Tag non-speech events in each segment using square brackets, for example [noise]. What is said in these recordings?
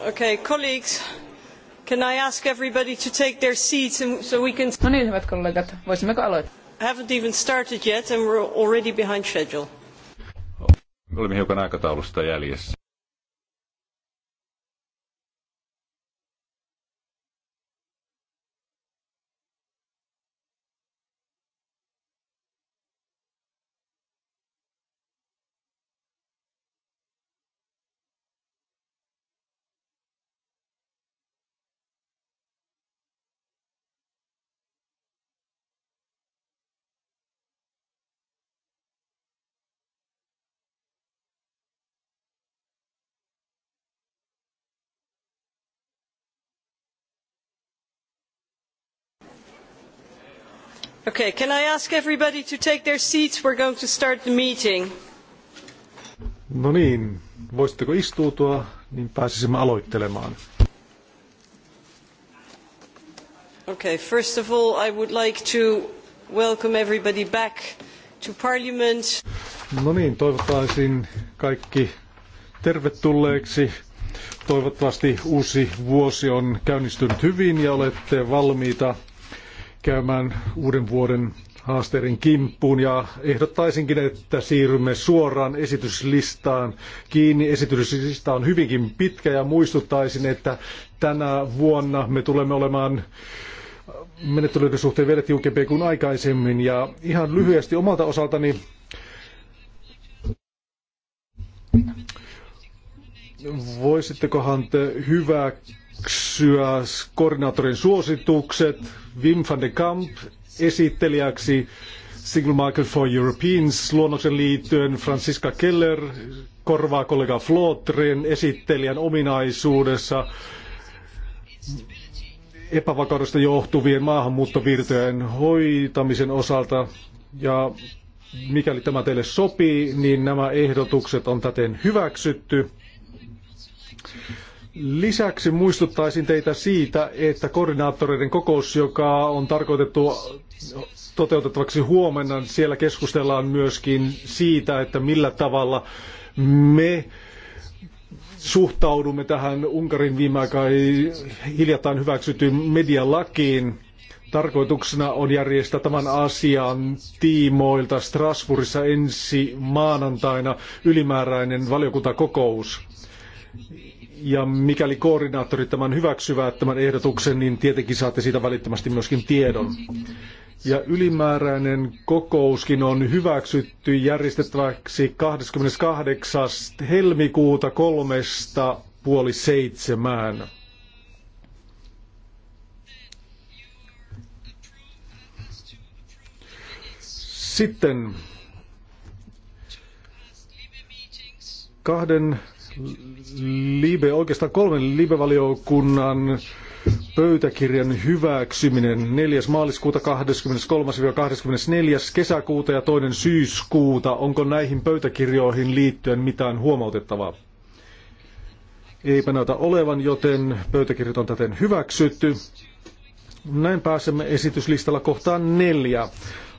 Okay, colleagues, can I ask everybody to take their seats and so we can... No niin, hyvät kollegat, voisimmeko aloittaa? Haven't even started yet and we're already behind schedule. Olemme hiukan aikataulusta jäljessä. Okay, can I ask everybody to take their seats? We're going to start the meeting. No niin, voisitteko istuutua, niin pääsisimme aloittelemaan. Okay, first of all, I would like to welcome everybody back to Parliament. No niin, toivottaisin kaikki tervetulleeksi. Toivottavasti uusi vuosi on käynnistynyt hyvin ja olette valmiita käymään uuden vuoden haasteiden kimppuun ja ehdottaisinkin, että siirrymme suoraan esityslistaan kiinni. Esityslista on hyvinkin pitkä ja muistuttaisin, että tänä vuonna me tulemme olemaan menettelyiden suhteen vielä tiukempia kuin aikaisemmin. Ja ihan lyhyesti omalta osaltani voisittekohan te hyvä hyväksyä koordinaattorin suositukset. Wim van de Kamp esittelijäksi Single Market for Europeans luonnoksen liittyen Franziska Keller korvaa kollega Flotrin esittelijän ominaisuudessa epävakaudesta johtuvien maahanmuuttovirtojen hoitamisen osalta. Ja mikäli tämä teille sopii, niin nämä ehdotukset on täten hyväksytty. Lisäksi muistuttaisin teitä siitä, että koordinaattoreiden kokous, joka on tarkoitettu toteutettavaksi huomenna, siellä keskustellaan myöskin siitä, että millä tavalla me suhtaudumme tähän Unkarin viime hiljattain hyväksytyn medialakiin. Tarkoituksena on järjestää tämän asian tiimoilta Strasbourgissa ensi maanantaina ylimääräinen valiokuntakokous. Ja mikäli koordinaattorit tämän hyväksyvät, tämän ehdotuksen, niin tietenkin saatte siitä välittömästi myöskin tiedon. Ja ylimääräinen kokouskin on hyväksytty järjestettäväksi 28. helmikuuta kolmesta puoli seitsemään. Sitten kahden libe, oikeastaan kolmen libevaliokunnan pöytäkirjan hyväksyminen 4. maaliskuuta 23-24. kesäkuuta ja toinen syyskuuta. Onko näihin pöytäkirjoihin liittyen mitään huomautettavaa? Eipä näytä olevan, joten pöytäkirjat on täten hyväksytty. Näin pääsemme esityslistalla kohtaan neljä.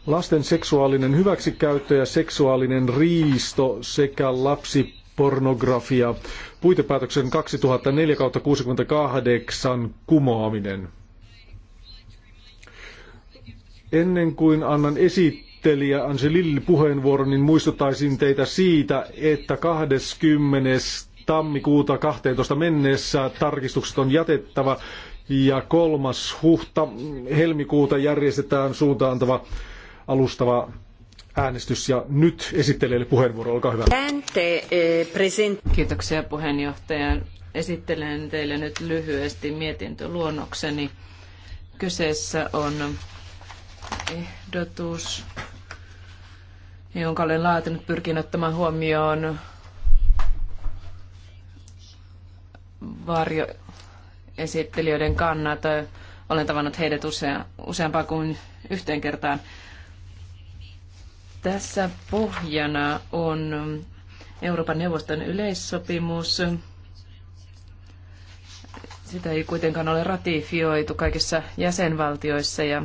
Lasten seksuaalinen hyväksikäyttö ja seksuaalinen riisto sekä lapsi pornografia. Puitepäätöksen 2004-68 kumoaminen. Ennen kuin annan esittelijä Angelille puheenvuoron, niin muistuttaisin teitä siitä, että 20. tammikuuta 12 mennessä tarkistukset on jätettävä ja kolmas huhta helmikuuta järjestetään suuntaantava alustava äänestys. Ja nyt esittelijälle puheenvuoro, olkaa hyvä. Eh, Kiitoksia puheenjohtaja. Esittelen teille nyt lyhyesti mietintöluonnokseni. Kyseessä on ehdotus, jonka olen laatinut pyrkin ottamaan huomioon varjoesittelijöiden kannat. Olen tavannut heidät usea, useampaan kuin yhteen kertaan tässä pohjana on Euroopan neuvoston yleissopimus. Sitä ei kuitenkaan ole ratifioitu kaikissa jäsenvaltioissa ja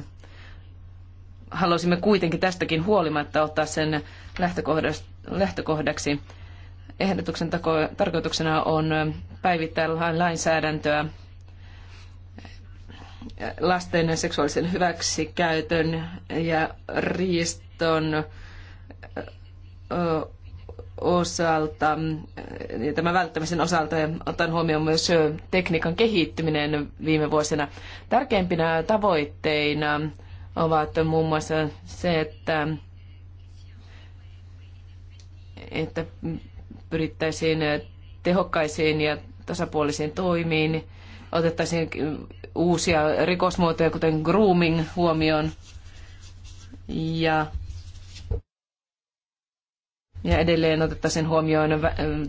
haluaisimme kuitenkin tästäkin huolimatta ottaa sen lähtökohdaksi. Ehdotuksen tarkoituksena on päivittää lainsäädäntöä lasten seksuaalisen hyväksikäytön ja riiston osalta, ja tämän välttämisen osalta, otan huomioon myös tekniikan kehittyminen viime vuosina. Tärkeimpinä tavoitteina ovat muun muassa se, että, että pyrittäisiin tehokkaisiin ja tasapuolisiin toimiin, otettaisiin uusia rikosmuotoja, kuten grooming, huomioon ja ja edelleen otettaisiin huomioon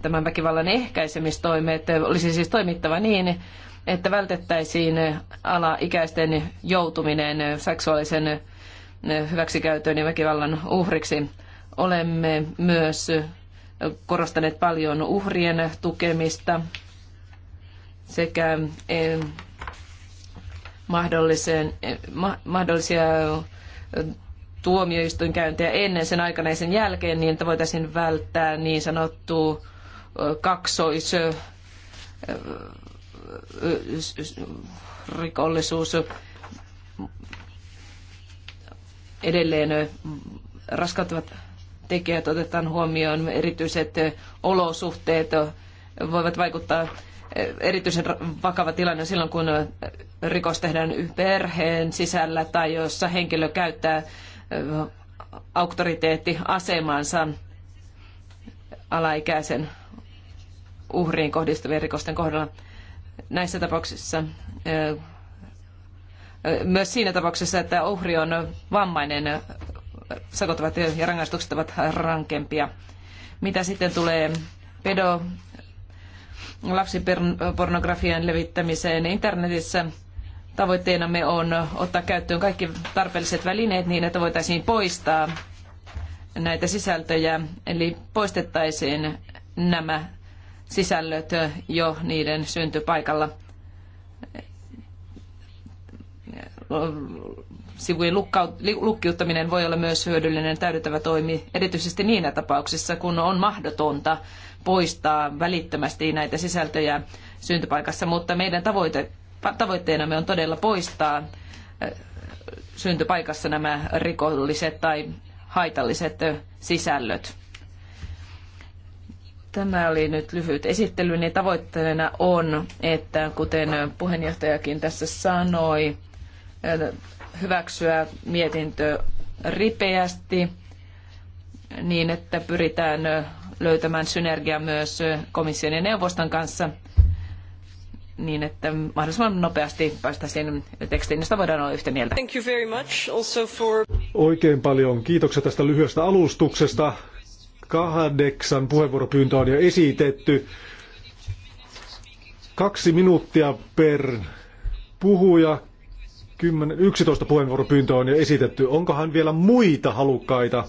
tämän väkivallan ehkäisemistoimet. Olisi siis toimittava niin, että vältettäisiin alaikäisten joutuminen seksuaalisen hyväksikäytön ja väkivallan uhriksi. Olemme myös korostaneet paljon uhrien tukemista sekä eh, eh, mahdollisia eh, tuomioistuinkäyntiä ennen sen aikana ja sen jälkeen, niin että voitaisiin välttää niin sanottu kaksois rikollisuus edelleen raskauttavat tekijät otetaan huomioon, erityiset olosuhteet voivat vaikuttaa erityisen vakava tilanne silloin, kun rikos tehdään perheen sisällä tai jossa henkilö käyttää auktoriteettiasemansa alaikäisen uhriin kohdistuvien rikosten kohdalla. Näissä tapauksissa, myös siinä tapauksessa, että uhri on vammainen, sakot ovat ja rangaistukset ovat rankempia. Mitä sitten tulee pedo lapsipornografian levittämiseen internetissä, Tavoitteenamme on ottaa käyttöön kaikki tarpeelliset välineet niin, että voitaisiin poistaa näitä sisältöjä, eli poistettaisiin nämä sisällöt jo niiden syntypaikalla sivujen lukkiuttaminen voi olla myös hyödyllinen täydentävä toimi, erityisesti niinä tapauksissa, kun on mahdotonta poistaa välittömästi näitä sisältöjä syntypaikassa, mutta meidän tavoite tavoitteenamme on todella poistaa syntypaikassa nämä rikolliset tai haitalliset sisällöt. Tämä oli nyt lyhyt esittely, niin tavoitteena on, että kuten puheenjohtajakin tässä sanoi, hyväksyä mietintö ripeästi niin, että pyritään löytämään synergia myös komission ja neuvoston kanssa – niin, että mahdollisimman nopeasti päästäisiin tekstiin, josta voidaan olla yhtä mieltä. Thank you very much also for... Oikein paljon kiitoksia tästä lyhyestä alustuksesta. Kahdeksan puheenvuoropyyntöä on jo esitetty. Kaksi minuuttia per puhuja. 10, 11 puheenvuoropyyntöä on jo esitetty. Onkohan vielä muita halukkaita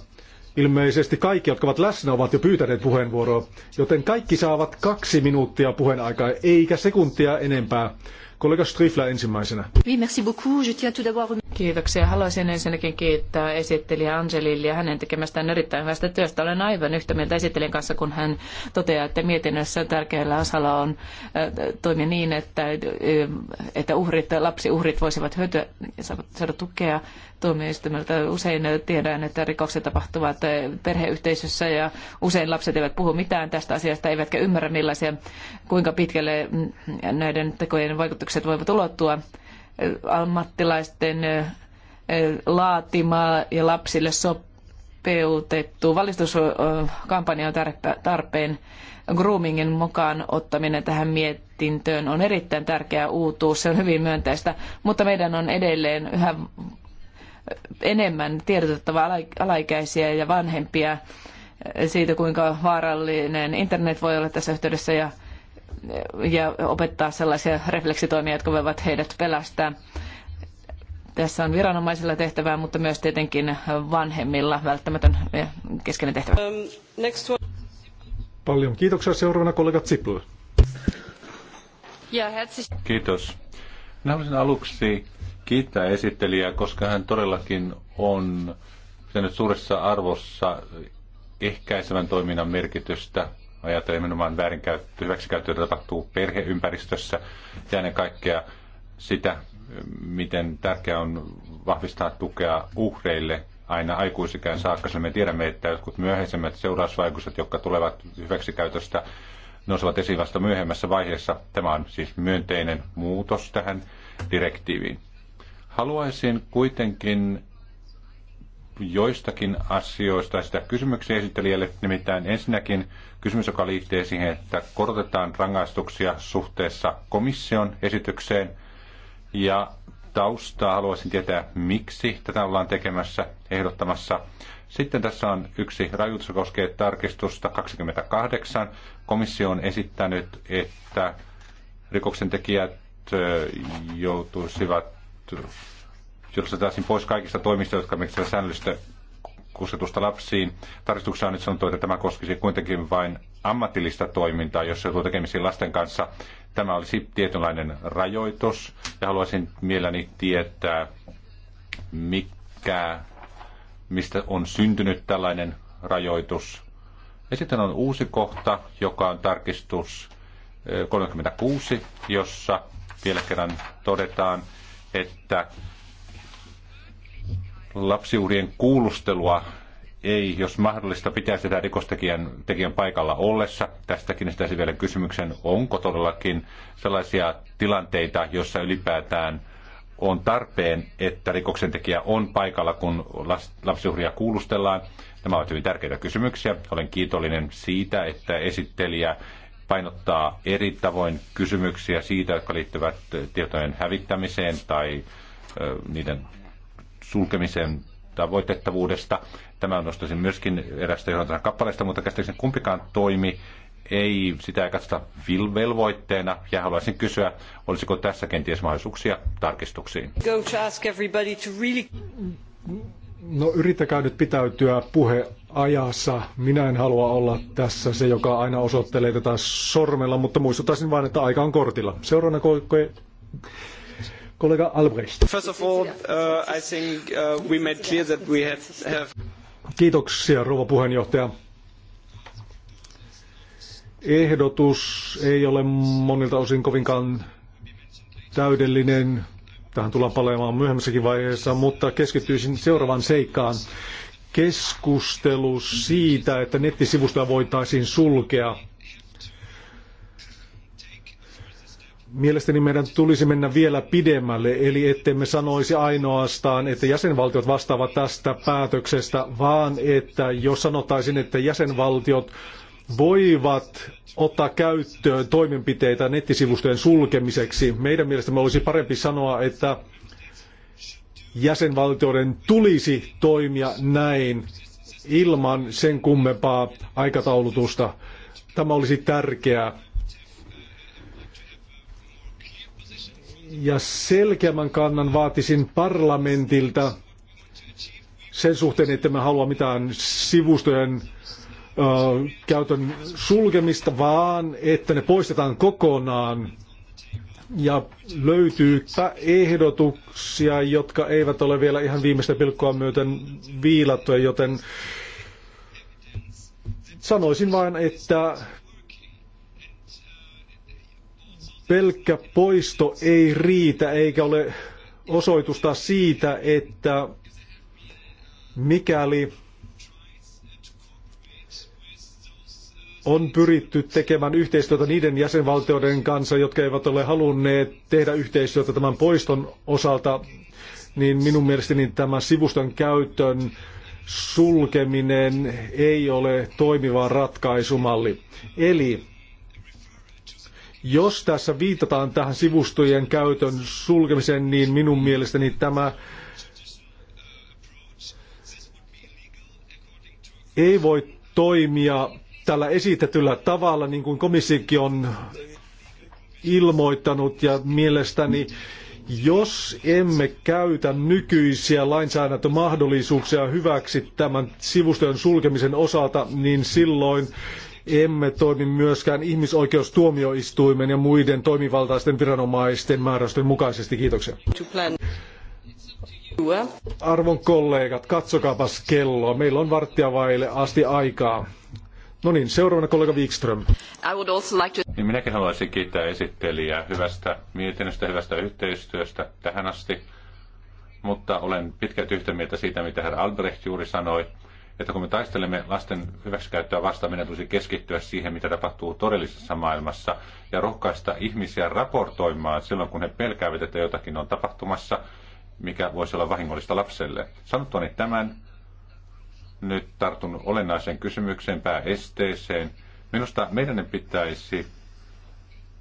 Ilmeisesti kaikki, jotka ovat läsnä, ovat jo pyytäneet puheenvuoroa, joten kaikki saavat kaksi minuuttia puheenaikaa, eikä sekuntia enempää. Kollega Strifla ensimmäisenä. Kiitoksia. Haluaisin ensinnäkin kiittää esittelijä Angelilia hänen tekemästään erittäin hyvästä työstä. Olen aivan yhtä mieltä esittelijän kanssa, kun hän toteaa, että mietinnössä tärkeällä osalla on toimia niin, että, että uhrit, lapsiuhrit voisivat hyötyä saada tukea tuomioistuimelta. Usein tiedän, että rikokset tapahtuvat eh, perheyhteisössä ja usein lapset eivät puhu mitään tästä asiasta, eivätkä ymmärrä millaisia, kuinka pitkälle mm, näiden tekojen vaikutukset voivat ulottua eh, ammattilaisten eh, laatimaa ja lapsille sopeutettu valistuskampanja on tarpeen. Groomingin mukaan ottaminen tähän mietintöön on erittäin tärkeä uutuus, se on hyvin myönteistä, mutta meidän on edelleen yhä enemmän tiedotettava alaikäisiä ja vanhempia äh, siitä, kuinka vaarallinen internet voi olla tässä yhteydessä ja, ja opettaa sellaisia refleksitoimia, jotka voivat heidät pelastaa. Tässä on viranomaisilla tehtävää, mutta myös tietenkin vanhemmilla välttämätön eh, keskeinen tehtävä. Um, Paljon kiitoksia seuraavana kollega Ziplu. Kiitos. Minä haluaisin aluksi kiittää esittelijää, koska hän todellakin on pitänyt suuressa arvossa ehkäisevän toiminnan merkitystä. Ajatellen nimenomaan väärinkäyttö, hyväksikäyttöä tapahtuu perheympäristössä ja ennen kaikkea sitä, miten tärkeää on vahvistaa tukea uhreille aina aikuisikään saakka, sillä me tiedämme, että jotkut myöhäisemmät seurausvaikutukset, jotka tulevat hyväksikäytöstä, nousevat esiin vasta myöhemmässä vaiheessa. Tämä on siis myönteinen muutos tähän direktiiviin. Haluaisin kuitenkin joistakin asioista sitä kysymyksiä esittelijälle. Nimittäin ensinnäkin kysymys, joka liittyy siihen, että korotetaan rangaistuksia suhteessa komission esitykseen. Ja taustaa haluaisin tietää, miksi tätä ollaan tekemässä, ehdottamassa. Sitten tässä on yksi rajoitus, joka koskee tarkistusta 28. Komissio on esittänyt, että rikoksentekijät joutuisivat julistettaisiin pois kaikista toimista, jotka merkitsevät säännöllistä kusetusta lapsiin. Tarkistuksessa on nyt sanottu, että tämä koskisi kuitenkin vain ammatillista toimintaa, jos joutuu tekemisiin lasten kanssa. Tämä olisi tietynlainen rajoitus ja haluaisin mielelläni tietää, mikä, mistä on syntynyt tällainen rajoitus. Ja sitten on uusi kohta, joka on tarkistus 36, eh, jossa vielä kerran todetaan, että lapsiuhrien kuulustelua ei, jos mahdollista, pitäisi tehdä rikostekijän tekijän paikalla ollessa. Tästäkin esitäisi vielä kysymyksen, onko todellakin sellaisia tilanteita, joissa ylipäätään on tarpeen, että rikoksentekijä on paikalla, kun lapsiuhria kuulustellaan. Nämä ovat hyvin tärkeitä kysymyksiä. Olen kiitollinen siitä, että esittelijä painottaa eri tavoin kysymyksiä siitä, jotka liittyvät eh, tietojen hävittämiseen tai eh, niiden sulkemiseen tavoitettavuudesta. Tämä nostaisin myöskin erästä johdantajan kappaleesta, mutta käsittääkseni kumpikaan toimi ei sitä katsota velvoitteena. Ja haluaisin kysyä, olisiko tässä kenties mahdollisuuksia tarkistuksiin? Go to ask to really... No yrittäkää nyt pitäytyä puhe ajassa. Minä en halua olla tässä se, joka aina osoittelee tätä sormella, mutta muistuttaisin vain, että aika on kortilla. Seuraavana kollega, kollega Albrecht. First of all, uh, I think uh, we made clear that we have, have... Kiitoksia, rouva puheenjohtaja. Ehdotus ei ole monilta osin kovinkaan täydellinen. Tähän tullaan palaamaan myöhemmässäkin vaiheessa, mutta keskittyisin seuraavaan seikkaan keskustelu siitä, että nettisivustoja voitaisiin sulkea. Mielestäni meidän tulisi mennä vielä pidemmälle, eli ettemme sanoisi ainoastaan, että jäsenvaltiot vastaavat tästä päätöksestä, vaan että jos sanotaisiin, että jäsenvaltiot voivat ottaa käyttöön toimenpiteitä nettisivustojen sulkemiseksi. Meidän mielestämme olisi parempi sanoa, että jäsenvaltioiden tulisi toimia näin ilman sen kummempaa aikataulutusta. Tämä olisi tärkeää. Ja selkeämmän kannan vaatisin parlamentilta sen suhteen, että me halua mitään sivustojen ö, käytön sulkemista, vaan että ne poistetaan kokonaan ja löytyy ehdotuksia, jotka eivät ole vielä ihan viimeistä pilkkoa myöten viilattuja, joten sanoisin vain, että pelkkä poisto ei riitä eikä ole osoitusta siitä, että mikäli on pyritty tekemään yhteistyötä niiden jäsenvaltioiden kanssa, jotka eivät ole halunneet tehdä yhteistyötä tämän poiston osalta, niin minun mielestäni tämä sivuston käytön sulkeminen ei ole toimiva ratkaisumalli. Eli jos tässä viitataan tähän sivustojen käytön sulkemiseen, niin minun mielestäni tämä ei voi toimia tällä esitetyllä tavalla, niin kuin komissiokin on ilmoittanut, ja mielestäni jos emme käytä nykyisiä lainsäädäntömahdollisuuksia hyväksi tämän sivustojen sulkemisen osalta, niin silloin emme toimi myöskään ihmisoikeustuomioistuimen ja muiden toimivaltaisten viranomaisten määräysten mukaisesti. Kiitoksia. Arvon kollegat, katsokaapas kelloa. Meillä on varttia vaille asti aikaa. No niin, seuraavana kollega Wikström. I would also like to... niin minäkin haluaisin kiittää esittelijää hyvästä mietinnöstä, hyvästä yhteistyöstä tähän asti. Mutta olen pitkälti yhtä mieltä siitä, mitä herra Albrecht juuri sanoi, että kun me taistelemme lasten hyväksikäyttöä vastaan, meidän tulisi keskittyä siihen, mitä tapahtuu todellisessa maailmassa ja rohkaista ihmisiä raportoimaan silloin, kun he pelkäävät, että jotakin on tapahtumassa, mikä voisi olla vahingollista lapselle. Sanottuani tämän, nyt tartun olennaiseen kysymykseen, pääesteeseen. Minusta meidän pitäisi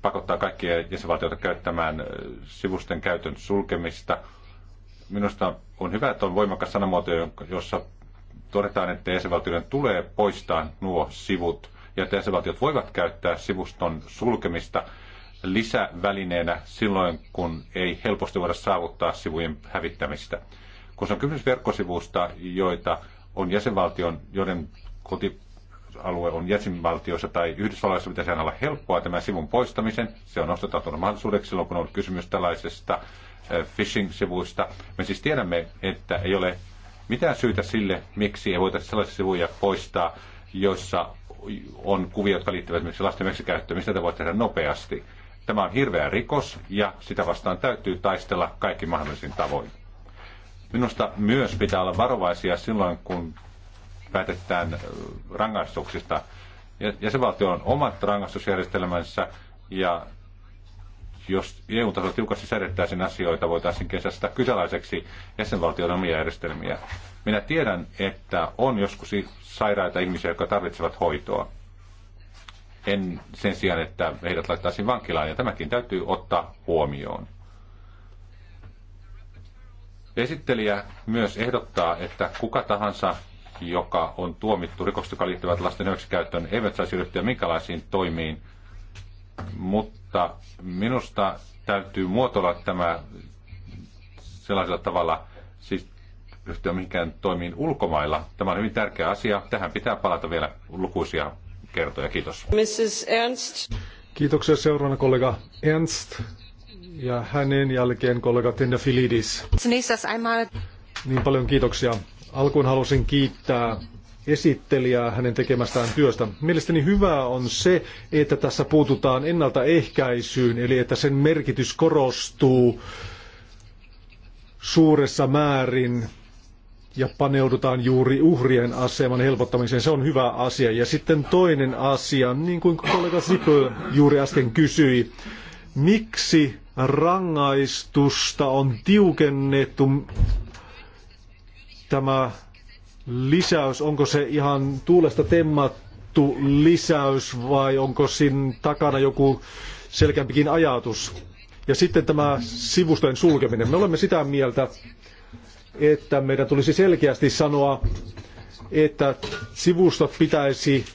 pakottaa kaikkia jäsenvaltioita käyttämään sivusten käytön sulkemista. Minusta on hyvä, että on voimakas sanamuoto, jossa todetaan, että jäsenvaltioiden tulee poistaa nuo sivut ja että jäsenvaltiot voivat käyttää sivuston sulkemista lisävälineenä silloin, kun ei helposti voida saavuttaa sivujen hävittämistä. Kun on kysymys verkkosivusta, joita on jäsenvaltion, joiden koti, alue on jäsenvaltioissa tai Yhdysvalloissa pitäisi aina olla helppoa tämän sivun poistamisen. Se on nostetautunut mahdollisuudeksi silloin, kun on ollut kysymys tällaisesta eh, phishing-sivuista. Me siis tiedämme, että ei ole mitään syytä sille, miksi ei voitaisiin sellaisia sivuja poistaa, joissa on kuvia, jotka liittyvät esimerkiksi lasten käyttöön, mistä te voitte tehdä nopeasti. Tämä on hirveä rikos ja sitä vastaan täytyy taistella kaikki mahdollisin tavoin. Minusta myös pitää olla varovaisia silloin, kun päätetään rangaistuksista. Jäsenvaltio on omat rangaistusjärjestelmänsä ja jos EU-tasolla tiukasti säädettäisiin asioita, voitaisiin kesästä kyselaiseksi jäsenvaltion omia järjestelmiä. Minä tiedän, että on joskus sairaita ihmisiä, jotka tarvitsevat hoitoa. En sen sijaan, että heidät laittaisiin vankilaan, ja tämäkin täytyy ottaa huomioon. Esittelijä myös ehdottaa, että kuka tahansa, joka on tuomittu rikoksista, jotka liittyvät lasten hyväksikäyttöön, eivät saisi ryhtyä minkälaisiin toimiin. Mutta minusta täytyy muotoilla tämä sellaisella tavalla, siis ryhtyä mihinkään toimiin ulkomailla. Tämä on hyvin tärkeä asia. Tähän pitää palata vielä lukuisia kertoja. Kiitos. Mrs. Ernst. Kiitoksia seuraavana kollega Ernst. Ja hänen jälkeen kollega Filidis. Niin paljon kiitoksia. Alkuun halusin kiittää esittelijää hänen tekemästään työstä. Mielestäni hyvää on se, että tässä puututaan ennaltaehkäisyyn, eli että sen merkitys korostuu suuressa määrin ja paneudutaan juuri uhrien aseman helpottamiseen. Se on hyvä asia. Ja sitten toinen asia, niin kuin kollega Sipö juuri äsken kysyi, miksi rangaistusta on tiukennettu. Tämä lisäys, onko se ihan tuulesta temmattu lisäys vai onko siinä takana joku selkeämpikin ajatus? Ja sitten tämä sivustojen sulkeminen. Me olemme sitä mieltä, että meidän tulisi selkeästi sanoa, että sivustot pitäisi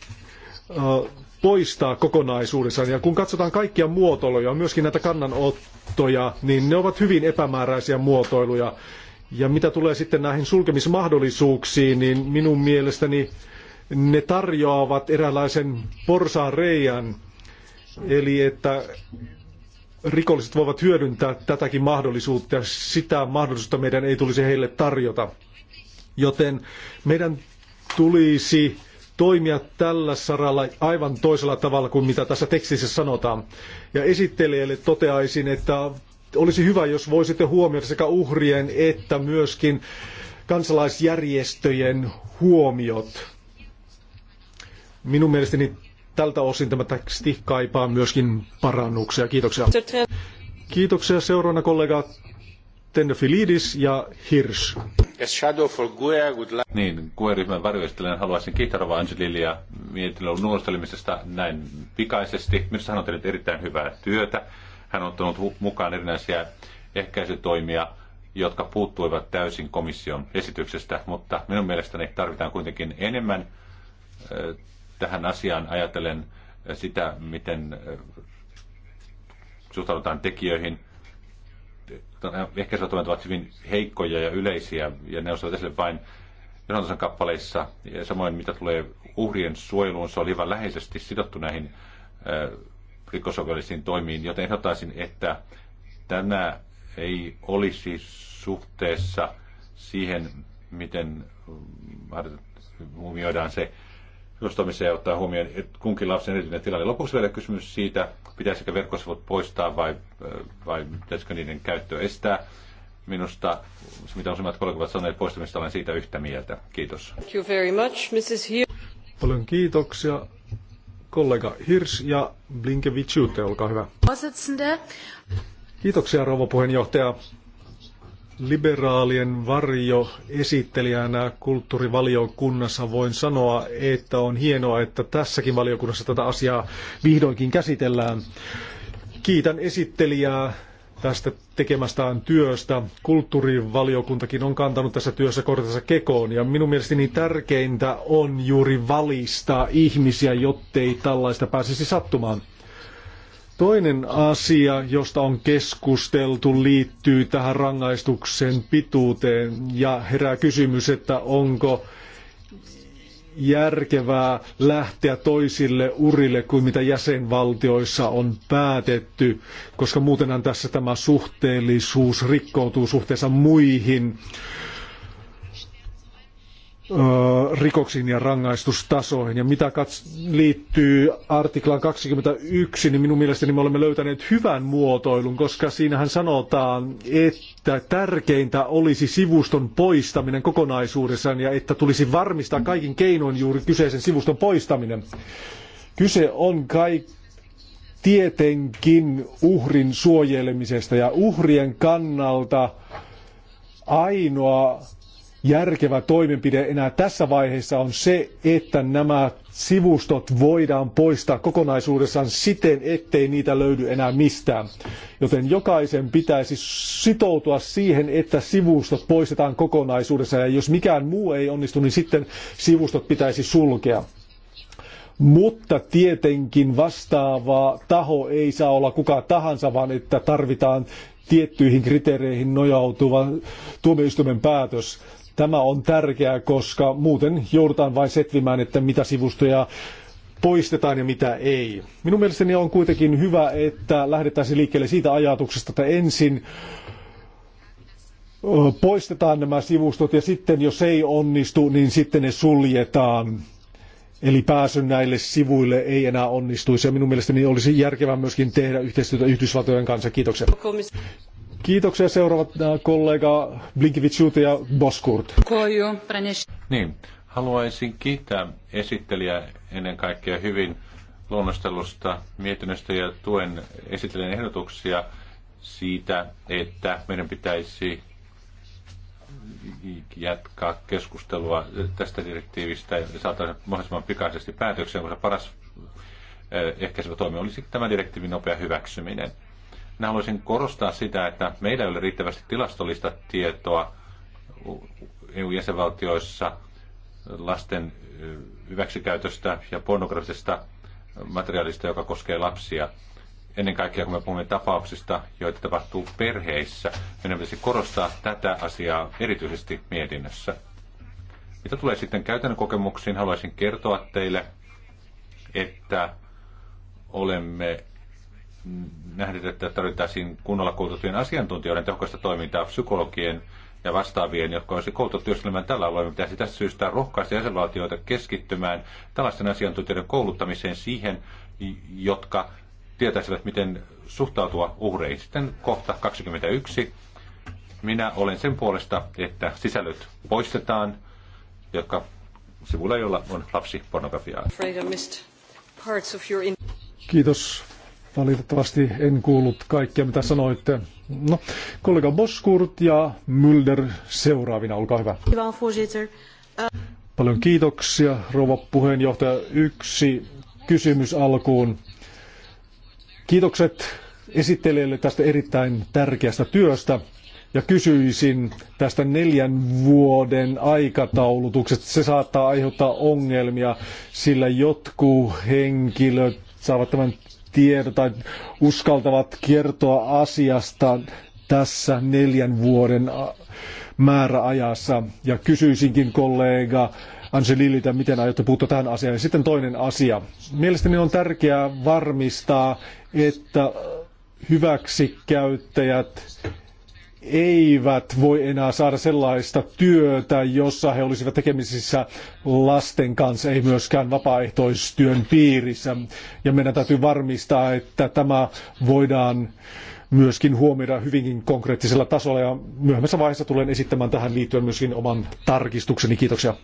poistaa kokonaisuudessaan. Ja kun katsotaan kaikkia muotoiluja, myöskin näitä kannanottoja, niin ne ovat hyvin epämääräisiä muotoiluja. Ja mitä tulee sitten näihin sulkemismahdollisuuksiin, niin minun mielestäni ne tarjoavat eräänlaisen porsaan reijän, eli että rikolliset voivat hyödyntää tätäkin mahdollisuutta ja sitä mahdollisuutta meidän ei tulisi heille tarjota. Joten meidän tulisi toimia tällä saralla aivan toisella tavalla kuin mitä tässä tekstissä sanotaan. Ja esittelijälle toteaisin, että olisi hyvä, jos voisitte huomioida sekä uhrien että myöskin kansalaisjärjestöjen huomiot. Minun mielestäni tältä osin tämä teksti kaipaa myöskin parannuksia. Kiitoksia. Kiitoksia seuraavana kollega Tendefilidis ja Hirsch shadow for would like... Niin, GUE-ryhmän varjoistelijan haluaisin kiittää Rova Angelilia mietinnön nuostelemisesta näin pikaisesti. Minusta hän on tehnyt erittäin hyvää työtä. Hän on ottanut mukaan erinäisiä ehkäisytoimia, jotka puuttuivat täysin komission esityksestä, mutta minun mielestäni tarvitaan kuitenkin enemmän tähän asiaan ajatellen sitä, miten suhtaudutaan tekijöihin – ehkäisytoimet ovat hyvin heikkoja ja yleisiä, ja ne osaavat esille vain Jonatan kappaleissa, ja samoin mitä tulee uhrien suojeluun, se oli hyvin läheisesti sidottu näihin äh, rikosoikeudellisiin toimiin, joten ehdottaisin, että tämä ei olisi suhteessa siihen, miten huomioidaan se, nostamiseen ja ottaa huomioon kunkin lapsen erityinen tilanne. Lopuksi vielä kysymys siitä, pitäisikö verkkosivut poistaa vai, äh, vai pitäisikö niiden käyttö estää. Minusta, se mitä useimmat kollegat sanoneet poistamista, olen siitä yhtä mieltä. Kiitos. Thank you very much, Mrs. Hugh. Paljon kiitoksia kollega Hirsch ja Blinkevichute, olkaa hyvä. Kiitoksia rouva puheenjohtaja liberaalien varjo esittelijänä kulttuurivaliokunnassa voin sanoa, että on hienoa, että tässäkin valiokunnassa tätä asiaa vihdoinkin käsitellään. Kiitän esittelijää tästä tekemästään työstä. Kulttuurivaliokuntakin on kantanut tässä työssä kortensa kekoon ja minun mielestäni tärkeintä on juuri valistaa ihmisiä, jottei tällaista pääsisi sattumaan. Toinen asia, josta on keskusteltu, liittyy tähän rangaistuksen pituuteen ja herää kysymys, että onko järkevää lähteä toisille urille kuin mitä jäsenvaltioissa on päätetty, koska muutenhan tässä tämä suhteellisuus rikkoutuu suhteessa muihin rikoksiin ja rangaistustasoihin. Ja mitä liittyy artiklaan 21, niin minun mielestäni me olemme löytäneet hyvän muotoilun, koska siinähän sanotaan, että tärkeintä olisi sivuston poistaminen kokonaisuudessaan ja että tulisi varmistaa kaikin keinoin juuri kyseisen sivuston poistaminen. Kyse on kai tietenkin uhrin suojelemisesta ja uhrien kannalta ainoa järkevä toimenpide enää tässä vaiheessa on se, että nämä sivustot voidaan poistaa kokonaisuudessaan siten, ettei niitä löydy enää mistään. Joten jokaisen pitäisi sitoutua siihen, että sivustot poistetaan kokonaisuudessaan ja jos mikään muu ei onnistu, niin sitten sivustot pitäisi sulkea. Mutta tietenkin vastaava taho ei saa olla kuka tahansa, vaan että tarvitaan tiettyihin kriteereihin nojautuva tuomioistuimen päätös. Tämä on tärkeää, koska muuten joudutaan vain setvimään, että mitä sivustoja poistetaan ja mitä ei. Minun mielestäni on kuitenkin hyvä, että lähdetään liikkeelle siitä ajatuksesta, että ensin poistetaan nämä sivustot ja sitten jos ei onnistu, niin sitten ne suljetaan. Eli pääsy näille sivuille ei enää onnistuisi ja minun mielestäni olisi järkevää myöskin tehdä yhteistyötä Yhdysvaltojen kanssa. Kiitoksia. Kiitoksia seuraavat äh, kollega Blinkivichute ja Boskurt. Niin, haluaisin kiittää esittelijää ennen kaikkea hyvin luonnostelusta mietinnöstä ja tuen esittelijän ehdotuksia siitä, että meidän pitäisi jatkaa keskustelua tästä direktiivistä ja saataisiin mahdollisimman pikaisesti päätökseen, koska paras äh, ehkäisevä toimi olisi tämä direktiivin nopea hyväksyminen minä haluaisin korostaa sitä, että meillä ei ole riittävästi tilastollista tietoa EU-jäsenvaltioissa lasten hyväksikäytöstä ja pornografisesta materiaalista, joka koskee lapsia. Ennen kaikkea, kun me puhumme tapauksista, joita tapahtuu perheissä, meidän pitäisi korostaa tätä asiaa erityisesti mietinnössä. Mitä tulee sitten käytännön kokemuksiin, haluaisin kertoa teille, että olemme nähneet, että tarvittaisiin kunnolla koulutettujen asiantuntijoiden tehokasta toimintaa psykologien ja vastaavien, jotka olisi koulutustyöskentelemään tällä alueella, pitäisi tästä syystä rohkaista jäsenvaltioita keskittymään tällaisten asiantuntijoiden kouluttamiseen siihen, jotka tietäisivät, miten suhtautua uhreihin. Sitten kohta 21. Minä olen sen puolesta, että sisällöt poistetaan, jotka sivulla, jolla on lapsi pornografiaa. Kiitos. Valitettavasti en kuullut kaikkea, mitä sanoitte. No, kollega Boskurt ja Mulder seuraavina, olkaa hyvä. Paljon kiitoksia, rouva puheenjohtaja. Yksi kysymys alkuun. Kiitokset esittelijälle tästä erittäin tärkeästä työstä ja kysyisin tästä neljän vuoden aikataulutuksesta. Se saattaa aiheuttaa ongelmia, sillä jotkut henkilöt saavat tämän tiedot tai uskaltavat kertoa asiasta tässä neljän vuoden määräajassa. Ja kysyisinkin kollega Angelililtä, miten aiotte puuttua tähän asiaan. Ja sitten toinen asia. Mielestäni on tärkeää varmistaa, että hyväksikäyttäjät eivät voi enää saada sellaista työtä, jossa he olisivat tekemisissä lasten kanssa, ei myöskään vapaaehtoistyön piirissä. Ja meidän täytyy varmistaa, että tämä voidaan myöskin huomioida hyvinkin konkreettisella tasolla ja myöhemmässä vaiheessa tulen esittämään tähän liittyen myöskin oman tarkistukseni. Kiitoksia.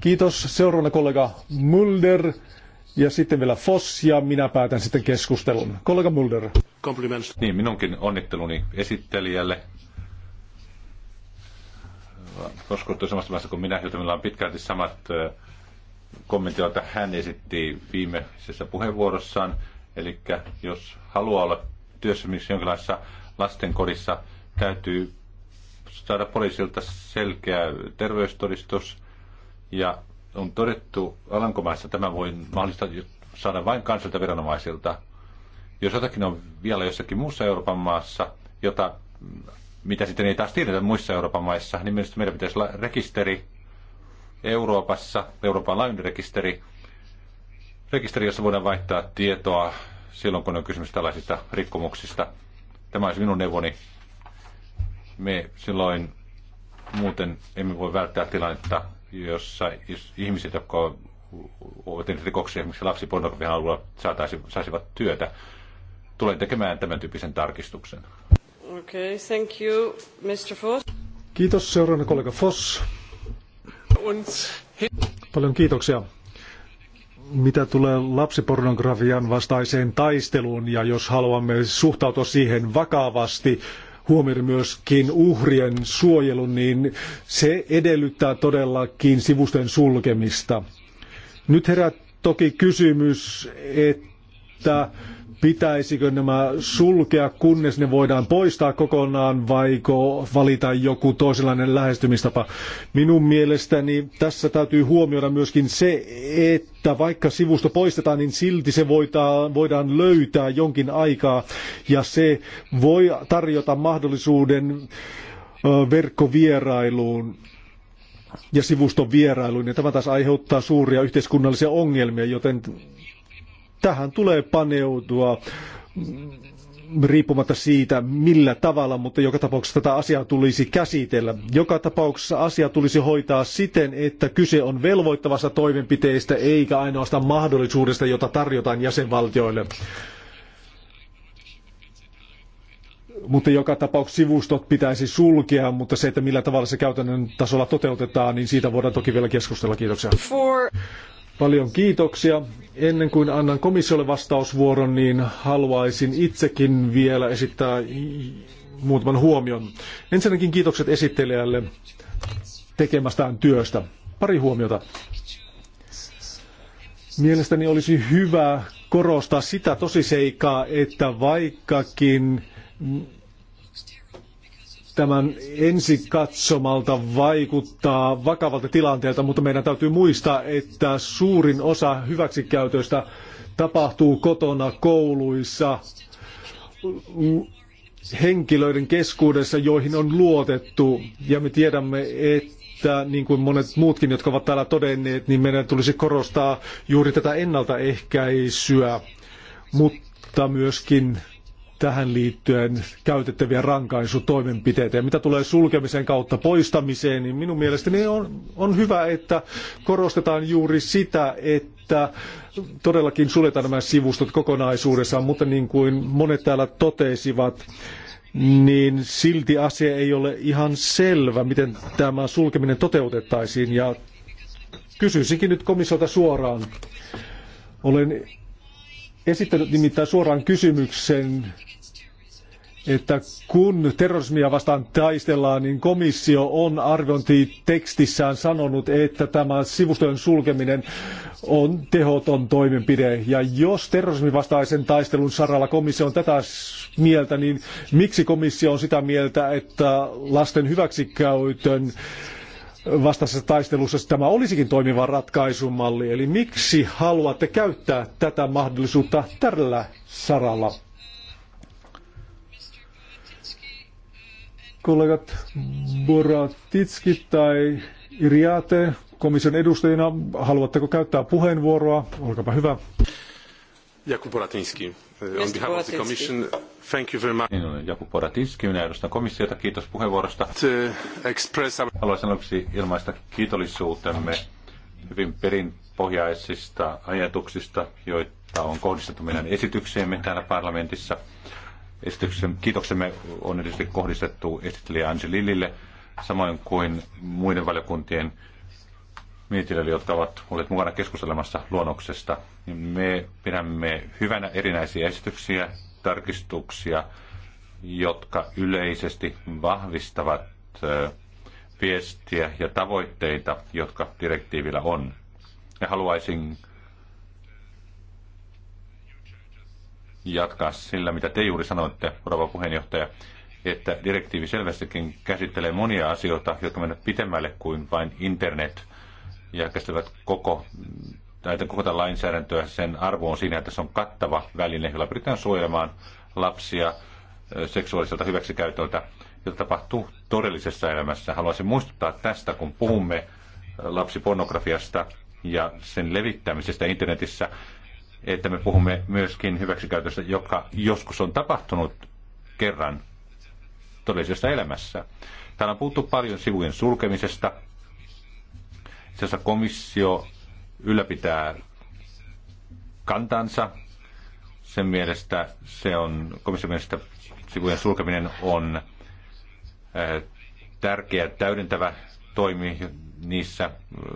Kiitos. Seuraavana kollega Mulder. Ja sitten vielä Foss ja minä päätän sitten keskustelun. Kollega Mulder. Compliments. Niin, minunkin onnitteluni esittelijälle. Koskuttuu samasta maasta kuin minä, joten meillä on pitkälti samat kommentit, joita hän esitti viimeisessä puheenvuorossaan. Eli jos haluaa olla työssä jonkinlaisessa lastenkodissa, täytyy saada poliisilta selkeä terveystodistus ja on todettu Alankomaissa, tämä voi mahdollista saada vain kansalta viranomaisilta. Jos jotakin on vielä jossakin muussa Euroopan maassa, jota, mitä sitten ei taas tiedetä muissa Euroopan maissa, niin minusta meidän pitäisi olla rekisteri Euroopassa, Euroopan laajuinen rekisteri, rekisteri, jossa voidaan vaihtaa tietoa silloin, kun on kysymys tällaisista rikkomuksista. Tämä olisi minun neuvoni. Me silloin muuten emme voi välttää tilannetta, jossa ihmiset, jotka ovat tehneet rikoksia esimerkiksi lapsipornografian alueella, saisivat työtä. Tulen tekemään tämän tyyppisen tarkistuksen. Okay, thank you, Mr. Foss. Kiitos, seuraavana kollega Foss. Paljon kiitoksia. Mitä tulee lapsipornografian vastaiseen taisteluun ja jos haluamme suhtautua siihen vakavasti, huomioida myöskin uhrien suojelun, niin se edellyttää todellakin sivusten sulkemista. Nyt herää toki kysymys, että pitäisikö nämä sulkea, kunnes ne voidaan poistaa kokonaan, vaiko valita joku toisenlainen lähestymistapa. Minun mielestäni tässä täytyy huomioida myöskin se, että vaikka sivusto poistetaan, niin silti se voidaan, löytää jonkin aikaa, ja se voi tarjota mahdollisuuden verkkovierailuun ja sivuston vierailuun, ja tämä taas aiheuttaa suuria yhteiskunnallisia ongelmia, joten tähän tulee paneutua mm, riippumatta siitä millä tavalla, mutta joka tapauksessa tätä asiaa tulisi käsitellä. Joka tapauksessa asia tulisi hoitaa siten, että kyse on velvoittavasta toimenpiteestä eikä ainoastaan mahdollisuudesta, jota tarjotaan jäsenvaltioille. Mutta joka tapauksessa sivustot pitäisi sulkea, mutta se, että millä tavalla se käytännön tasolla toteutetaan, niin siitä voidaan toki vielä keskustella. Kiitoksia. Paljon kiitoksia. Ennen kuin annan komissiolle vastausvuoron, niin haluaisin itsekin vielä esittää muutaman huomion. Ensinnäkin kiitokset esittelijälle tekemästään työstä. Pari huomiota. Mielestäni olisi hyvä korostaa sitä tosiseikkaa, että vaikkakin tämän ensikatsomalta vaikuttaa vakavalta tilanteelta, mutta meidän täytyy muistaa, että suurin osa hyväksikäytöistä tapahtuu kotona, kouluissa, henkilöiden keskuudessa, joihin on luotettu. Ja me tiedämme, että niin kuin monet muutkin, jotka ovat täällä todenneet, niin meidän tulisi korostaa juuri tätä ennaltaehkäisyä, mutta myöskin tähän liittyen käytettäviä rankaisutoimenpiteitä. Ja mitä tulee sulkemisen kautta poistamiseen, niin minun mielestäni on, on hyvä, että korostetaan juuri sitä, että todellakin suljetaan nämä sivustot kokonaisuudessaan, mutta niin kuin monet täällä totesivat, niin silti asia ei ole ihan selvä, miten tämä sulkeminen toteutettaisiin. Ja kysyisinkin nyt komissiolta suoraan. Olen esittänyt nimittäin suoraan kysymyksen, että kun terrorismia vastaan taistellaan, niin komissio on arviointitekstissään sanonut, että tämä sivustojen sulkeminen on tehoton toimenpide. Ja jos terrorismin vastaisen taistelun saralla komissio on tätä mieltä, niin miksi komissio on sitä mieltä, että lasten hyväksikäytön vastaisessa taistelussa tämä olisikin toimiva ratkaisumalli. Eli miksi haluatte käyttää tätä mahdollisuutta tällä saralla? Kollegat Boratitski tai Iriate, komission edustajina, haluatteko käyttää puheenvuoroa? Olkaapa hyvä. Jakub Boratinski, on behalf of the commission, Thank you very much. Poratinski, niin, minä edustan komissiota. Kiitos puheenvuorosta. Haluaisin aluksi ilmaista kiitollisuutemme hyvin perinpohjaisista ajatuksista, joita on kohdistettu meidän esitykseemme täällä parlamentissa. Esityksen, kiitoksemme on erityisesti kohdistettu esittelijä Angelillille, samoin kuin muiden valiokuntien mietilöille, jotka ovat olleet mukana keskustelemassa luonnoksesta. Me pidämme hyvänä erinäisiä esityksiä, tarkistuksia, jotka yleisesti vahvistavat viestiä ja tavoitteita, jotka direktiivillä on. Ja haluaisin jatkaa sillä, mitä te juuri sanoitte, rouva puheenjohtaja, että direktiivi selvästikin käsittelee monia asioita, jotka menevät pitemmälle kuin vain internet ja käsittelevät koko näitä koko lainsäädäntöä, sen arvo on siinä, että se on kattava väline, jolla pyritään suojelemaan lapsia seksuaaliselta hyväksikäytöltä, jota tapahtuu todellisessa elämässä. Haluaisin muistuttaa tästä, kun puhumme lapsipornografiasta ja sen levittämisestä internetissä, että me puhumme myöskin hyväksikäytöstä, joka joskus on tapahtunut kerran todellisessa elämässä. Täällä on puhuttu paljon sivujen sulkemisesta. Itse komissio ylläpitää kantansa. Sen mielestä se on, komission mielestä sivujen sulkeminen on eh, tärkeä täydentävä toimi niissä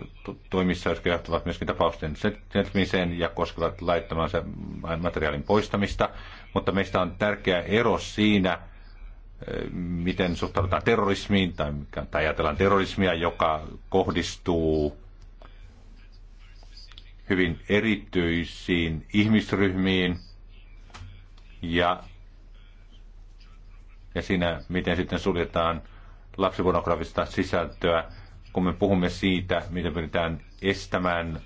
eh, toimissa, jotka johtavat myöskin tapausten selvitämiseen ja koskevat laittamansa materiaalin poistamista. Mutta meistä on tärkeä ero siinä, eh, miten suhtaudutaan terrorismiin tai, tai ajatellaan terrorismia, joka kohdistuu hyvin erityisiin ihmisryhmiin ja, ja siinä, miten sitten suljetaan lapsipornografista sisältöä, kun me puhumme siitä, miten pyritään estämään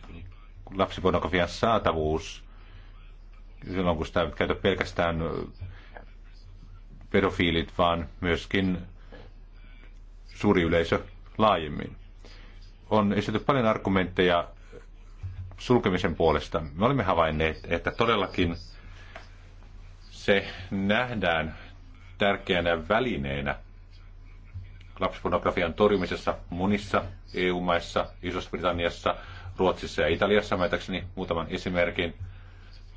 lapsipornografian saatavuus silloin, kun sitä ei käytä pelkästään pedofiilit, vaan myöskin suuri yleisö laajemmin. On esitetty paljon argumentteja sulkemisen puolesta. Me olemme havainneet, että todellakin se nähdään tärkeänä välineenä lapsipornografian torjumisessa monissa EU-maissa, Iso-Britanniassa, Ruotsissa ja Italiassa, mainitakseni muutaman esimerkin.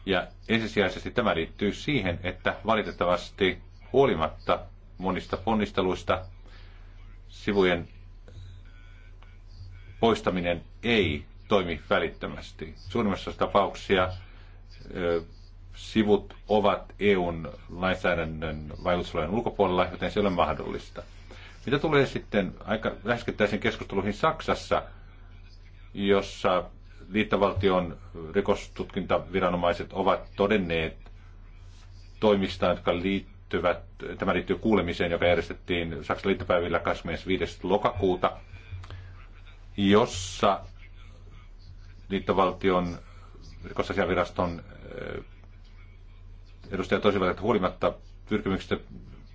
Ja ensisijaisesti tämä liittyy siihen, että valitettavasti huolimatta monista ponnisteluista sivujen poistaminen ei toimi välittömästi. Suurimmassa tapauksia sivut ovat EUn lainsäädännön vaikutusalojen ulkopuolella, joten se ei ole mahdollista. Mitä tulee sitten aika äskettäisiin keskusteluihin Saksassa, jossa liittovaltion rikostutkintaviranomaiset ovat todenneet toimistaan, jotka liittyvät, tämä liittyy kuulemiseen, joka järjestettiin Saksan liittopäivillä 25. lokakuuta, jossa liittovaltion rikosasiaviraston eh, edustajat tosivat, että huolimatta pyrkimyksistä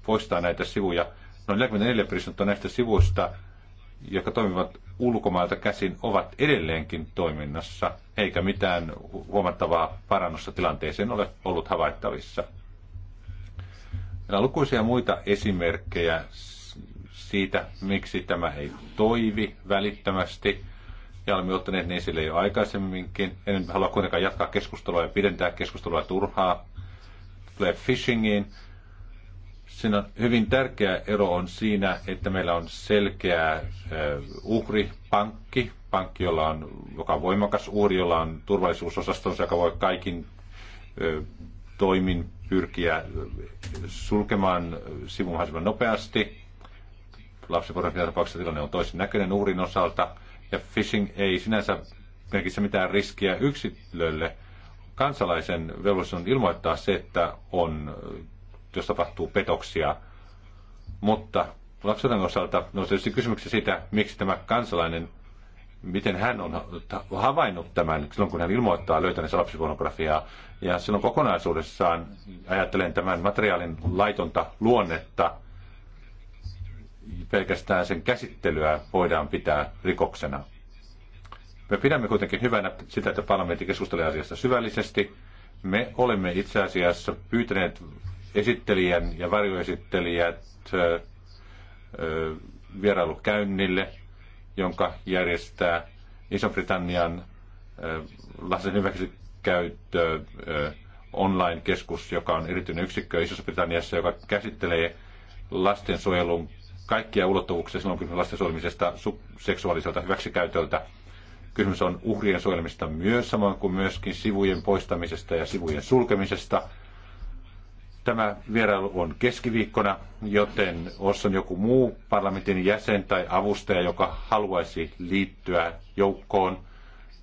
poistaa näitä sivuja, noin 44 prosenttia näistä sivuista, jotka toimivat ulkomailta käsin, ovat edelleenkin toiminnassa, eikä mitään huomattavaa parannusta tilanteeseen ole ollut havaittavissa. Meillä on lukuisia muita esimerkkejä siitä, miksi tämä ei toivi välittömästi ja olemme ottaneet ne esille jo aikaisemminkin. En halua kuitenkaan jatkaa keskustelua ja pidentää keskustelua turhaa. Tulee phishingiin. Siinä on hyvin tärkeä ero on siinä, että meillä on selkeä uhripankki, pankki, jolla on, joka on voimakas uhri, jolla on turvallisuusosastonsa, joka voi kaikin toimin pyrkiä sulkemaan sivun nopeasti. Lapsipornografian tapauksessa tilanne on toisen näköinen uhrin osalta ja phishing ei sinänsä merkissä mitään riskiä yksilölle. Kansalaisen velvollisuus on ilmoittaa se, että on, jos tapahtuu petoksia, mutta lapsen osalta on tietysti kysymyksiä siitä, miksi tämä kansalainen, miten hän on havainnut tämän silloin, kun hän ilmoittaa löytäneensä lapsipornografiaa. Ja silloin kokonaisuudessaan ajattelen tämän materiaalin laitonta luonnetta – pelkästään sen käsittelyä voidaan pitää rikoksena. Me pidämme kuitenkin hyvänä sitä, että parlamentti keskustelee asiasta syvällisesti. Me olemme itse asiassa pyytäneet esittelijän ja varjoesittelijät vierailukäynnille, jonka järjestää Iso-Britannian lasten hyväksikäyttö online-keskus, joka on erityinen yksikkö Iso-Britanniassa, joka käsittelee lastensuojelun kaikkia ulottuvuuksia silloin, kun lasten suojelmisesta seksuaaliselta hyväksikäytöltä. Kysymys on uhrien suojelmista myös, samoin kuin myöskin sivujen poistamisesta ja sivujen sulkemisesta. Tämä vierailu on keskiviikkona, joten jos on joku muu parlamentin jäsen tai avustaja, joka haluaisi liittyä joukkoon,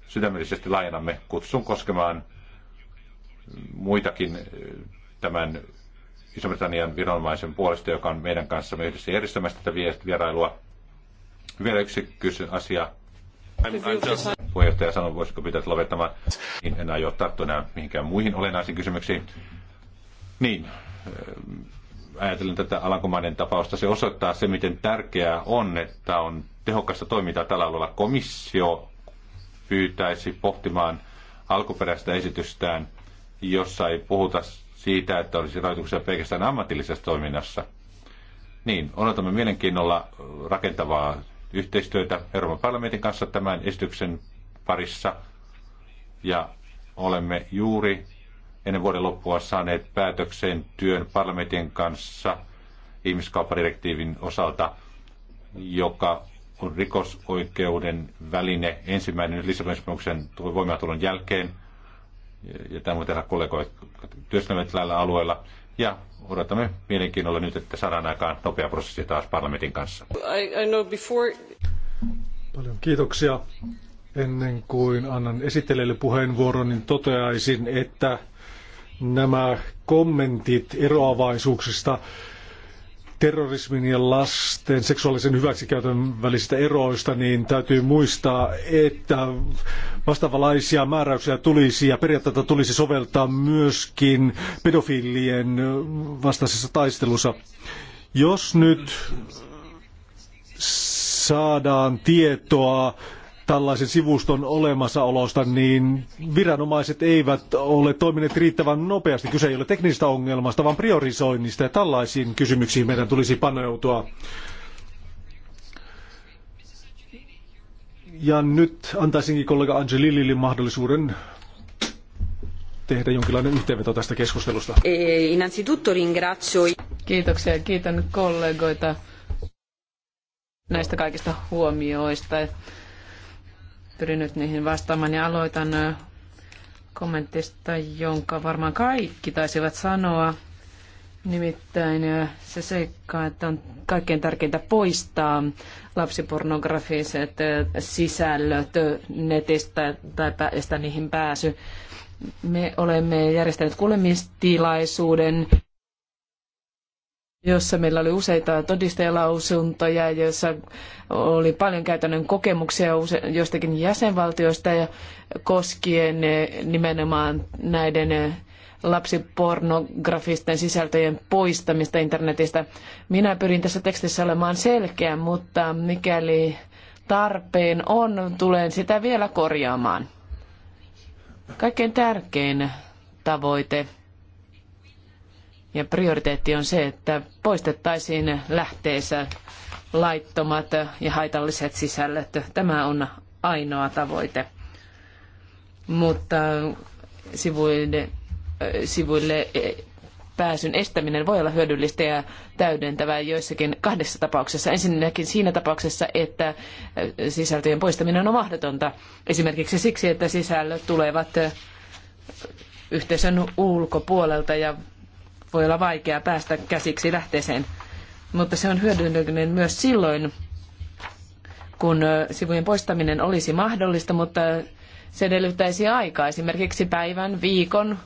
sydämellisesti lainamme kutsun koskemaan muitakin eh, tämän Iso-Britannian viranomaisen puolesta, joka on meidän kanssamme yhdessä järjestämässä tätä vierailua. Vielä yksi kysy asia. Puheenjohtaja sanoi, voisiko pitää lopettamaan. Niin en aio tarttua enää mihinkään muihin olennaisiin kysymyksiin. Niin, äh, ajatellen tätä alankomainen tapausta, se osoittaa se, miten tärkeää on, että on tehokasta toimintaa tällä alueella. Komissio pyytäisi pohtimaan alkuperäistä esitystään, jossa ei puhuta siitä, että olisi rajoituksia pelkästään ammatillisessa toiminnassa. Niin, odotamme mielenkiinnolla rakentavaa yhteistyötä Euroopan parlamentin kanssa tämän esityksen parissa. Ja olemme juuri ennen vuoden loppua saaneet päätöksen työn parlamentin kanssa ihmiskauppadirektiivin osalta, joka on rikosoikeuden väline ensimmäinen Lissabonin sopimuksen voimaantulon jälkeen. Ja tämä on tehdä kollegoille työskentelevät tällä alueella. Ja odotamme mielenkiinnolla nyt, että saadaan aikaan nopea prosessi taas parlamentin kanssa. I, I know before... Paljon kiitoksia. Ennen kuin annan esittelijälle puheenvuoron, niin toteaisin, että nämä kommentit eroavaisuuksista terrorismin ja lasten seksuaalisen hyväksikäytön välisistä eroista, niin täytyy muistaa, että vastaavanlaisia määräyksiä tulisi ja periaatteita tulisi soveltaa myöskin pedofiilien vastaisessa taistelussa. Jos nyt saadaan tietoa tällaisen sivuston olemassaolosta, niin viranomaiset eivät ole toimineet riittävän nopeasti. Kyse ei ole teknisestä ongelmasta, vaan priorisoinnista ja tällaisiin kysymyksiin meidän tulisi paneutua. Ja nyt antaisinkin kollega Angelilille mahdollisuuden tehdä jonkinlainen yhteenveto tästä keskustelusta. E, innanzitutto ringrazio. Kiitoksia. Kiitän kollegoita näistä kaikista huomioista pyrin nyt niihin vastaamaan ja aloitan kommentista, jonka varmaan kaikki taisivat sanoa. Nimittäin se seikka, että on kaikkein tärkeintä poistaa lapsipornografiset sisällöt netistä tai estää niihin pääsy. Me olemme järjestäneet kuulemistilaisuuden jossa meillä oli useita todistajalausuntoja, jossa oli paljon käytännön kokemuksia joistakin jäsenvaltioista ja koskien eh, nimenomaan näiden eh, lapsipornografisten sisältöjen poistamista internetistä. Minä pyrin tässä tekstissä olemaan selkeä, mutta mikäli tarpeen on, tulen sitä vielä korjaamaan. Kaikkein tärkein tavoite ja prioriteetti on se, että poistettaisiin lähteensä laittomat ja haitalliset sisällöt. Tämä on ainoa tavoite. Mutta sivuille, sivuille pääsyn estäminen voi olla hyödyllistä ja täydentävää joissakin kahdessa tapauksessa. Ensinnäkin siinä tapauksessa, että sisältöjen poistaminen on mahdotonta. Esimerkiksi siksi, että sisällöt tulevat yhteisön ulkopuolelta ja voi olla vaikea päästä käsiksi lähteeseen. Mutta se on hyödyllinen myös silloin, kun sivujen poistaminen olisi mahdollista, mutta se edellyttäisi aikaa, esimerkiksi päivän, viikon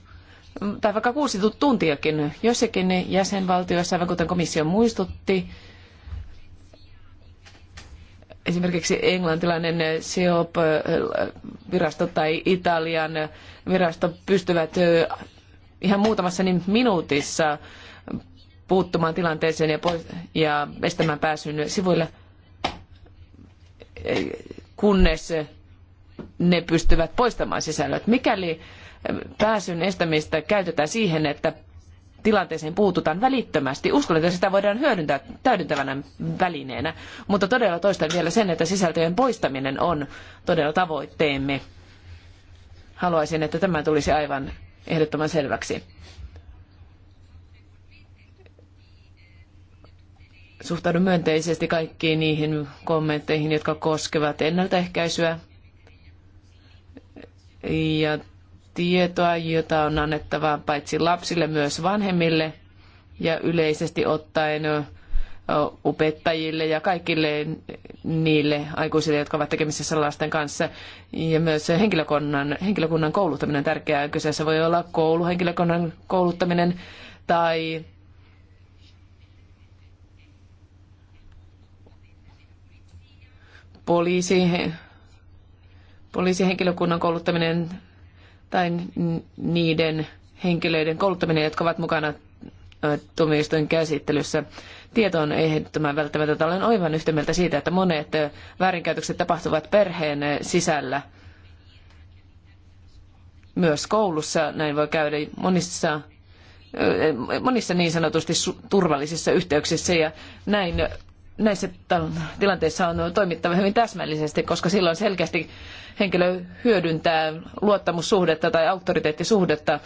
mm, tai vaikka kuusi tuntiakin. Jossakin jäsenvaltioissa, aivan kuten komissio muistutti, esimerkiksi englantilainen SEOP-virasto tai Italian virasto pystyvät ihan muutamassa niin minuutissa puuttumaan tilanteeseen ja, pois, ja estämään pääsyn sivuille, kunnes ne pystyvät poistamaan sisällöt. Mikäli pääsyn estämistä käytetään siihen, että tilanteeseen puututaan välittömästi. Uskon, että sitä voidaan hyödyntää täydentävänä välineenä, mutta todella toistan vielä sen, että sisältöjen poistaminen on todella tavoitteemme. Haluaisin, että tämä tulisi aivan ehdottoman selväksi. Suhtaudun myönteisesti kaikkiin niihin kommentteihin, jotka koskevat ennaltaehkäisyä ja tietoa, jota on annettava paitsi lapsille myös vanhemmille ja yleisesti ottaen opettajille ja kaikille niille aikuisille, jotka ovat tekemisissä lasten kanssa. Ja myös henkilökunnan, henkilökunnan kouluttaminen on tärkeää. Kyseessä voi olla kouluhenkilökunnan kouluttaminen tai poliisi, poliisihenkilökunnan kouluttaminen tai niiden henkilöiden kouluttaminen, jotka ovat mukana tuomioistuin käsittelyssä. Tieto on ehdottoman välttämätöntä. Olen aivan yhtä mieltä siitä, että monet väärinkäytökset tapahtuvat perheen sisällä. Myös koulussa näin voi käydä monissa e, monissa niin sanotusti turvallisissa yhteyksissä ja näin näissä tilanteissa on toimittava hyvin täsmällisesti, koska silloin selkeästi henkilö hyödyntää luottamussuhdetta tai auktoriteettisuhdetta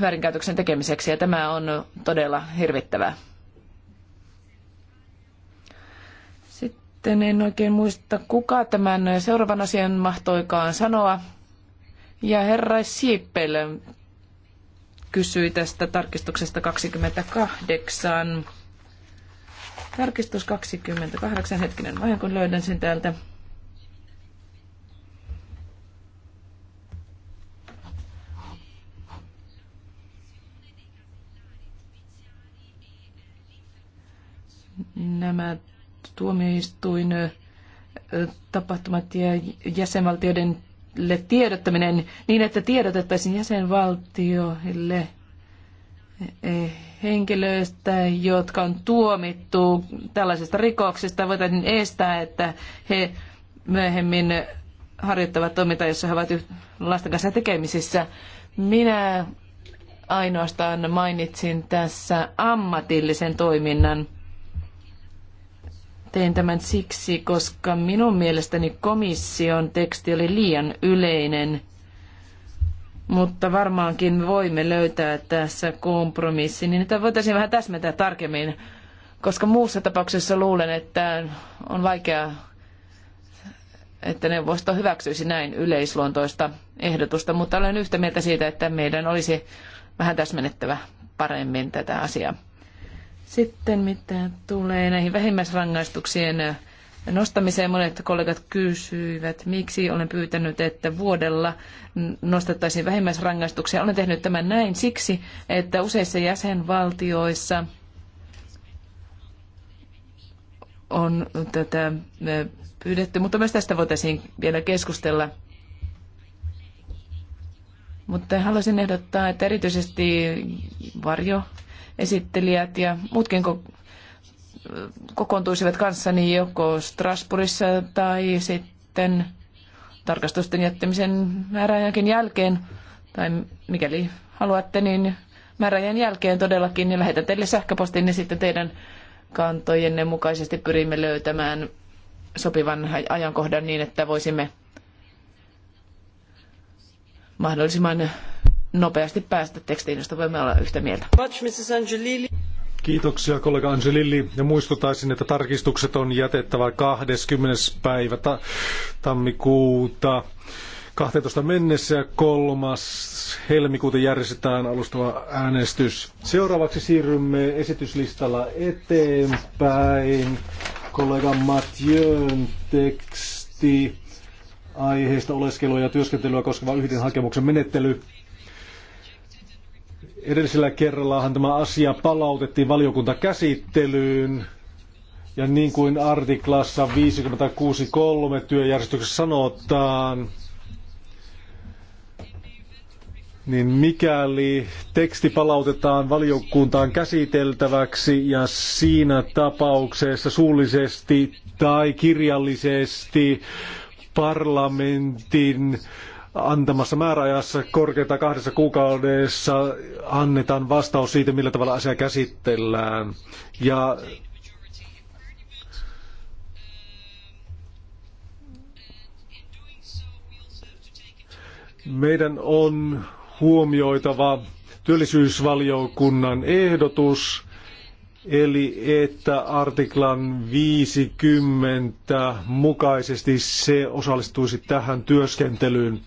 väärinkäytöksen tekemiseksi ja tämä on todella hirvittävää. sitten en oikein muista, kuka tämän seuraavan asian mahtoikaan sanoa. Ja herra Siippel kysyi tästä tarkistuksesta 28. Tarkistus 28, hetkinen vaihe, kun löydän sen täältä. Nämä tuomioistuin tapahtumat ja jäsenvaltioiden tiedottaminen niin, että tiedotettaisiin jäsenvaltioille eh, henkilöistä, jotka on tuomittu tällaisista rikoksista, voitaisiin estää, että he myöhemmin harjoittavat toimintaa, jossa he ovat lasten kanssa tekemisissä. Minä ainoastaan mainitsin tässä ammatillisen toiminnan Tein tämän siksi, koska minun mielestäni komission teksti oli liian yleinen, mutta varmaankin voimme löytää tässä kompromissin, niin että voitaisiin vähän täsmentää tarkemmin, koska muussa tapauksessa luulen, että on vaikea, että neuvosto hyväksyisi näin yleisluontoista ehdotusta, mutta olen yhtä mieltä siitä, että meidän olisi vähän täsmennettävä paremmin tätä asiaa. Sitten mitä tulee näihin vähimmäisrangaistuksien nostamiseen, monet kollegat kysyivät, miksi olen pyytänyt, että vuodella nostettaisiin vähimmäisrangaistuksia. Olen tehnyt tämän näin siksi, että useissa jäsenvaltioissa on tätä pyydetty, mutta myös tästä voitaisiin vielä keskustella. Mutta haluaisin ehdottaa, että erityisesti varjo esittelijät ja muutkin kokoontuisivat kanssani joko Strasbourgissa tai sitten tarkastusten jättämisen määräajankin jälkeen, tai mikäli haluatte, niin määräajan jälkeen todellakin, niin lähetän teille sähköpostin, niin sitten teidän kantojenne mukaisesti pyrimme löytämään sopivan ajankohdan niin, että voisimme mahdollisimman nopeasti päästä tekstiin, josta voimme olla yhtä mieltä. Kiitoksia kollega Angelilli ja muistutaisin, että tarkistukset on jätettävä 20. päivä ta- tammikuuta 12 mennessä ja 3. helmikuuta järjestetään alustava äänestys. Seuraavaksi siirrymme esityslistalla eteenpäin. Kollega Matjön teksti aiheesta oleskelua ja työskentelyä koskeva yhden hakemuksen menettely. Edellisellä kerrallahan tämä asia palautettiin valiokuntakäsittelyyn. Ja niin kuin artiklassa 56.3 työjärjestyksessä sanotaan, niin mikäli teksti palautetaan valiokuntaan käsiteltäväksi ja siinä tapauksessa suullisesti tai kirjallisesti parlamentin antamassa määräajassa korkeintaan kahdessa kuukaudessa annetaan vastaus siitä, millä tavalla asia käsitellään. Ja meidän on huomioitava työllisyysvaliokunnan ehdotus, eli että artiklan 50 mukaisesti se osallistuisi tähän työskentelyyn.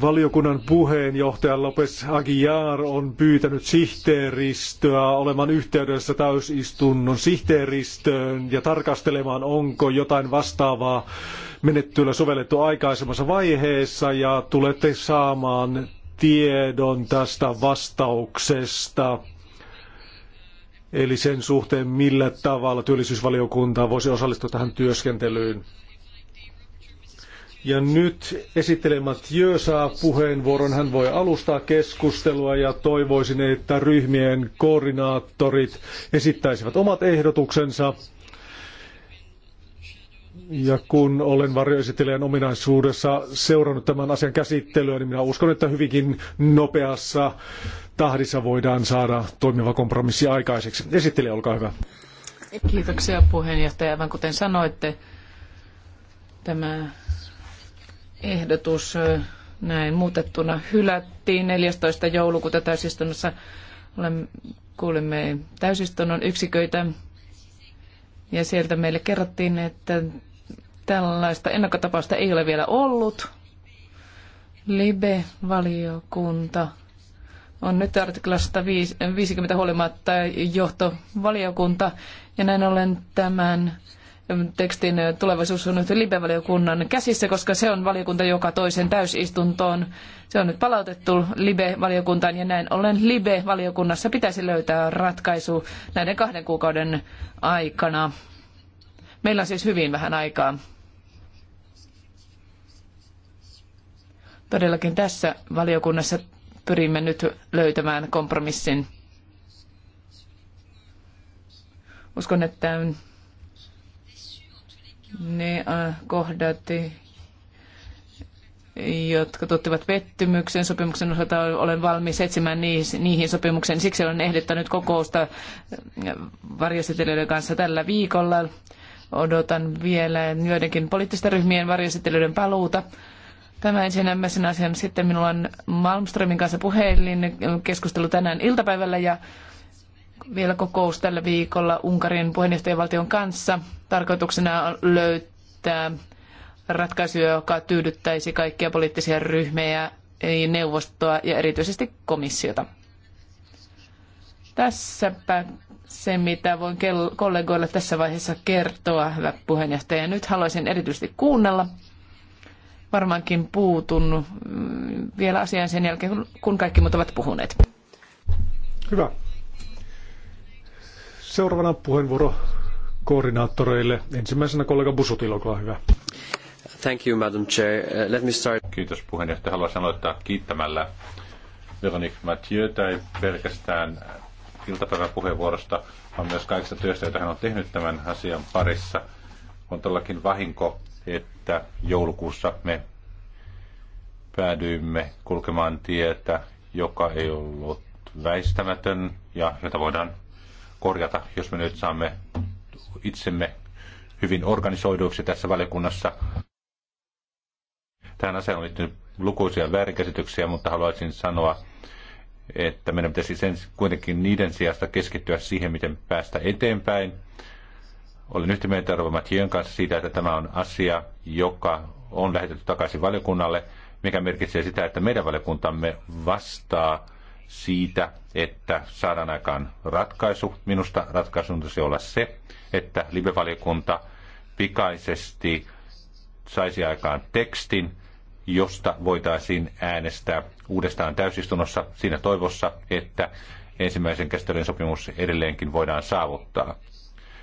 Valiokunnan puheenjohtaja Lopes Aguiar on pyytänyt sihteeristöä olemaan yhteydessä täysistunnon sihteeristöön ja tarkastelemaan, onko jotain vastaavaa menettelyä sovellettu aikaisemmassa vaiheessa ja tulette saamaan tiedon tästä vastauksesta. Eli sen suhteen, millä tavalla työllisyysvaliokunta voisi osallistua tähän työskentelyyn. Ja nyt esittelemät Jö saa puheenvuoron. Hän voi alustaa keskustelua ja toivoisin, että ryhmien koordinaattorit esittäisivät omat ehdotuksensa. Ja kun olen varjoesittelijän ominaisuudessa seurannut tämän asian käsittelyä, niin minä uskon, että hyvinkin nopeassa tahdissa voidaan saada toimiva kompromissi aikaiseksi. Esittelijä, olkaa hyvä. Kiitoksia puheenjohtaja. Aivan kuten sanoitte, tämä ehdotus näin muutettuna hylättiin 14. joulukuuta täysistunnossa. Olemme, kuulimme täysistunnon yksiköitä ja sieltä meille kerrottiin, että tällaista ennakkotapausta ei ole vielä ollut. Libe-valiokunta on nyt artiklasta 50 huolimatta johtovaliokunta ja näin ollen tämän tekstin tulevaisuus on nyt Libe-valiokunnan käsissä, koska se on valiokunta joka toisen täysistuntoon. Se on nyt palautettu Libe-valiokuntaan ja näin ollen Libe-valiokunnassa pitäisi löytää ratkaisu näiden kahden kuukauden aikana. Meillä on siis hyvin vähän aikaa. Todellakin tässä valiokunnassa pyrimme nyt löytämään kompromissin. Uskon, että ne äh, kohdat, jotka tuttivat pettymyksen sopimuksen osalta, olen valmis etsimään niihin sopimukseen. Siksi olen ehdottanut kokousta varjositelijoiden kanssa tällä viikolla. Odotan vielä joidenkin poliittisten ryhmien varjositelijoiden paluuta. Tämä ensimmäisen asian. Sitten minulla on Malmströmin kanssa puhelin keskustelu tänään iltapäivällä ja vielä kokous tällä viikolla Unkarin puheenjohtajavaltion kanssa. Tarkoituksena on löytää ratkaisuja, joka tyydyttäisi kaikkia poliittisia ryhmiä, neuvostoa ja erityisesti komissiota. Tässäpä se, mitä voin kollegoille tässä vaiheessa kertoa, hyvä puheenjohtaja. Nyt haluaisin erityisesti kuunnella. Varmaankin puutun mm, vielä asiaan sen jälkeen, kun kaikki muut ovat puhuneet. Hyvä. Seuraavana puheenvuoro koordinaattoreille. Ensimmäisenä kollega Busutil, olkaa hyvä. Thank you, Madam Chair. Uh, let me start. Kiitos puheenjohtaja. Haluaisin aloittaa kiittämällä Veronique Mathieuta ei pelkästään iltapäiväpuheenvuorosta, vaan myös kaikista työstä, jota hän on tehnyt tämän asian parissa. On todellakin vahinko, että joulukuussa me päädyimme kulkemaan tietä, joka ei ollut väistämätön ja jota voidaan korjata, jos me nyt saamme itsemme hyvin organisoiduiksi tässä valiokunnassa. Tähän asiaan on liittynyt lukuisia väärinkäsityksiä, mutta haluaisin sanoa, että meidän pitäisi sen kuitenkin niiden sijasta keskittyä siihen, miten päästä eteenpäin. Olen yhtä mieltä Rova Mathieu kanssa siitä, että tämä on asia, joka on lähetetty takaisin valiokunnalle, mikä merkitsee sitä, että meidän valiokuntamme vastaa siitä, että saadaan aikaan ratkaisu. Minusta ratkaisun tulisi olla se, että live pikaisesti saisi aikaan tekstin, josta voitaisiin äänestää uudestaan täysistunnossa siinä toivossa, että ensimmäisen käsittelyn sopimus edelleenkin voidaan saavuttaa.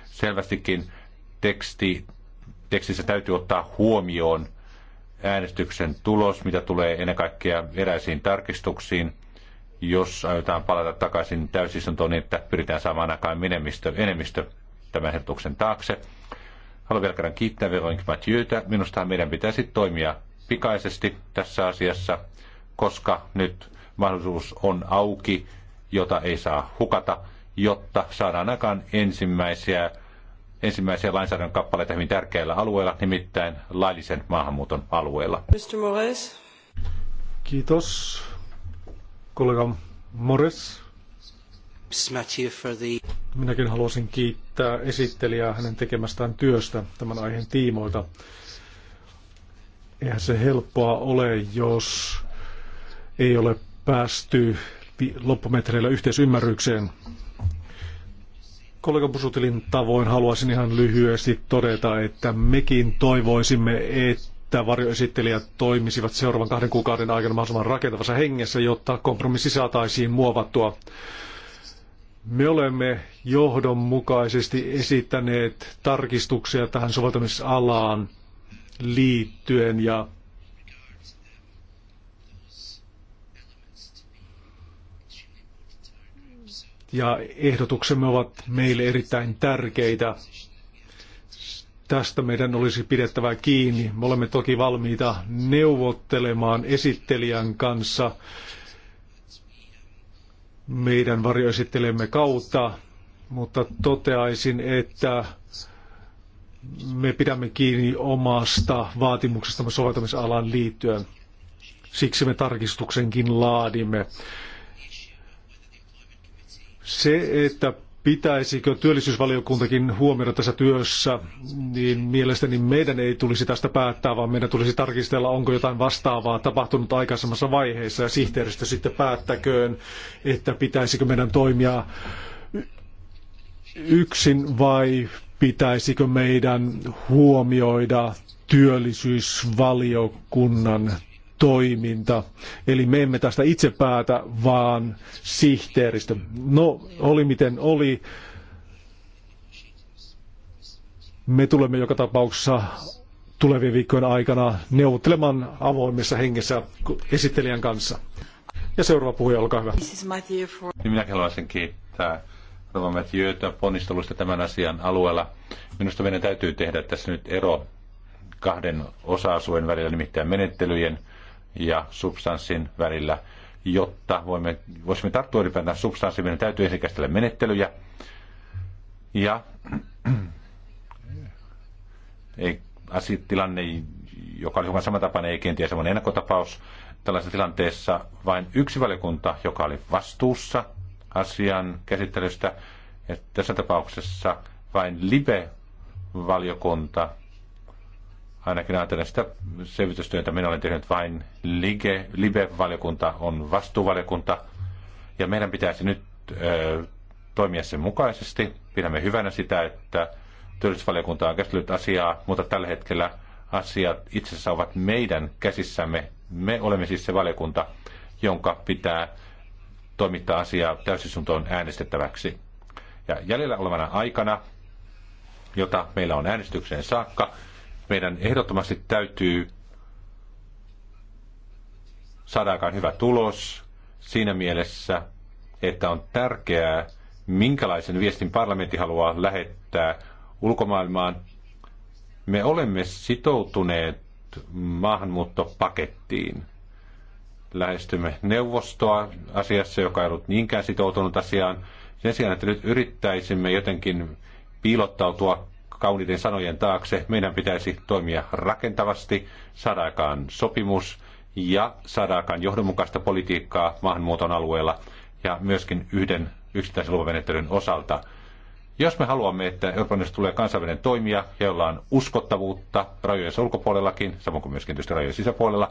Selvästikin teksti, tekstissä täytyy ottaa huomioon äänestyksen tulos, mitä tulee ennen kaikkea eräisiin tarkistuksiin – jos aiotaan palata takaisin täysistuntoon, niin että pyritään saamaan aikaan enemmistö, enemmistö tämän ehdotuksen taakse. Haluan vielä kerran kiittää Veronik Mathieuta. Minusta meidän pitäisi toimia pikaisesti tässä asiassa, koska nyt mahdollisuus on auki, jota ei saa hukata, jotta saadaan aikaan ensimmäisiä, ensimmäisiä lainsäädännön kappaleita hyvin tärkeillä alueilla, nimittäin laillisen maahanmuuton alueella. Mr. Moraes. Kiitos kollega Mores. Minäkin haluaisin kiittää esittelijää hänen tekemästään työstä tämän aiheen tiimoilta. Eihän se helppoa ole, jos ei ole päästy loppumetreillä yhteisymmärrykseen. Kollega Busutilin tavoin haluaisin ihan lyhyesti todeta, että mekin toivoisimme, että että varjoesittelijät toimisivat seuraavan kahden kuukauden aikana mahdollisimman rakentavassa hengessä, jotta kompromissi saataisiin muovattua. Me olemme johdonmukaisesti esittäneet tarkistuksia tähän soveltamisalaan liittyen ja ja ehdotuksemme ovat meille erittäin tärkeitä. Tästä meidän olisi pidettävä kiinni. Me olemme toki valmiita neuvottelemaan esittelijän kanssa meidän varjoesittelemme kautta, mutta toteaisin, että me pidämme kiinni omasta vaatimuksestamme soveltamisalan liittyen. Siksi me tarkistuksenkin laadimme. Se, että pitäisikö työllisyysvaliokuntakin huomioida tässä työssä, niin mielestäni meidän ei tulisi tästä päättää, vaan meidän tulisi tarkistella, onko jotain vastaavaa tapahtunut aikaisemmassa vaiheessa ja sihteeristö sitten päättäköön, että pitäisikö meidän toimia yksin vai pitäisikö meidän huomioida työllisyysvaliokunnan toiminta. Eli me emme tästä itse päätä, vaan sihteeristö. No, oli miten oli. Me tulemme joka tapauksessa tulevien viikkojen aikana neuvottelemaan avoimessa hengessä esittelijän kanssa. Ja seuraava puhuja, olkaa hyvä. Niin minäkin haluaisin kiittää Rova Mathieuta ponnistelusta tämän asian alueella. Minusta meidän täytyy tehdä tässä nyt ero kahden osa-alueen välillä, nimittäin menettelyjen ja substanssin välillä, jotta voimme, voisimme tarttua ylipäätään substanssiin, meidän täytyy ensin käsitellä menettelyjä. Ja [clears throat] ei, asia, tilanne, joka oli hiukan samantapainen, ei kenties semmoinen ennakkotapaus, tällaisessa tilanteessa vain yksi valiokunta, joka oli vastuussa asian käsittelystä. Ja tässä tapauksessa vain LIBE-valiokunta ainakin ajatellen sitä selvitystyötä minä olen tehnyt vain Lige, Libe-valiokunta on vastuuvaliokunta ja meidän pitäisi nyt ö, toimia sen mukaisesti. Pidämme hyvänä sitä, että työllisyysvaliokunta on käsitellyt asiaa, mutta tällä hetkellä asiat itse asiassa ovat meidän käsissämme. Me olemme siis se valiokunta, jonka pitää toimittaa asiaa täysisuntoon äänestettäväksi. Ja jäljellä olevana aikana, jota meillä on äänestykseen saakka, meidän ehdottomasti täytyy saada aikaan hyvä tulos siinä mielessä, että on tärkeää, minkälaisen viestin parlamentti haluaa lähettää ulkomaailmaan. Me olemme sitoutuneet maahanmuuttopakettiin. Lähestymme neuvostoa asiassa, joka ei ollut niinkään sitoutunut asiaan. Sen sijaan, että nyt yrittäisimme jotenkin piilottautua kauniiden sanojen taakse. Meidän pitäisi toimia rakentavasti, saada aikaan sopimus ja saada aikaan johdonmukaista politiikkaa maahanmuuton alueella ja myöskin yhden yksittäisen lupamenettelyn osalta. Jos me haluamme, että Euroopan tulee kansainvälinen toimija, jolla on uskottavuutta rajojen ulkopuolellakin, samoin kuin myöskin tietysti rajojen sisäpuolella,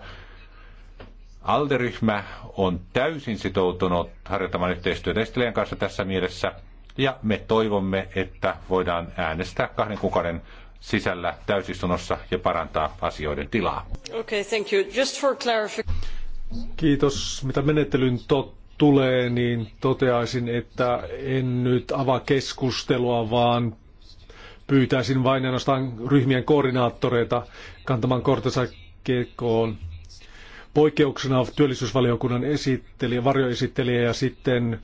Alderyhmä on täysin sitoutunut harjoittamaan yhteistyötä Estelian kanssa tässä mielessä – ja me toivomme, että voidaan äänestää kahden kuukauden sisällä täysistunnossa ja parantaa asioiden tilaa. Okay, thank you. Just for Kiitos. Mitä menettelyn tot tulee, niin toteaisin, että en nyt avaa keskustelua, vaan pyytäisin vain ainoastaan ryhmien koordinaattoreita kantamaan kortensa kekoon. Poikkeuksena työllisyysvaliokunnan esittelijä, varjoesittelijä ja sitten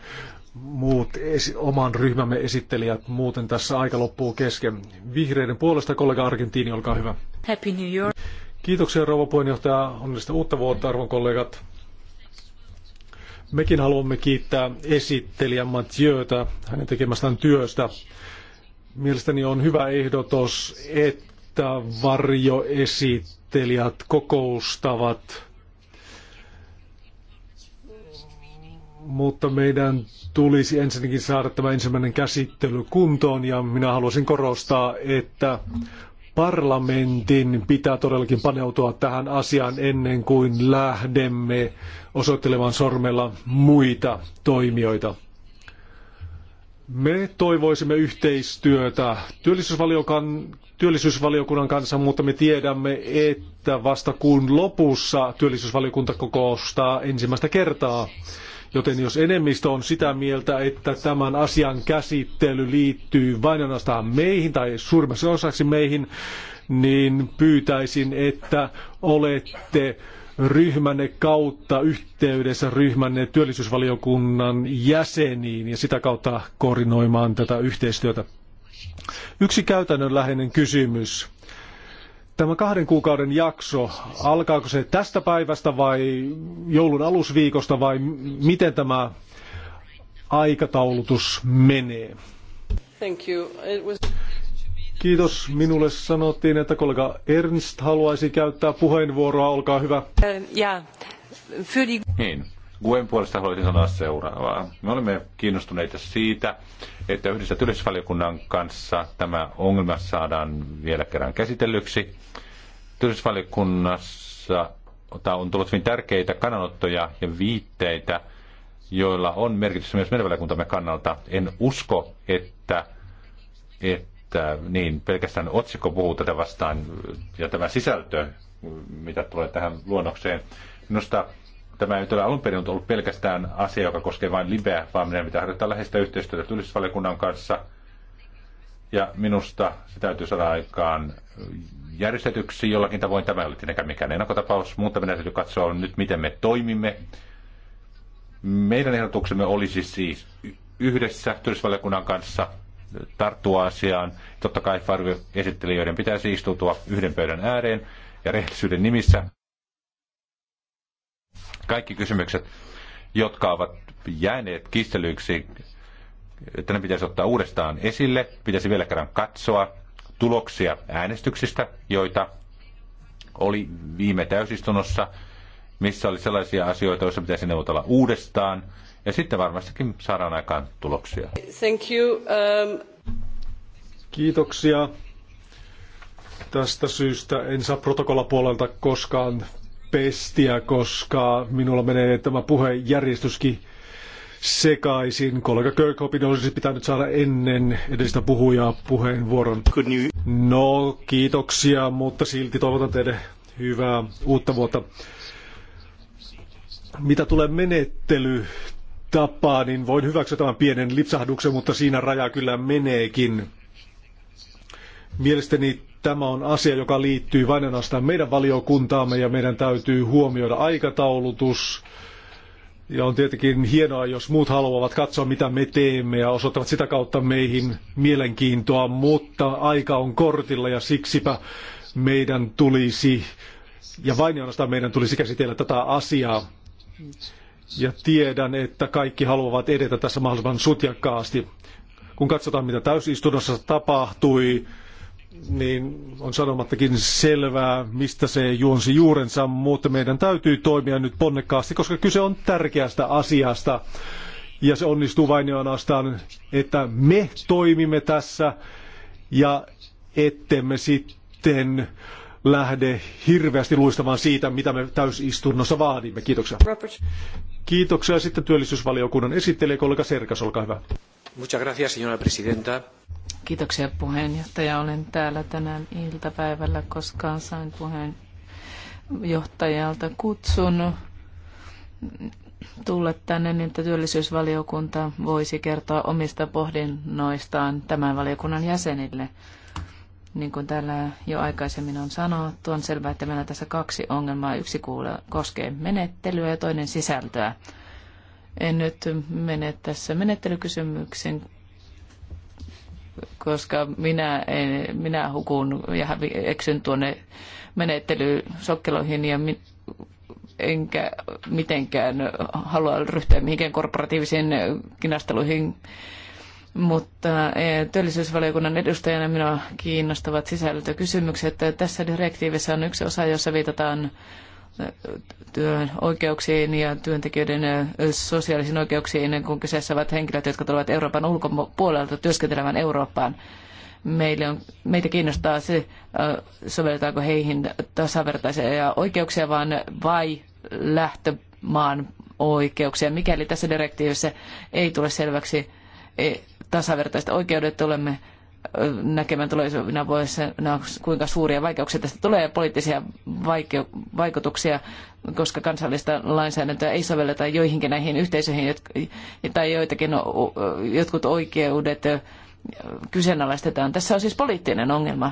muut esi- oman ryhmämme esittelijät. Muuten tässä aika loppuu kesken. Vihreiden puolesta kollega Argentiini, olkaa hyvä. Happy New Year. Kiitoksia rouva puheenjohtaja. Onnellista uutta vuotta arvon kollegat. Mekin haluamme kiittää esittelijä Mathieuta hänen tekemästään työstä. Mielestäni on hyvä ehdotus, että varjoesittelijät kokoustavat mutta meidän tulisi ensinnäkin saada tämä ensimmäinen käsittely kuntoon ja minä haluaisin korostaa, että parlamentin pitää todellakin paneutua tähän asiaan ennen kuin lähdemme osoittelemaan sormella muita toimijoita. Me toivoisimme yhteistyötä työllisyysvaliokunnan kanssa, mutta me tiedämme, että vasta kuun lopussa työllisyysvaliokunta kokoustaa ensimmäistä kertaa Joten jos enemmistö on sitä mieltä, että tämän asian käsittely liittyy vain ainoastaan meihin tai suurimmassa osaksi meihin, niin pyytäisin, että olette ryhmänne kautta yhteydessä ryhmänne työllisyysvaliokunnan jäseniin ja sitä kautta koordinoimaan tätä yhteistyötä. Yksi käytännönläheinen kysymys tämä kahden kuukauden jakso, alkaako se tästä päivästä vai joulun alusviikosta vai miten tämä aikataulutus menee? Kiitos. Minulle sanottiin, että kollega Ernst haluaisi käyttää puheenvuoroa. Olkaa hyvä. Niin. Guen puolesta haluaisin sanoa seuraavaa. Me olemme kiinnostuneita siitä, että yhdessä työllisyysvaliokunnan kanssa tämä ongelma saadaan vielä kerran käsitellyksi. Työllisyysvaliokunnassa on tullut hyvin tärkeitä kannanottoja ja viitteitä, joilla on merkitystä myös meidän valiokuntamme kannalta. En usko, että, että niin, pelkästään otsikko puhuu tätä vastaan ja tämä sisältö, mitä tulee tähän luonnokseen. Minusta Tämä ei ole alun perin ollut pelkästään asia, joka koskee vain liveä, vaan meidän pitää harjoittaa läheistä yhteistyötä tulisvaliokunnan kanssa. Ja minusta se täytyy saada aikaan järjestetyksi jollakin tavoin. Tämä ei ole tietenkään mikään ennakotapaus, mutta meidän täytyy katsoa nyt, miten me toimimme. Meidän ehdotuksemme olisi siis yhdessä tulisvaliokunnan kanssa tarttua asiaan. Totta kai esitteli, esittelijöiden pitäisi istutua yhden pöydän ääreen ja rehellisyyden nimissä kaikki kysymykset, jotka ovat jääneet kistelyiksi, että ne pitäisi ottaa uudestaan esille, pitäisi vielä kerran katsoa tuloksia äänestyksistä, joita oli viime täysistunnossa, missä oli sellaisia asioita, joissa pitäisi neuvotella uudestaan, ja sitten varmastikin saadaan aikaan tuloksia. Thank you. Um... Kiitoksia. Tästä syystä en saa protokollapuolelta koskaan pestiä, koska minulla menee tämä puhejärjestyskin sekaisin. Kollega Kirkhopin olisi pitänyt saada ennen edellistä puhujaa puheenvuoron. No, kiitoksia, mutta silti toivotan teille hyvää uutta vuotta. Mitä tulee menettely tapaa, niin voin hyväksyä tämän pienen lipsahduksen, mutta siinä raja kyllä meneekin. Mielestäni Tämä on asia, joka liittyy vain ainoastaan meidän valiokuntaamme ja meidän täytyy huomioida aikataulutus. Ja on tietenkin hienoa, jos muut haluavat katsoa, mitä me teemme ja osoittavat sitä kautta meihin mielenkiintoa, mutta aika on kortilla ja siksipä meidän tulisi, ja vain ainoastaan meidän tulisi käsitellä tätä asiaa. Ja tiedän, että kaikki haluavat edetä tässä mahdollisimman sutjakkaasti. Kun katsotaan, mitä täysistunnossa tapahtui, niin on sanomattakin selvää, mistä se juonsi juurensa, mutta meidän täytyy toimia nyt ponnekkaasti, koska kyse on tärkeästä asiasta. Ja se onnistuu vain ja ainoastaan, että me toimimme tässä ja ettemme sitten lähde hirveästi luistamaan siitä, mitä me täysistunnossa vaadimme. Kiitoksia. Kiitoksia sitten työllisyysvaliokunnan esittelijä, kollega Serkas, olkaa hyvä. Muchas gracias, señora presidenta. Kiitoksia puheenjohtaja. Olen täällä tänään iltapäivällä, koska sain puheenjohtajalta kutsun tulla tänne, niin että työllisyysvaliokunta voisi kertoa omista pohdinnoistaan tämän valiokunnan jäsenille. Niin kuin täällä jo aikaisemmin on sanottu, on selvää, että meillä on tässä kaksi ongelmaa. Yksi koskee menettelyä ja toinen sisältöä. En nyt mene tässä menettelykysymyksen, koska minä, en, minä hukun ja eksyn tuonne menettelysokkeloihin ja min, enkä mitenkään halua ryhtyä mihinkään korporatiivisiin kinasteluihin mutta e, työllisyysvaliokunnan edustajana minua kiinnostavat sisältökysymykset. Tässä direktiivissä on yksi osa, jossa viitataan työn oikeuksiin ja työntekijöiden sosiaalisiin oikeuksiin, kun kyseessä ovat henkilöt, jotka tulevat Euroopan ulkopuolelta työskentelemään Eurooppaan. Meille on, meitä kiinnostaa se, sovelletaanko heihin tasavertaisia oikeuksia vaan vai lähtömaan oikeuksia. Mikäli tässä direktiivissä ei tule selväksi e, tasavertaiset oikeudet, olemme näkemään tulevina vuosina, kuinka suuria vaikeuksia tästä tulee, poliittisia vaikeu- vaikutuksia, koska kansallista lainsäädäntöä ei sovelleta joihinkin näihin yhteisöihin jotka, tai joitakin jotkut oikeudet kyseenalaistetaan. Tässä on siis poliittinen ongelma.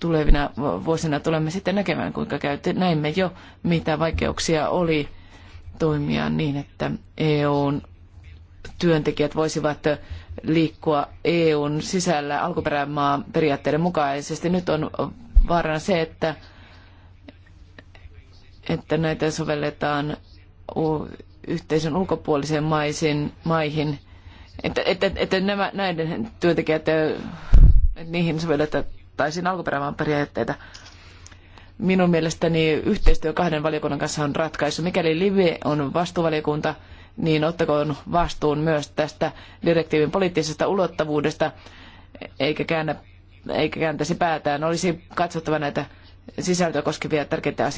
Tulevina vuosina tulemme sitten näkemään, kuinka käytte. Näimme jo, mitä vaikeuksia oli toimia niin, että EUn työntekijät voisivat liikkua EUn sisällä alkuperämaa periaatteiden mukaisesti. Nyt on vaarana se, että, että näitä sovelletaan yhteisön ulkopuoliseen maisiin, maihin, että, että, että nämä, näiden työntekijät, että niihin sovellettaisiin alkuperämaan periaatteita. Minun mielestäni yhteistyö kahden valiokunnan kanssa on ratkaisu. Mikäli Live on vastuuvaliokunta, niin ottakoon vastuun myös tästä direktiivin poliittisesta ulottuvuudesta, eikä, käännä, eikä kääntäisi päätään. Olisi katsottava näitä sisältöä koskevia tärkeitä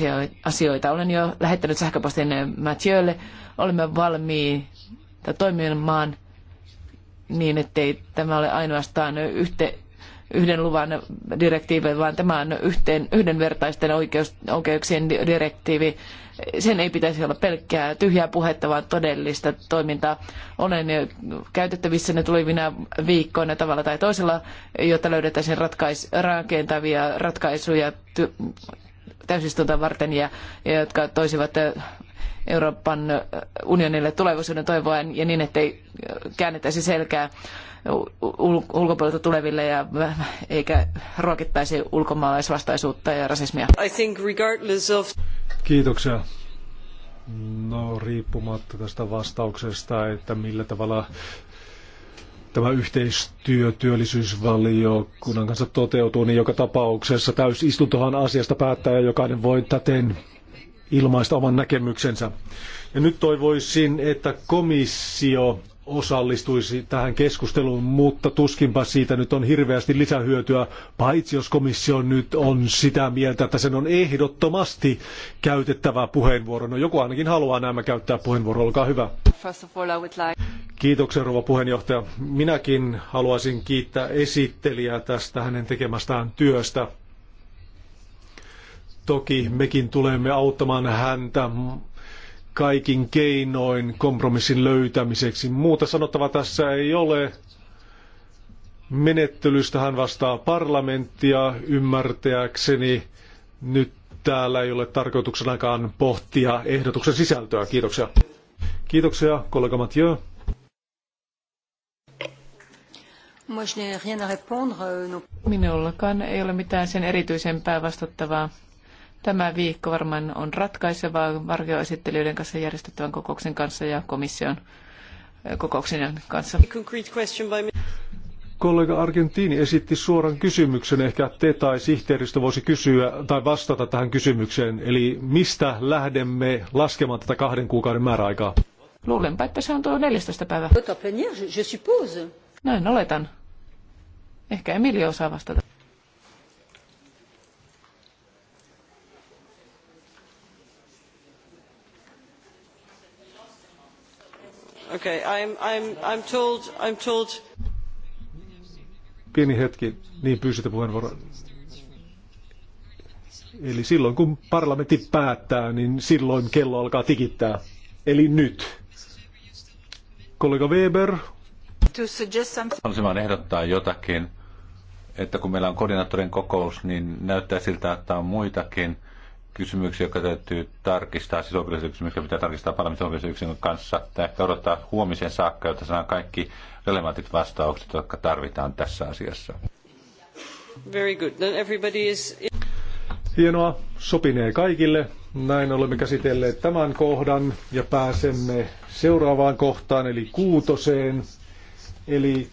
asioita. Olen jo lähettänyt sähköpostin Mathieulle. Olemme valmiita toimimaan niin, ettei tämä ole ainoastaan yhte, yhden luvan direktiivi, vaan tämä on yhteen, yhdenvertaisten oikeus, oikeuksien direktiivi sen ei pitäisi olla pelkkää tyhjää puhetta, vaan todellista toimintaa. Olen käytettävissä ne tulevina viikkoina tavalla tai toisella, jotta löydettäisiin ratkais- rakentavia ratkaisuja ty- täysistunta varten, ja, jotka toisivat Euroopan unionille tulevaisuuden toivoa ja niin, ettei käännettäisi selkää ulkopuolelta tuleville ja eikä ruokittaisi ulkomaalaisvastaisuutta ja rasismia. Of... Kiitoksia. No riippumatta tästä vastauksesta, että millä tavalla tämä yhteistyö työllisyysvaliokunnan kanssa toteutuu, niin joka tapauksessa täysistuntohan asiasta päättää ja jokainen voi täten ilmaista oman näkemyksensä. Ja nyt toivoisin, että komissio osallistuisi tähän keskusteluun, mutta tuskinpa siitä nyt on hirveästi lisähyötyä, paitsi jos komissio nyt on sitä mieltä, että sen on ehdottomasti käytettävä puheenvuoro. No joku ainakin haluaa nämä käyttää puheenvuoro, olkaa hyvä. Kiitoksia rouva puheenjohtaja. Minäkin haluaisin kiittää esittelijää tästä hänen tekemästään työstä. Toki mekin tulemme auttamaan häntä kaikin keinoin kompromissin löytämiseksi. Muuta sanottavaa tässä ei ole. Menettelystä hän vastaa parlamenttia ymmärtääkseni. Nyt täällä ei ole tarkoituksenakaan pohtia ehdotuksen sisältöä. Kiitoksia. Kiitoksia, kollega Mathieu. Euh, Minullakaan ei ole mitään sen erityisempää vastattavaa. Tämä viikko varmaan on ratkaisevaa varjoesittelijöiden kanssa järjestettävän kokouksen kanssa ja komission kokouksen kanssa. Kollega Argentiini esitti suoran kysymyksen, ehkä te tai sihteeristö voisi kysyä tai vastata tähän kysymykseen. Eli mistä lähdemme laskemaan tätä kahden kuukauden määräaikaa? Luulenpa, että se on tuo 14. päivä. Näin oletan. Ehkä Emilio osaa vastata. Okay, I'm, I'm, I'm told, I'm told. Pieni hetki, niin pyysitte puheenvuoron. Eli silloin kun parlamentti päättää, niin silloin kello alkaa tikittää. Eli nyt. Kollega Weber. Haluaisin vain ehdottaa jotakin, että kun meillä on koordinaattorin kokous, niin näyttää siltä, että on muitakin kysymyksiä, jotka täytyy tarkistaa, siis oikeudellisia kysymyksiä pitää tarkistaa parlamentin oikeudellisen kanssa, tai ehkä odottaa huomisen saakka, jotta saadaan kaikki relevantit vastaukset, jotka tarvitaan tässä asiassa. Very good. Then everybody is... Hienoa, sopinee kaikille. Näin olemme käsitelleet tämän kohdan ja pääsemme seuraavaan kohtaan, eli kuutoseen. Eli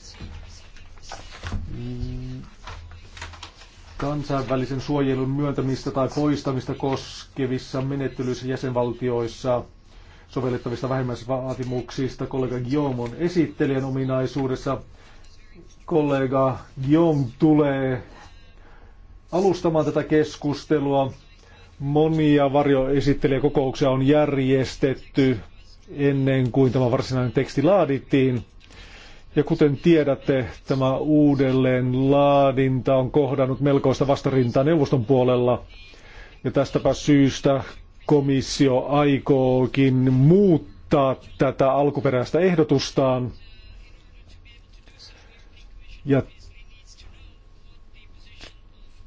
kansainvälisen suojelun myöntämistä tai poistamista koskevissa menettelyissä jäsenvaltioissa sovellettavista vähimmäisvaatimuksista kollega Guillaume on esittelijän ominaisuudessa. Kollega Guillaume tulee alustamaan tätä keskustelua. Monia varjoesittelijäkokouksia on järjestetty ennen kuin tämä varsinainen teksti laadittiin. Ja kuten tiedätte, tämä uudelleen laadinta on kohdannut melkoista vastarintaa neuvoston puolella. Ja tästäpä syystä komissio aikookin muuttaa tätä alkuperäistä ehdotustaan. Ja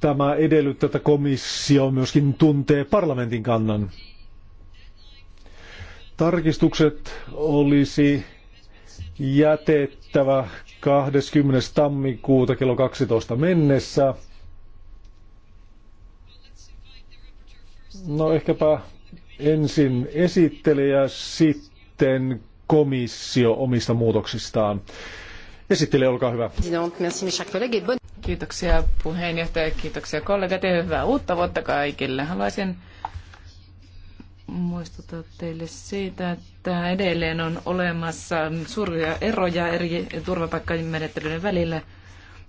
tämä edellyttää, että komissio myöskin tuntee parlamentin kannan. Tarkistukset olisi jätettävä 20. tammikuuta kello 12 mennessä. No ehkäpä ensin esittelijä, sitten komissio omista muutoksistaan. Esittelijä, olkaa hyvä. Kiitoksia puheenjohtaja, kiitoksia kollegat ja hyvää uutta vuotta kaikille. Haluaisin muistuttaa teille siitä, että edelleen on olemassa suuria eroja eri turvapaikkamenettelyiden välillä.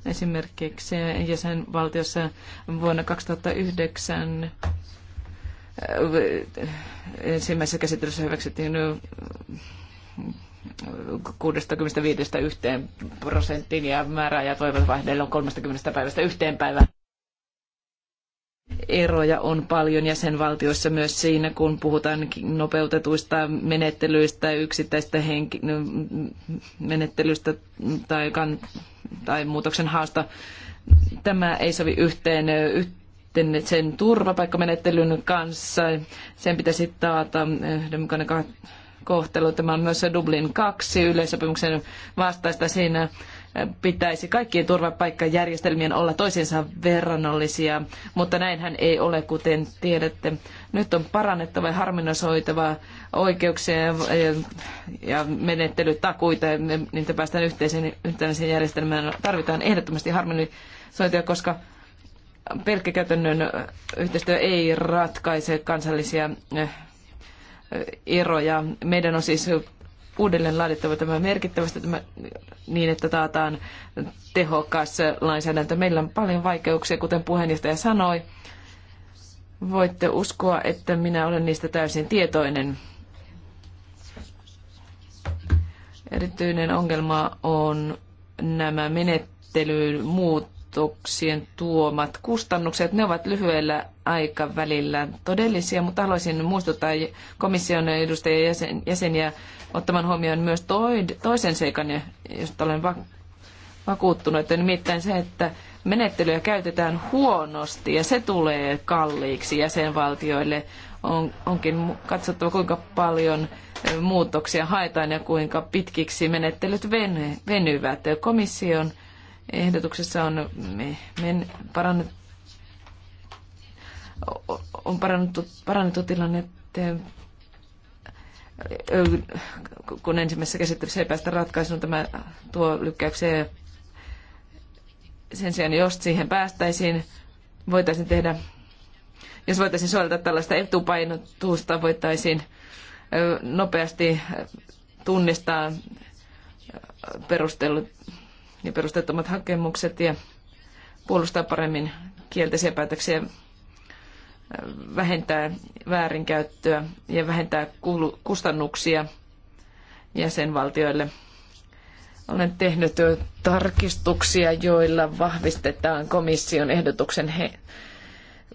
Esimerkiksi jäsenvaltiossa vuonna 2009 eh, ensimmäisessä käsittelyssä hyväksyttiin 65 yhteen prosenttiin ja määräajat voivat vaihdella 30 päivästä yhteen päivään eroja on paljon jäsenvaltioissa myös siinä, kun puhutaan nopeutetuista menettelyistä, yksittäistä henki- no, menettelystä tai, kan- tai muutoksen haasta. Tämä ei sovi yhteen, yhteen sen turvapaikkamenettelyn kanssa. Sen pitäisi taata yhdenmukainen kohtelu. Tämä on myös Dublin 2 yleissopimuksen vastaista siinä pitäisi kaikkien turvapaikkajärjestelmien olla toisiinsa verrannollisia, mutta näinhän ei ole, kuten tiedätte. Nyt on parannettava ja harmonisoitava oikeuksia ja, menettelytakuita, ja niitä päästään yhteiseen, yhteiseen järjestelmään. Tarvitaan ehdottomasti harmonisointia, koska pelkkä käytännön yhteistyö ei ratkaise kansallisia eh, eroja. Meidän on siis uudelleen laadittava tämä merkittävästi tämä, niin, että taataan tehokas lainsäädäntö. Meillä on paljon vaikeuksia, kuten puheenjohtaja sanoi. Voitte uskoa, että minä olen niistä täysin tietoinen. Erityinen ongelma on nämä menettelyyn muutoksien tuomat kustannukset. Ne ovat lyhyellä aikavälillä todellisia, mutta haluaisin muistuttaa komission edustajien jäsen, jäseniä ottamaan huomioon myös toisen seikan, josta olen vakuuttunut, että nimittäin se, että menettelyä käytetään huonosti ja se tulee kalliiksi jäsenvaltioille. On, onkin katsottava, kuinka paljon muutoksia haetaan ja kuinka pitkiksi menettelyt venyvät. Komission ehdotuksessa on, me, me parannettu, on parannettu, parannettu että kun ensimmäisessä käsittelyssä ei päästä ratkaisuun, tämä tuo lykkäykseen. Sen sijaan, jos siihen päästäisiin, voitaisiin tehdä, jos voitaisiin soveltaa tällaista etupainotusta, voitaisiin nopeasti tunnistaa perustellut ja perusteettomat hakemukset ja puolustaa paremmin kielteisiä päätöksiä vähentää väärinkäyttöä ja vähentää kustannuksia jäsenvaltioille. Olen tehnyt tarkistuksia, joilla vahvistetaan komission ehdotuksen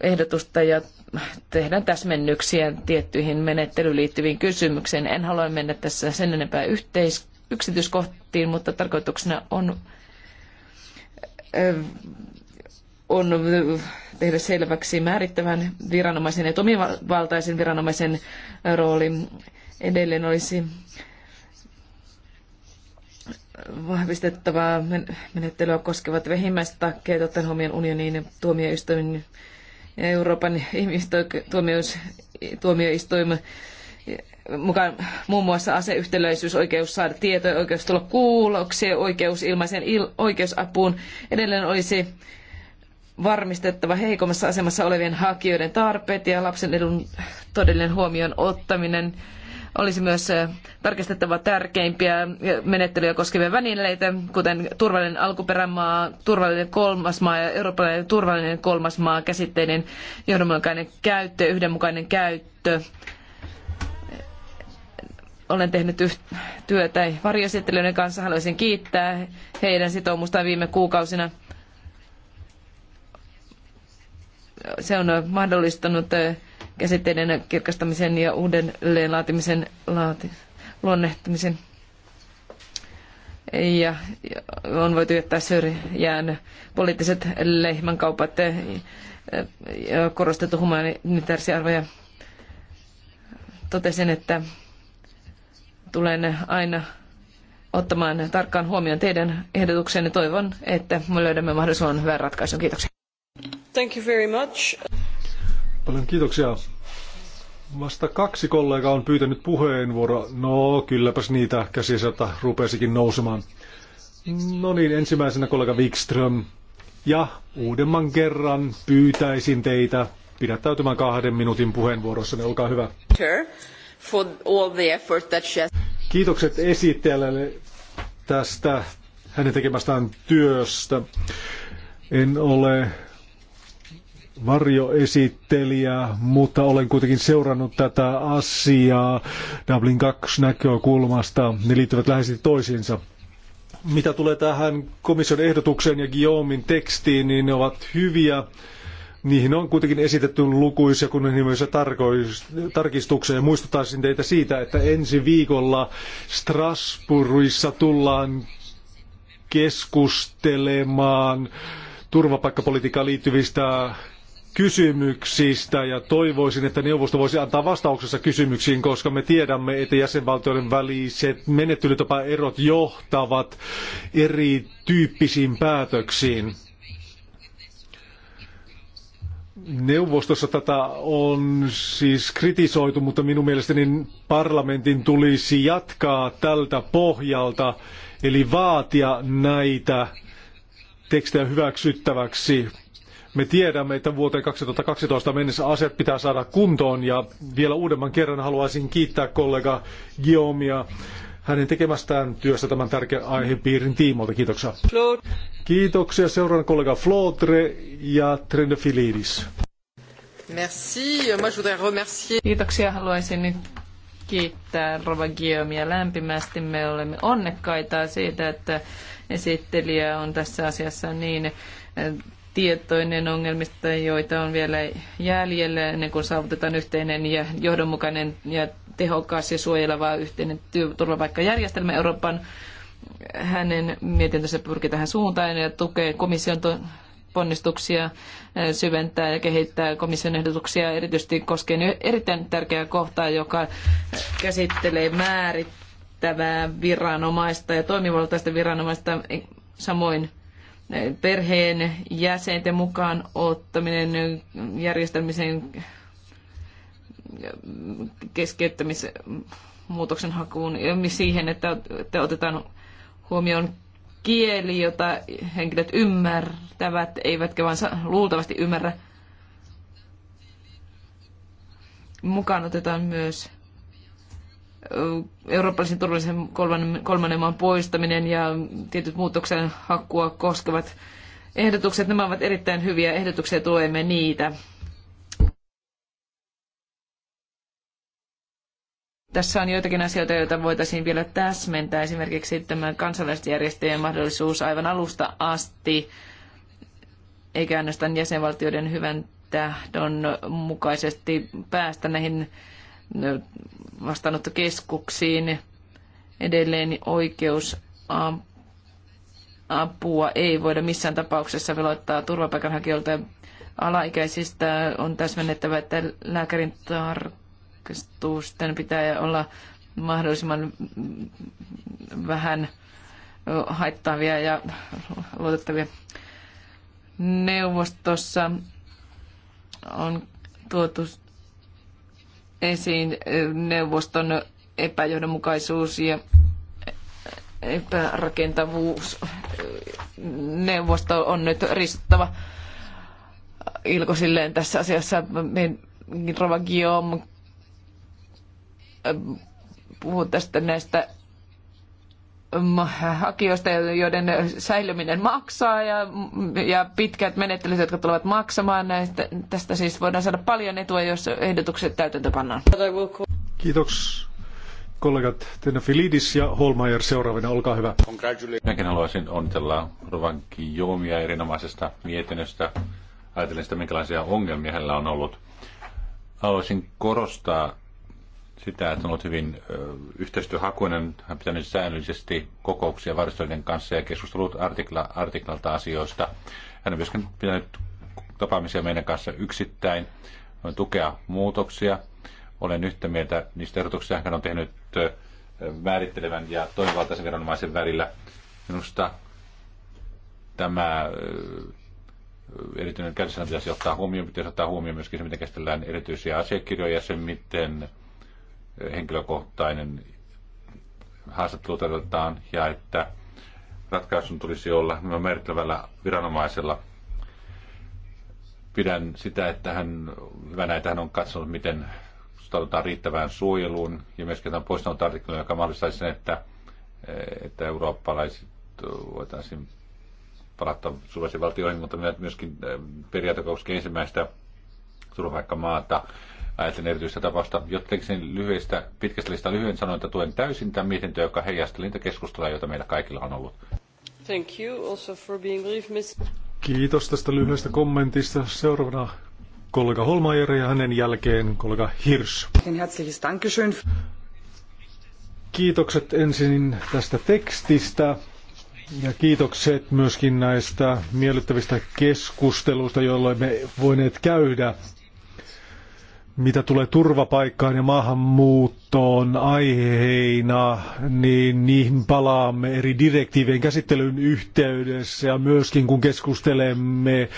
ehdotusta ja tehdään täsmennyksiä tiettyihin menettelyyn liittyviin kysymyksiin. En halua mennä tässä sen enempää yhteis- yksityiskohtiin, mutta tarkoituksena on, on tehdä selväksi määrittävän viranomaisen ja toimivaltaisen viranomaisen rooli. Edelleen olisi vahvistettavaa menettelyä koskevat vähimmäistakkeet ottaen huomioon unionin tuomioistuimen ja Euroopan ihmistuomioistuimen mukaan muun muassa aseyhtälöisyys, oikeus saada tietoja, oikeus tulla kuulloksi, oikeus ilmaiseen il- oikeusapuun. Edelleen olisi varmistettava heikommassa asemassa olevien hakijoiden tarpeet ja lapsen edun todellinen huomioon ottaminen. Olisi myös tarkistettava tärkeimpiä menettelyjä koskevia välineitä, kuten turvallinen alkuperämaa, turvallinen kolmas maa ja eurooppalainen turvallinen kolmas maa käsitteiden johdonmukainen käyttö ja yhdenmukainen käyttö olen tehnyt työtä varjoesittelijöiden kanssa. Haluaisin kiittää heidän sitoumustaan viime kuukausina. se on mahdollistanut eh, käsitteiden kirkastamisen ja uudelleen laatimisen laati, luonnehtimisen. Ja on voitu jättää syrjään poliittiset lehmänkaupat eh, ja korostettu humanitaarisia arvoja. Totesin, että tulen aina ottamaan tarkkaan huomioon teidän ehdotuksenne. Toivon, että me löydämme mahdollisimman hyvän ratkaisun. Kiitoksia. Thank you very much. Paljon kiitoksia. Vasta kaksi kollegaa on pyytänyt puheenvuoroa. No, kylläpäs niitä käsiä sieltä rupesikin nousemaan. No niin, ensimmäisenä kollega Wikström. Ja uudemman kerran pyytäisin teitä pidättäytymään kahden minuutin puheenvuorossanne. Olkaa hyvä. Kiitokset esittelijälle tästä hänen tekemästään työstä. En ole varjoesittelijä, mutta olen kuitenkin seurannut tätä asiaa Dublin 2 näkökulmasta. Ne liittyvät läheisesti toisiinsa. Mitä tulee tähän komission ehdotukseen ja Guillaumin tekstiin, niin ne ovat hyviä. Niihin on kuitenkin esitetty lukuisia kunnianhimoisia tarkistuksia ja muistuttaisin teitä siitä, että ensi viikolla Strasbourgissa tullaan keskustelemaan turvapaikkapolitiikkaan liittyvistä kysymyksistä ja toivoisin, että neuvosto voisi antaa vastauksessa kysymyksiin, koska me tiedämme, että jäsenvaltioiden väliset menettelytapaerot johtavat erityyppisiin päätöksiin. Neuvostossa tätä on siis kritisoitu, mutta minun mielestäni parlamentin tulisi jatkaa tältä pohjalta, eli vaatia näitä tekstejä hyväksyttäväksi me tiedämme, että vuoteen 2012 mennessä asiat pitää saada kuntoon ja vielä uudemman kerran haluaisin kiittää kollega Giomia hänen tekemästään työstä tämän tärkeän aihepiirin tiimoilta. Kiitoksia. Kiitoksia seuraan kollega Flotre ja Trendefilidis. Merci. Moi, je remercier. Kiitoksia. Haluaisin nyt kiittää Rova Guillaumea lämpimästi. Me olemme onnekkaita siitä, että esittelijä on tässä asiassa niin tietoinen ongelmista, joita on vielä jäljellä ennen kuin saavutetaan yhteinen ja johdonmukainen ja tehokas ja suojeleva yhteinen turvapaikkajärjestelmä Euroopan. Hänen mietintönsä pyrkii tähän suuntaan ja tukee komission ponnistuksia äh, syventää ja kehittää komission ehdotuksia erityisesti koskien erittäin tärkeää kohtaa, joka käsittelee määrittävää viranomaista ja toimivaltaista viranomaista samoin perheen jäsenten mukaan ottaminen järjestämisen keskeyttämismuutoksen hakuun siihen, että, että otetaan huomioon kieli, jota henkilöt ymmärtävät, eivätkä vain luultavasti ymmärrä. Mukaan otetaan myös eurooppalaisen turvallisen kolmannen, kolmannen maan poistaminen ja tietyt muutoksen hakkua koskevat ehdotukset. Nämä ovat erittäin hyviä ehdotuksia, tuemme niitä. Tässä on joitakin asioita, joita voitaisiin vielä täsmentää. Esimerkiksi tämä kansalaisjärjestöjen mahdollisuus aivan alusta asti, eikä ainoastaan jäsenvaltioiden hyvän tahdon mukaisesti päästä näihin vastaanottokeskuksiin. Edelleen oikeus apua ei voida missään tapauksessa veloittaa turvapaikanhakijoilta alaikäisistä. On täsmennettävä, että lääkärin tarkastusten pitää olla mahdollisimman vähän haittavia ja luotettavia. Neuvostossa on tuotu esiin neuvoston epäjohdonmukaisuus ja epärakentavuus. Neuvosto on nyt ristuttava ilkosilleen tässä asiassa. Rova Guillaume puhuu tästä näistä hakijoista, joiden säilyminen maksaa ja, ja pitkät menettelyt, jotka tulevat maksamaan. Näistä, tästä siis voidaan saada paljon etua, jos ehdotukset täytäntö pannaan. Kiitos kollegat Tenna Filidis ja Holmeier seuraavina, olkaa hyvä. Minäkin haluaisin onnitella Rovan Joomia erinomaisesta mietinnöstä. Ajattelin sitä, minkälaisia ongelmia hänellä on ollut. Haluaisin korostaa sitä, että on ollut hyvin yhteistyöhakuinen. Hän pitänyt säännöllisesti kokouksia varustelijoiden kanssa ja keskustelut artikla, artiklalta asioista. Hän on myöskin pitänyt tapaamisia meidän kanssa yksittäin, on tukea muutoksia. Olen yhtä mieltä niistä erotuksista, hän on tehnyt määrittelevän ja toimivaltaisen viranomaisen välillä. Minusta tämä erityinen käsissä pitäisi ottaa huomioon, pitäisi ottaa huomioon myöskin se, miten käsitellään erityisiä asiakirjoja ja se, miten henkilökohtainen haastattelu toteutetaan ja että ratkaisun tulisi olla merkittävällä viranomaisella. Pidän sitä, että hän, hyvänä, että hän on katsonut, miten suhtaudutaan riittävään suojeluun ja myöskin tämän poistanut artikkelin, joka mahdollistaisi sen, että, että eurooppalaiset voitaisiin palata suvaisiin valtioihin, mutta myöskin periaate koskee ensimmäistä turvapaikkamaata. maata ajatellen erityistä tapausta. Jotenkin lyhyestä, pitkästä listaa lyhyen sanoin, että tuen täysin tämän mietintöä, joka heijasteli niitä keskusteluja, joita meillä kaikilla on ollut. Thank you also for being brief, miss. Kiitos tästä lyhyestä kommentista. Seuraavana kollega Holmajer ja hänen jälkeen kollega Hirsch. Niin, herzliches Dankeschön. Kiitokset ensin tästä tekstistä. Ja kiitokset myöskin näistä miellyttävistä keskusteluista, jolloin me voineet käydä mitä tulee turvapaikkaan ja maahanmuuttoon aiheina, niin niihin palaamme eri direktiivien käsittelyn yhteydessä ja myöskin kun keskustelemme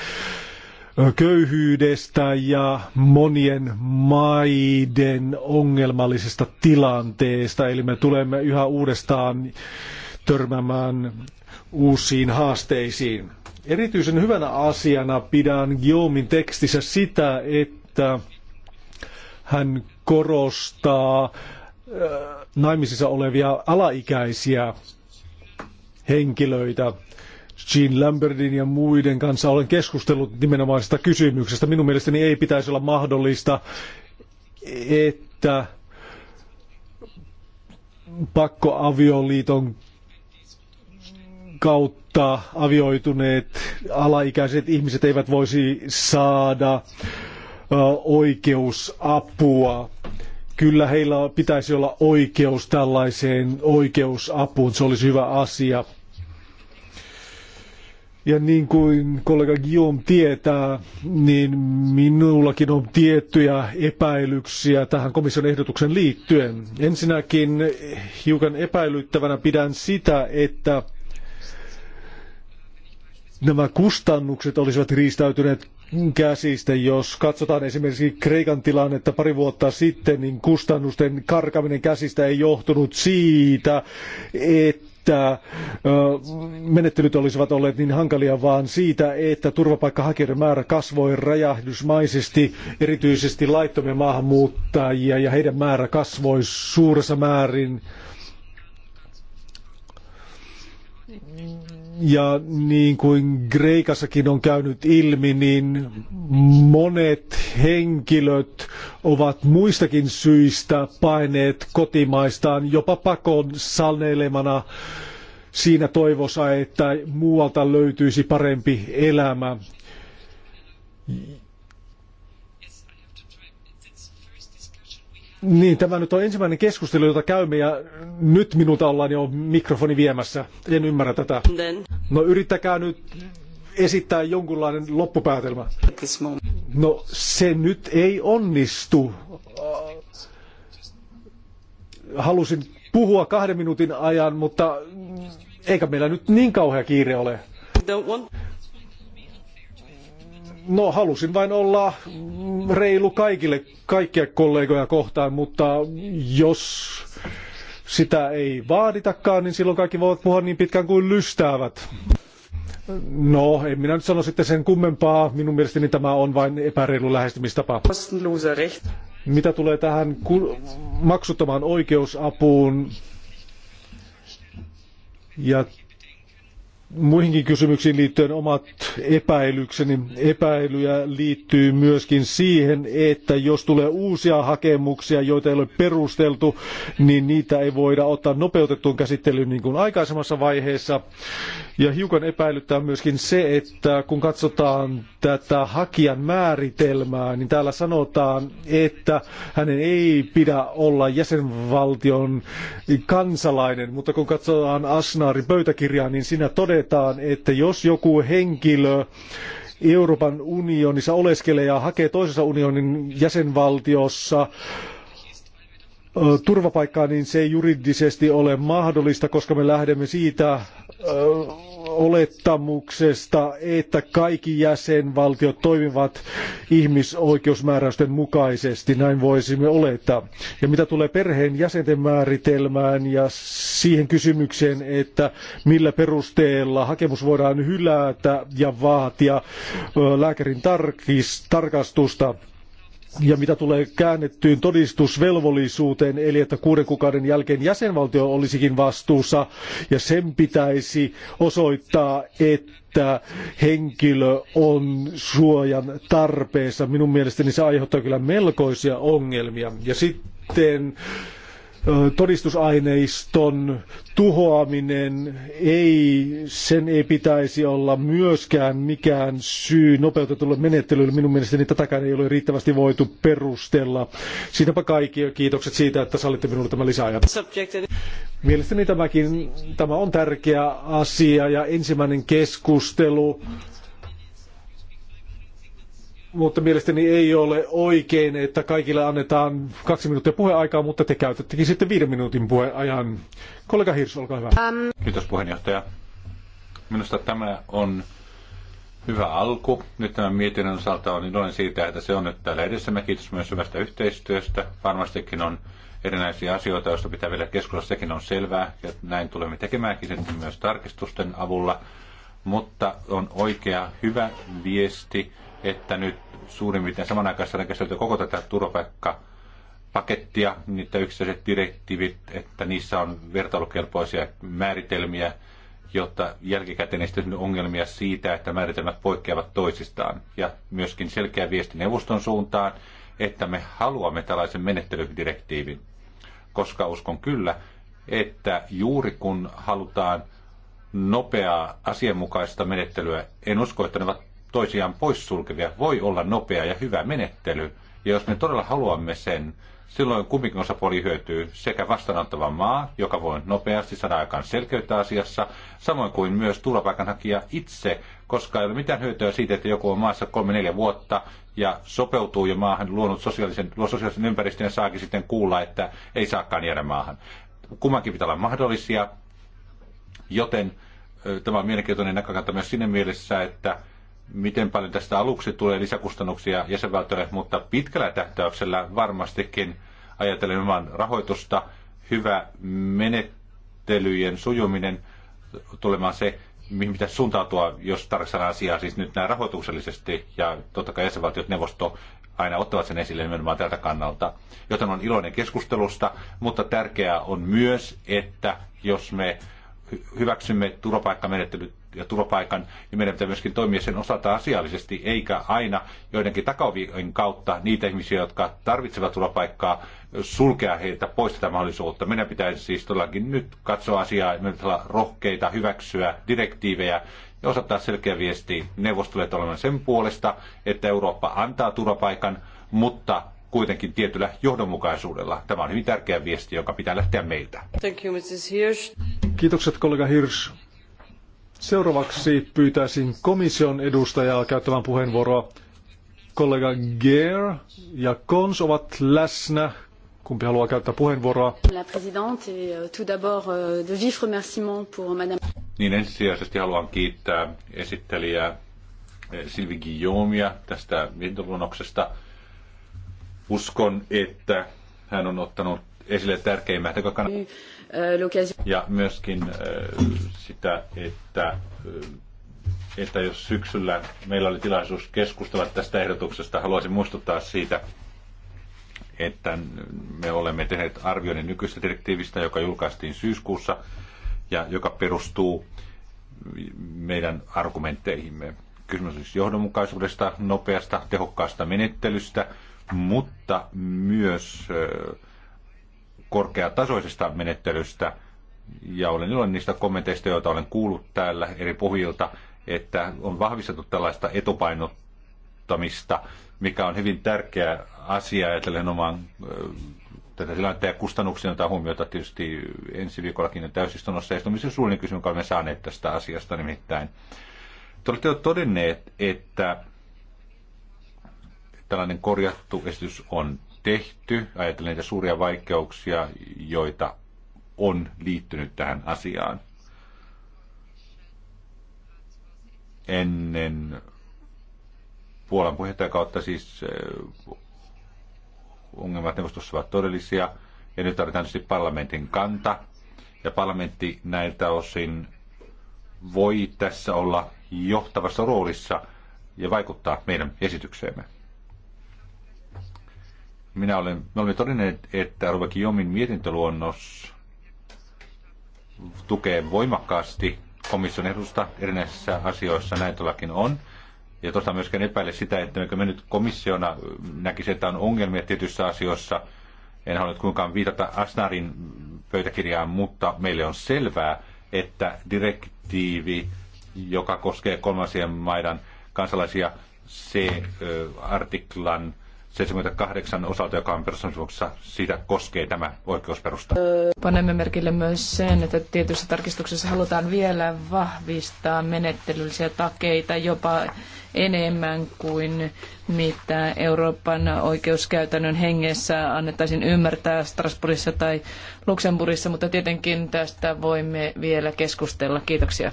köyhyydestä ja monien maiden ongelmallisesta tilanteesta. Eli me tulemme yhä uudestaan törmäämään uusiin haasteisiin. Erityisen hyvänä asiana pidän Guillaumin tekstissä sitä, että hän korostaa äh, naimisissa olevia alaikäisiä henkilöitä. Jean Lambertin ja muiden kanssa olen keskustellut sitä kysymyksestä. Minun mielestäni ei pitäisi olla mahdollista, että pakkoavioliiton kautta avioituneet alaikäiset ihmiset eivät voisi saada äh, Äh, oikeusapua. Kyllä heillä pitäisi olla oikeus tällaiseen oikeusapuun, se olisi hyvä asia. Ja niin kuin kollega Guillaume tietää, niin minullakin on tiettyjä epäilyksiä tähän komission ehdotuksen liittyen. Ensinnäkin hiukan epäilyttävänä pidän sitä, että nämä kustannukset olisivat riistäytyneet käsistä. Jos katsotaan esimerkiksi Kreikan tilannetta pari vuotta sitten, niin kustannusten karkaminen käsistä ei johtunut siitä, että menettelyt olisivat olleet niin hankalia, vaan siitä, että turvapaikkahakijoiden määrä kasvoi räjähdysmaisesti, erityisesti laittomia maahanmuuttajia, ja heidän määrä kasvoi suuressa määrin Ja niin kuin Kreikassakin on käynyt ilmi, niin monet henkilöt ovat muistakin syistä paineet kotimaistaan jopa pakon sanelemana siinä toivossa, että muualta löytyisi parempi elämä. Niin, tämä nyt on ensimmäinen keskustelu, jota käymme ja nyt minulta ollaan jo mikrofoni viemässä. En ymmärrä tätä. No yrittäkää nyt esittää jonkunlainen loppupäätelmä. No se nyt ei onnistu. Halusin puhua kahden minuutin ajan, mutta eikä meillä nyt niin kauhea kiire ole. No halusin vain olla reilu kaikille, kaikkia kollegoja kohtaan, mutta jos sitä ei vaaditakaan, niin silloin kaikki voivat puhua niin pitkään kuin lystäävät. No, en minä nyt sano sitten sen kummempaa. Minun mielestäni tämä on vain epäreilu lähestymistapa. Mitä tulee tähän maksuttomaan oikeusapuun ja muihinkin kysymyksiin liittyen omat epäilykseni. Epäilyjä liittyy myöskin siihen, että jos tulee uusia hakemuksia, joita ei ole perusteltu, niin niitä ei voida ottaa nopeutettuun käsittelyyn niin kuin aikaisemmassa vaiheessa. Ja hiukan epäilyttää myöskin se, että kun katsotaan tätä hakijan määritelmää, niin täällä sanotaan, että hänen ei pidä olla jäsenvaltion kansalainen, mutta kun katsotaan Asnaarin pöytäkirjaa, niin siinä todetaan, todetaan, että jos joku henkilö Euroopan unionissa oleskelee ja hakee toisessa unionin jäsenvaltiossa turvapaikkaa, niin se ei juridisesti ole mahdollista, koska me lähdemme siitä olettamuksesta, että kaikki jäsenvaltiot toimivat ihmisoikeusmääräysten mukaisesti. Näin voisimme olettaa. Ja mitä tulee perheen jäsenten määritelmään ja siihen kysymykseen, että millä perusteella hakemus voidaan hylätä ja vaatia lääkärin tarkistusta, ja mitä tulee käännettyyn todistusvelvollisuuteen, eli että kuuden kuukauden jälkeen jäsenvaltio olisikin vastuussa, ja sen pitäisi osoittaa, että henkilö on suojan tarpeessa. Minun mielestäni se aiheuttaa kyllä melkoisia ongelmia. Ja sitten todistusaineiston tuhoaminen ei, sen ei pitäisi olla myöskään mikään syy nopeutetulle menettelylle. Minun mielestäni tätäkään ei ole riittävästi voitu perustella. Siitäpä kaikki ja kiitokset siitä, että sallitte minulle tämän lisäajan. Mielestäni tämäkin, tämä on tärkeä asia ja ensimmäinen keskustelu mutta mielestäni ei ole oikein, että kaikille annetaan kaksi minuuttia puheaikaa, mutta te käytättekin sitten viiden minuutin puheajan. Kollega Hirs, olkaa hyvä. Ähm. Kiitos puheenjohtaja. Minusta tämä on hyvä alku. Nyt tämän mietinnön osalta on iloinen siitä, että se on nyt täällä Mä Kiitos myös hyvästä yhteistyöstä. Varmastikin on erinäisiä asioita, joista pitää vielä keskustella. Sekin on selvää ja näin tulemme tekemäänkin sitten myös tarkistusten avulla. Mutta on oikea hyvä viesti että nyt suurin piirtein samanaikaisesti on käsitelty koko tätä turvapaikkapakettia, niitä yksittäiset direktiivit, että niissä on vertailukelpoisia määritelmiä, jotta jälkikäteen ei ongelmia siitä, että määritelmät poikkeavat toisistaan. Ja myöskin selkeä viesti neuvoston suuntaan, että me haluamme tällaisen menettelydirektiivin, koska uskon kyllä, että juuri kun halutaan nopeaa asianmukaista menettelyä, en usko, että ne ovat toisiaan poissulkevia voi olla nopea ja hyvä menettely. Ja jos me todella haluamme sen, silloin kumminkin osapuoli hyötyy sekä vastaanottava maa, joka voi nopeasti saada aikaan selkeyttä asiassa, samoin kuin myös turvapaikanhakija itse, koska ei ole mitään hyötyä siitä, että joku on maassa kolme neljä vuotta ja sopeutuu jo maahan, luonut sosiaalisen, luo sosiaalisen ympäristön ja saakin sitten kuulla, että ei saakaan jäädä maahan. Kummankin pitää olla mahdollisia, joten tämä on mielenkiintoinen näkökanta myös siinä mielessä, että miten paljon tästä aluksi tulee lisäkustannuksia jäsenvaltioille, mutta pitkällä tähtäyksellä varmastikin ajatellen oman rahoitusta, hyvä menettelyjen sujuminen tulemaan se, mihin pitäisi suuntautua, jos tarkastellaan asiaa, siis nyt näin rahoituksellisesti, ja totta kai jäsenvaltiot neuvosto aina ottavat sen esille nimenomaan tältä kannalta. Joten on iloinen keskustelusta, mutta tärkeää on myös, että jos me hyväksymme turvapaikkamenettelyt ja turvapaikan, ja meidän pitää myöskin toimia sen osalta asiallisesti, eikä aina joidenkin takavien kautta niitä ihmisiä, jotka tarvitsevat turvapaikkaa, sulkea heiltä pois tätä mahdollisuutta. Meidän pitäisi siis todellakin nyt katsoa asiaa, meidän pitää olla rohkeita, hyväksyä direktiivejä ja osoittaa selkeä viesti neuvostolle, että olemme sen puolesta, että Eurooppa antaa turvapaikan, mutta kuitenkin tietyllä johdonmukaisuudella. Tämä on hyvin tärkeä viesti, joka pitää lähteä meiltä. Thank you, Mrs. Hirsch. Kiitokset kollega Hirsch. Seuraavaksi pyytäisin komission edustajaa käyttämään puheenvuoroa. Kollega Geer ja Kons ovat läsnä. Kumpi haluaa käyttää puheenvuoroa? La présidente et euh, tout d'abord euh, de vifs remerciements pour madame. Niin ensisijaisesti haluan kiittää esittelijää eh, Silvi Guillaumea tästä mietintöluonnoksesta. Uskon, että hän on ottanut esille tärkeimmät näkökannat. Äh, ja myöskin äh, sitä, että, äh, että jos syksyllä meillä oli tilaisuus keskustella tästä ehdotuksesta, haluaisin muistuttaa siitä, että me olemme tehneet arvioinnin nykyistä direktiivistä, joka julkaistiin syyskuussa ja joka perustuu meidän argumentteihimme. Kysymys on siis johdonmukaisuudesta, nopeasta, tehokkaasta menettelystä, mutta myös äh, korkeatasoisesta menettelystä. Ja olen iloinen niistä kommenteista, joita olen kuullut täällä eri pohjilta, että on vahvistettu tällaista etupainottamista, mikä on hyvin tärkeä asia ajatellen oman tätä tilannetta ja kustannuksia otetaan huomiota tietysti ensi viikollakin täysistunnossa se suullinen kysymys, jonka olemme saaneet tästä asiasta nimittäin. Te olette jo todenneet, että tällainen korjattu esitys on tehty, ajatellen niitä suuria vaikeuksia, joita on liittynyt tähän asiaan. Ennen Puolan kautta siis eh, ongelmat neuvostossa ovat todellisia, ja nyt tarvitaan tietysti parlamentin kanta, ja parlamentti näiltä osin voi tässä olla johtavassa roolissa ja vaikuttaa meidän esitykseemme. Minä olen, me olemme todenneet, että Ruva Kiomin mietintöluonnos tukee voimakkaasti komission edusta erinäisissä asioissa, näin todellakin on. Ja tuosta myöskään epäile sitä, että me nyt komissiona näkisi, että on ongelmia tietyissä asioissa. En halua kuinkaan viitata Asnarin pöytäkirjaan, mutta meille on selvää, että direktiivi, joka koskee kolmansien maiden kansalaisia, se artiklan 78 osalta, joka on perustuslakimuksessa, siitä koskee tämä oikeusperusta. Panemme merkille myös sen, että tietyissä tarkistuksissa halutaan vielä vahvistaa menettelyllisiä takeita jopa enemmän kuin mitä Euroopan oikeuskäytännön hengessä annettaisiin ymmärtää Strasbourgissa tai Luxemburgissa, mutta tietenkin tästä voimme vielä keskustella. Kiitoksia.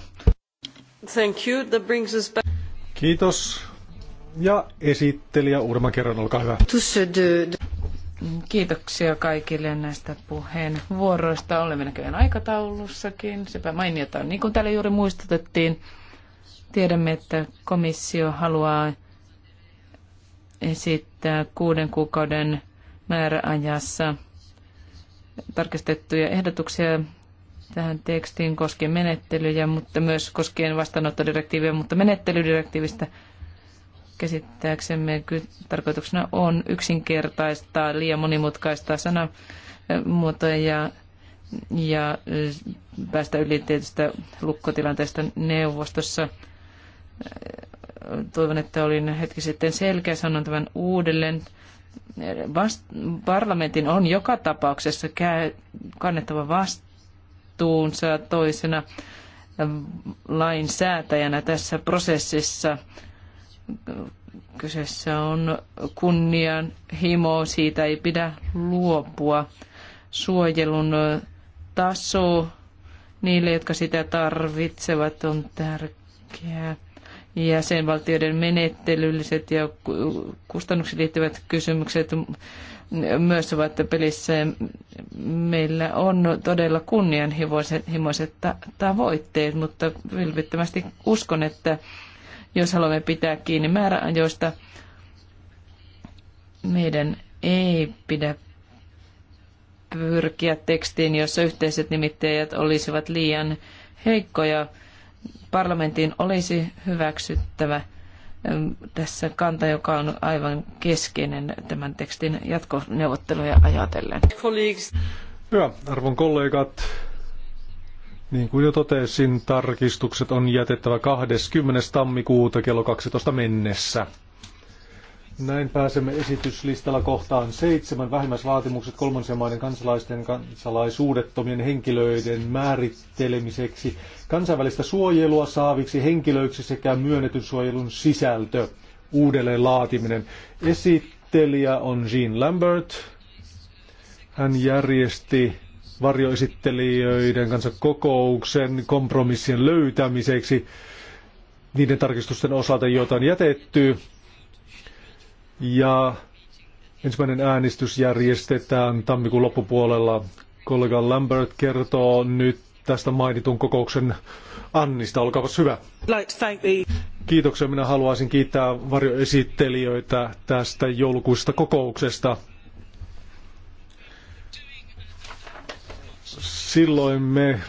Thank you. That brings us back. Kiitos. Ja esittelijä Urma kerran, olkaa hyvä. Kiitoksia kaikille näistä puheenvuoroista. Olemme näköjään aikataulussakin. Sepä mainiota Niin kuin täällä juuri muistutettiin, tiedämme, että komissio haluaa esittää kuuden kuukauden määräajassa tarkistettuja ehdotuksia tähän tekstiin koskien menettelyjä, mutta myös koskien vastaanottodirektiiviä, mutta menettelydirektiivistä – Käsittääksemme tarkoituksena on yksinkertaistaa liian monimutkaista sanamuotoja ja, ja päästä yli tietystä lukkotilanteesta neuvostossa. Toivon, että olin hetki sitten selkeä, sanon tämän uudelleen vast, parlamentin on joka tapauksessa käy, kannettava vastuunsa toisena lainsäätäjänä tässä prosessissa Kyseessä on kunnian himo, siitä ei pidä luopua. Suojelun taso niille, jotka sitä tarvitsevat, on tärkeää. Jäsenvaltioiden menettelylliset ja kustannuksiin liittyvät kysymykset myös ovat pelissä. Meillä on todella kunnianhimoiset tavoitteet, mutta vilpittömästi uskon, että jos haluamme pitää kiinni määräajoista, meidän ei pidä pyrkiä tekstiin, jossa yhteiset nimittäjät olisivat liian heikkoja. Parlamentin olisi hyväksyttävä ähm, tässä kanta, joka on aivan keskeinen tämän tekstin jatkoneuvotteluja ajatellen. Hyvä, arvon kollegat. Niin kuin jo totesin, tarkistukset on jätettävä 20. tammikuuta kello 12 mennessä. Näin pääsemme esityslistalla kohtaan seitsemän vähimmäisvaatimukset kolmansien maiden kansalaisten kansalaisuudettomien henkilöiden määrittelemiseksi, kansainvälistä suojelua saaviksi henkilöiksi sekä myönnetyn suojelun sisältö, uudelleen laatiminen. Esittelijä on Jean Lambert. Hän järjesti varjoesittelijöiden kanssa kokouksen kompromissien löytämiseksi niiden tarkistusten osalta, joita on jätetty. Ja ensimmäinen äänestys järjestetään tammikuun loppupuolella. Kollega Lambert kertoo nyt tästä mainitun kokouksen Annista. Olkaapas hyvä. Kiitoksia. Minä haluaisin kiittää varjoesittelijöitä tästä joulukuista kokouksesta. Silloin me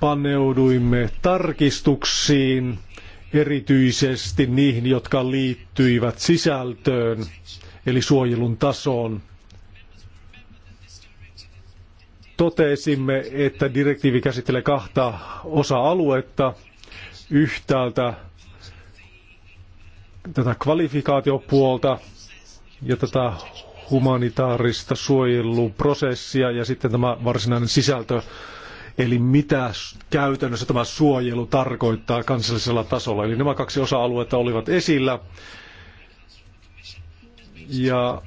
paneuduimme tarkistuksiin, erityisesti niihin, jotka liittyivät sisältöön, eli suojelun tasoon. Totesimme, että direktiivi käsittelee kahta osa-aluetta. Yhtäältä tätä kvalifikaatiopuolta ja tätä humanitaarista suojeluprosessia ja sitten tämä varsinainen sisältö, eli mitä käytännössä tämä suojelu tarkoittaa kansallisella tasolla. Eli nämä kaksi osa-aluetta olivat esillä. Ja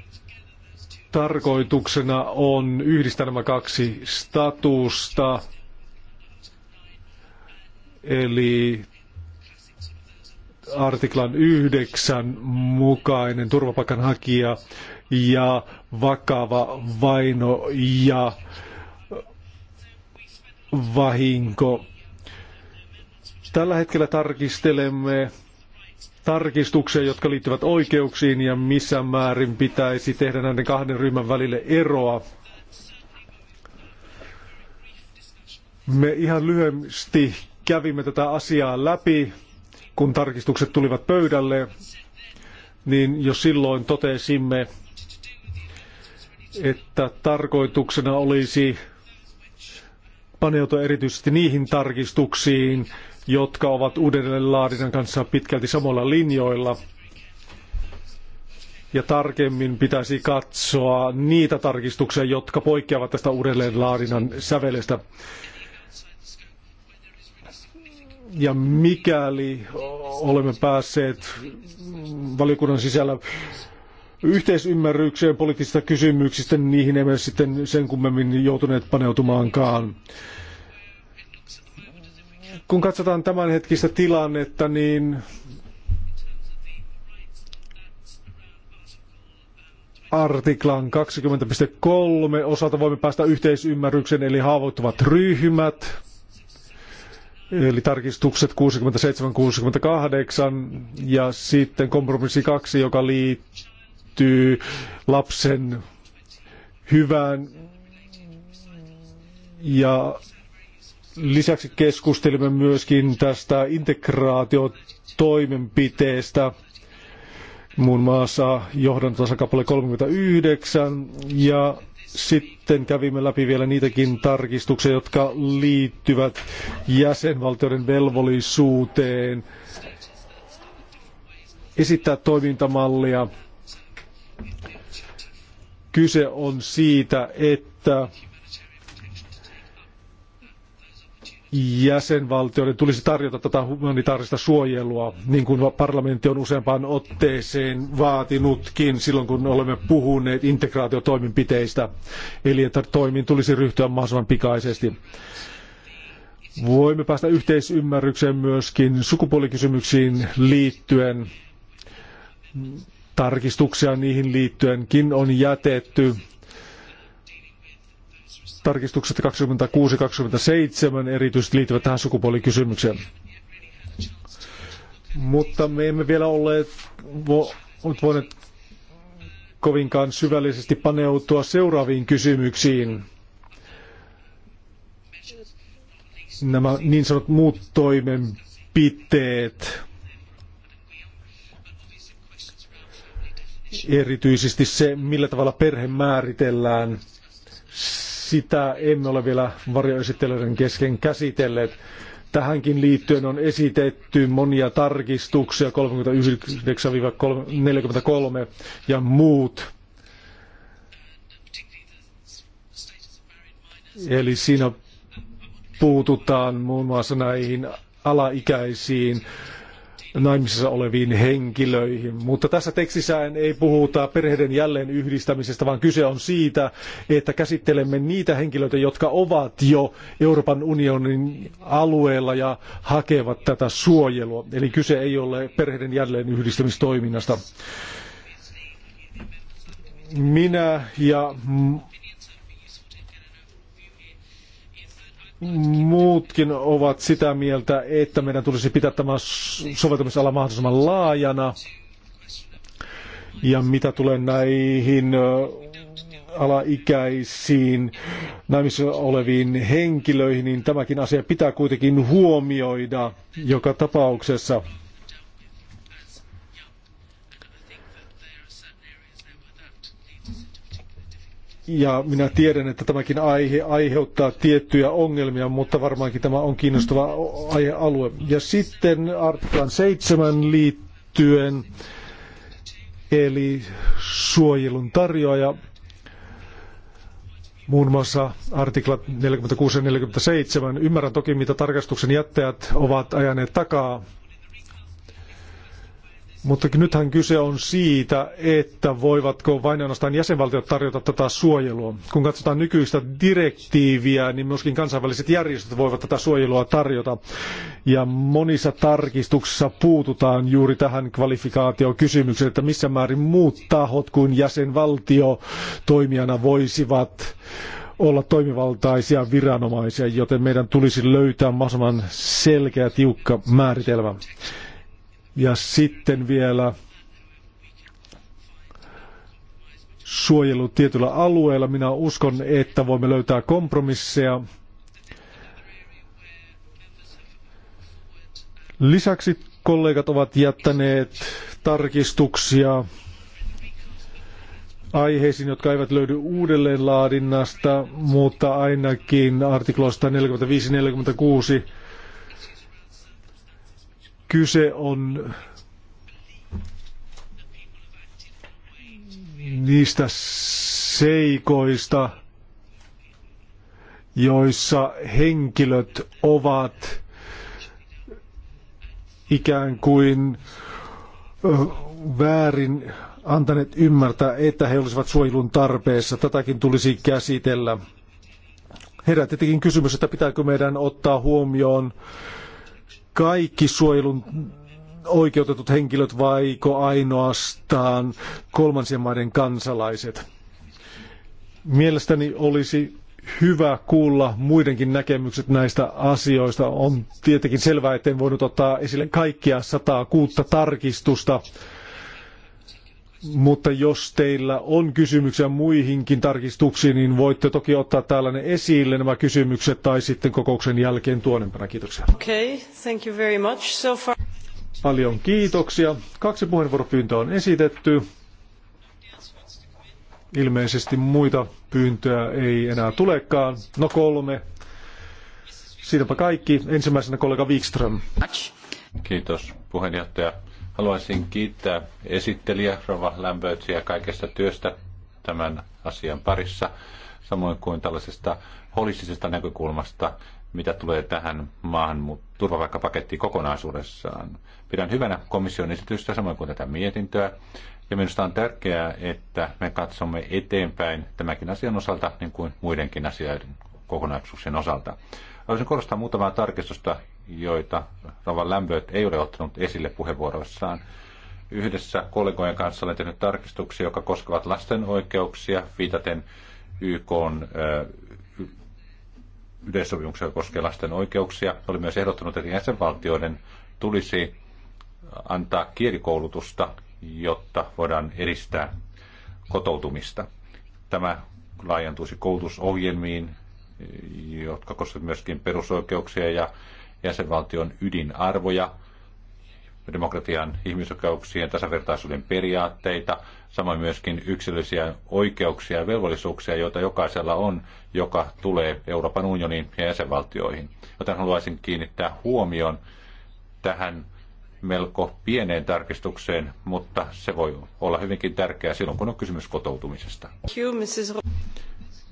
tarkoituksena on yhdistää nämä kaksi statusta, eli artiklan 9 mukainen turvapaikanhakija ja vakava vaino ja vahinko. Tällä hetkellä tarkistelemme tarkistuksia, jotka liittyvät oikeuksiin ja missä määrin pitäisi tehdä näiden kahden ryhmän välille eroa. Me ihan lyhyesti kävimme tätä asiaa läpi, kun tarkistukset tulivat pöydälle, niin jo silloin totesimme, että tarkoituksena olisi paneutua erityisesti niihin tarkistuksiin, jotka ovat uudelleenlaadinnan kanssa pitkälti samoilla linjoilla. Ja tarkemmin pitäisi katsoa niitä tarkistuksia, jotka poikkeavat tästä uudelleenlaadinnan sävelestä. Ja mikäli olemme päässeet valiokunnan sisällä yhteisymmärrykseen poliittisista kysymyksistä, niin niihin emme sitten sen kummemmin joutuneet paneutumaankaan. Kun katsotaan tämänhetkistä tilannetta, niin artiklan 20.3 osalta voimme päästä yhteisymmärrykseen, eli haavoittuvat ryhmät, eli tarkistukset 67-68 ja sitten kompromissi 2, joka liittyy liittyy lapsen hyvään ja lisäksi keskustelimme myöskin tästä integraatiotoimenpiteestä muun muassa johdantonsa kappale 39 ja sitten kävimme läpi vielä niitäkin tarkistuksia, jotka liittyvät jäsenvaltioiden velvollisuuteen esittää toimintamallia Kyse on siitä, että jäsenvaltioiden tulisi tarjota tätä humanitaarista suojelua, niin kuin parlamentti on useampaan otteeseen vaatinutkin silloin, kun olemme puhuneet integraatiotoimenpiteistä, eli että toimiin tulisi ryhtyä mahdollisimman pikaisesti. Voimme päästä yhteisymmärrykseen myöskin sukupuolikysymyksiin liittyen Tarkistuksia niihin liittyenkin on jätetty. Tarkistukset 26-27 erityisesti liittyvät tähän sukupuolikysymykseen. Mutta me emme vielä olleet voineet kovinkaan syvällisesti paneutua seuraaviin kysymyksiin. Nämä niin sanotut muut toimenpiteet Erityisesti se, millä tavalla perhe määritellään, sitä emme ole vielä varjoesittelyiden kesken käsitelleet. Tähänkin liittyen on esitetty monia tarkistuksia, 39-43 ja muut. Eli siinä puututaan muun muassa näihin alaikäisiin naimisissa oleviin henkilöihin. Mutta tässä tekstissä ei puhuta perheiden jälleen yhdistämisestä, vaan kyse on siitä, että käsittelemme niitä henkilöitä, jotka ovat jo Euroopan unionin alueella ja hakevat tätä suojelua. Eli kyse ei ole perheiden jälleen yhdistämistoiminnasta. Minä ja muutkin ovat sitä mieltä, että meidän tulisi pitää tämä soveltamisala mahdollisimman laajana. Ja mitä tulee näihin alaikäisiin naimissa oleviin henkilöihin, niin tämäkin asia pitää kuitenkin huomioida joka tapauksessa. Ja minä tiedän, että tämäkin aihe aiheuttaa tiettyjä ongelmia, mutta varmaankin tämä on kiinnostava aihealue. Ja sitten artiklan 7 liittyen, eli suojelun tarjoaja, muun muassa artiklat 46 ja 47. Ymmärrän toki, mitä tarkastuksen jättäjät ovat ajaneet takaa, mutta nythän kyse on siitä, että voivatko vain ainoastaan jäsenvaltiot tarjota tätä suojelua. Kun katsotaan nykyistä direktiiviä, niin myöskin kansainväliset järjestöt voivat tätä suojelua tarjota. Ja monissa tarkistuksissa puututaan juuri tähän kvalifikaatiokysymykseen, että missä määrin muut tahot kuin jäsenvaltio toimijana voisivat olla toimivaltaisia viranomaisia, joten meidän tulisi löytää mahdollisimman selkeä, tiukka määritelmä. Ja sitten vielä suojelu tietyllä alueella. Minä uskon, että voimme löytää kompromisseja. Lisäksi kollegat ovat jättäneet tarkistuksia aiheisiin, jotka eivät löydy uudelleenlaadinnasta, mutta ainakin artikloista 45-46 kyse on niistä seikoista, joissa henkilöt ovat ikään kuin väärin antaneet ymmärtää, että he olisivat suojelun tarpeessa. Tätäkin tulisi käsitellä. Herää tietenkin kysymys, että pitääkö meidän ottaa huomioon kaikki suojelun oikeutetut henkilöt vaiko ainoastaan kolmansien maiden kansalaiset. Mielestäni olisi hyvä kuulla muidenkin näkemykset näistä asioista. On tietenkin selvää, etten voinut ottaa esille kaikkia 106 tarkistusta, mutta jos teillä on kysymyksiä muihinkin tarkistuksiin, niin voitte toki ottaa täällä ne esille nämä kysymykset tai sitten kokouksen jälkeen tuonempana. Kiitoksia. Okay, thank you very much. So far... Paljon kiitoksia. Kaksi puheenvuoropyyntöä on esitetty. Ilmeisesti muita pyyntöjä ei enää tulekaan. No kolme. Siitäpä kaikki. Ensimmäisenä kollega Wikström. Kiitos puheenjohtaja. Haluaisin kiittää esittelijä Rova Lämpöytsiä kaikesta työstä tämän asian parissa, samoin kuin tällaisesta holistisesta näkökulmasta, mitä tulee tähän maahan turvapaikkapakettiin kokonaisuudessaan. Pidän hyvänä komission esitystä, samoin kuin tätä mietintöä. Ja minusta on tärkeää, että me katsomme eteenpäin tämäkin asian osalta, niin kuin muidenkin asioiden kokonaisuuksien osalta. Haluaisin korostaa muutamaa tarkistusta, joita Rovan Lämböt ei ole ottanut esille puheenvuoroissaan. Yhdessä kollegojen kanssa olen tehnyt tarkistuksia, jotka koskevat lasten oikeuksia, viitaten YK on yleissopimuksia koskee lasten oikeuksia. Oli myös ehdottanut, että jäsenvaltioiden tulisi antaa kielikoulutusta, jotta voidaan edistää kotoutumista. Tämä laajentuisi koulutusohjelmiin, jotka koskevat myöskin perusoikeuksia ja jäsenvaltion ydinarvoja, demokratian, ihmisoikeuksien, tasavertaisuuden periaatteita, samoin myöskin yksilöllisiä oikeuksia ja velvollisuuksia, joita jokaisella on, joka tulee Euroopan unioniin ja jäsenvaltioihin. Joten haluaisin kiinnittää huomion tähän melko pieneen tarkistukseen, mutta se voi olla hyvinkin tärkeää silloin, kun on kysymys kotoutumisesta.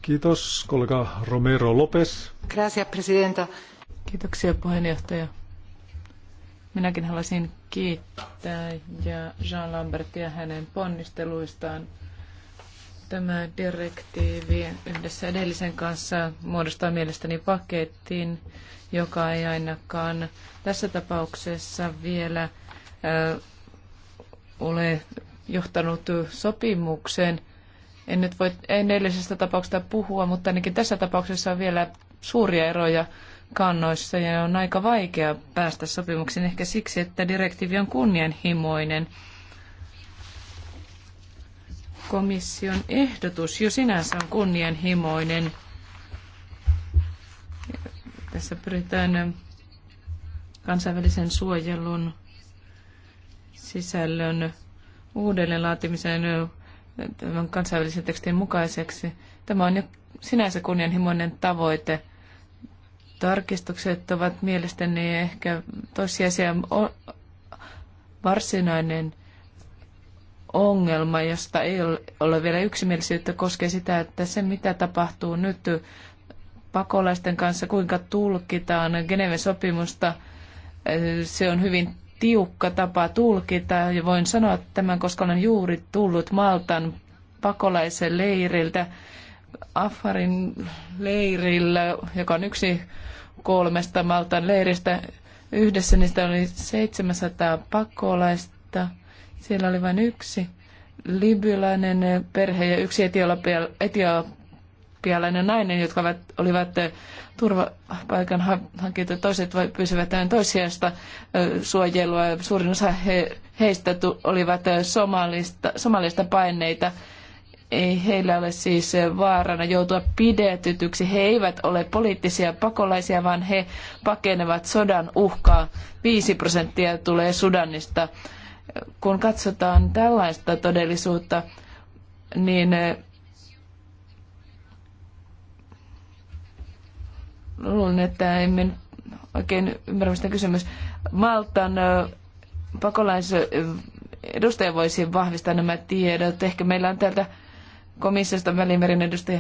Kiitos, kollega Romero Lopes. Gracias, presidenta. Kiitoksia, puheenjohtaja. Minäkin haluaisin kiittää ja Jean Lambertia hänen ponnisteluistaan. Tämä direktiivi yhdessä edellisen kanssa muodostaa mielestäni paketin, joka ei ainakaan tässä tapauksessa vielä ole johtanut sopimukseen – en nyt voi edellisestä tapauksesta puhua, mutta ainakin tässä tapauksessa on vielä suuria eroja kannoissa ja on aika vaikea päästä sopimuksiin ehkä siksi, että direktiivi on kunnianhimoinen. Komission ehdotus jo sinänsä on kunnianhimoinen. Tässä pyritään kansainvälisen suojelun sisällön uudelleenlaatimiseen tämän kansainvälisen tekstin mukaiseksi. Tämä on jo sinänsä kunnianhimoinen tavoite. Tarkistukset ovat mielestäni ehkä toissijaisia varsinainen ongelma, josta ei ole vielä yksimielisyyttä, koskee sitä, että se mitä tapahtuu nyt pakolaisten kanssa, kuinka tulkitaan Geneven sopimusta, se on hyvin tiukka tapa tulkita. ja Voin sanoa tämän, koska olen juuri tullut Maltan pakolaisen leiriltä, Afarin leirillä, joka on yksi kolmesta Maltan leiristä. Yhdessä niistä oli 700 pakolaista. Siellä oli vain yksi libyläinen perhe ja yksi etiopialainen etiopialainen nainen, jotka ovat, olivat eh, turvapaikan hankinta, toiset pysyvät toisiasta eh, suojelua. Suurin osa he, heistä olivat eh, somalista, somalista paineita. Ei heillä ole siis vaarana joutua pidetytyksi. He eivät ole poliittisia pakolaisia, vaan he pakenevat sodan uhkaa. Viisi prosenttia tulee Sudanista. Kun katsotaan tällaista todellisuutta, niin Luulen, että emme oikein ymmärrä, sitä kysymys. Maltan pakolaisedustaja voisi vahvistaa nämä tiedot. Ehkä meillä on täältä komissiosta välimerin edustaja.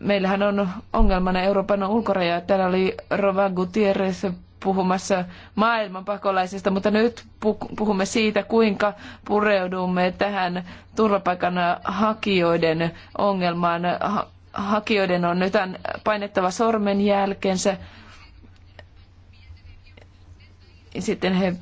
Meillähän on ongelmana Euroopan ulkoraja. Täällä oli Rova Gutierrez puhumassa maailman pakolaisista, mutta nyt puhumme siitä, kuinka pureudumme tähän turvapaikan hakijoiden ongelmaan hakijoiden on nyt painettava sormenjälkensä. Sitten he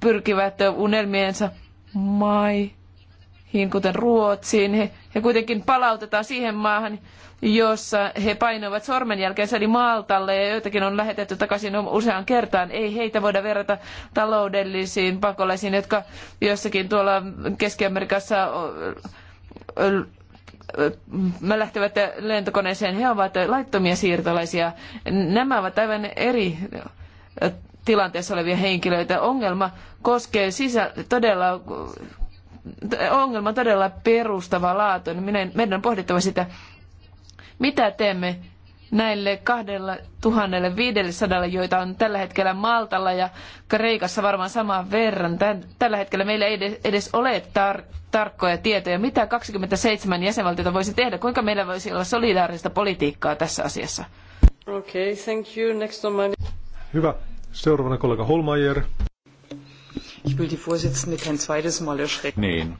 pyrkivät unelmiensa maihin, kuten Ruotsiin. He, he kuitenkin palautetaan siihen maahan, jossa he painoivat sormenjälkeensä eli Maltalle ja joitakin on lähetetty takaisin useaan kertaan. Ei heitä voida verrata taloudellisiin pakolaisiin, jotka jossakin tuolla Keski-Amerikassa lähtevät lentokoneeseen, he ovat laittomia siirtolaisia. Nämä ovat aivan eri tilanteessa olevia henkilöitä. Ongelma koskee sisä, todella, ongelma todella perustava laatu. Meidän on pohdittava sitä, mitä teemme näille 2500, joita on tällä hetkellä Maltalla ja Kreikassa varmaan saman verran. Tällä hetkellä meillä ei edes ole tar- tarkkoja tietoja. Mitä 27 jäsenvaltiota voisi tehdä? Kuinka meillä voisi olla solidaarista politiikkaa tässä asiassa? Okay, thank you. Next on my... Hyvä. Seuraavana kollega Holmeier. Ich will die Vorsitzende kein zweites Mal erschrecken. Niin,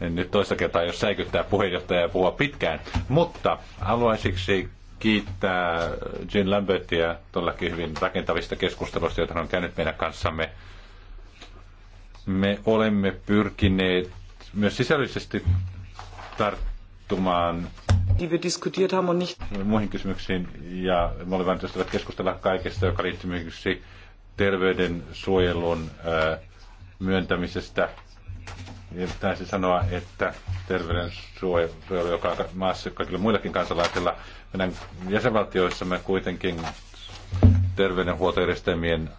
en nyt toista kertaa jos säikyttää puheenjohtajaa ja puhua pitkään, mutta haluaisiksi kiittää Jean Lambertia todellakin hyvin rakentavista keskusteluista, joita hän on käynyt meidän kanssamme. Me olemme pyrkineet myös sisällisesti tarttumaan die wir diskutiert haben und nicht muihin kysymyksiin ja me olemme ystävät keskustella kaikesta, joka liittyy esimerkiksi terveydensuojelun äh, myöntämisestä niin taisi sanoa, että suojelu, joka on maassa kaikilla muillakin kansalaisilla, meidän jäsenvaltioissamme kuitenkin terveydenhuoltojärjestelmien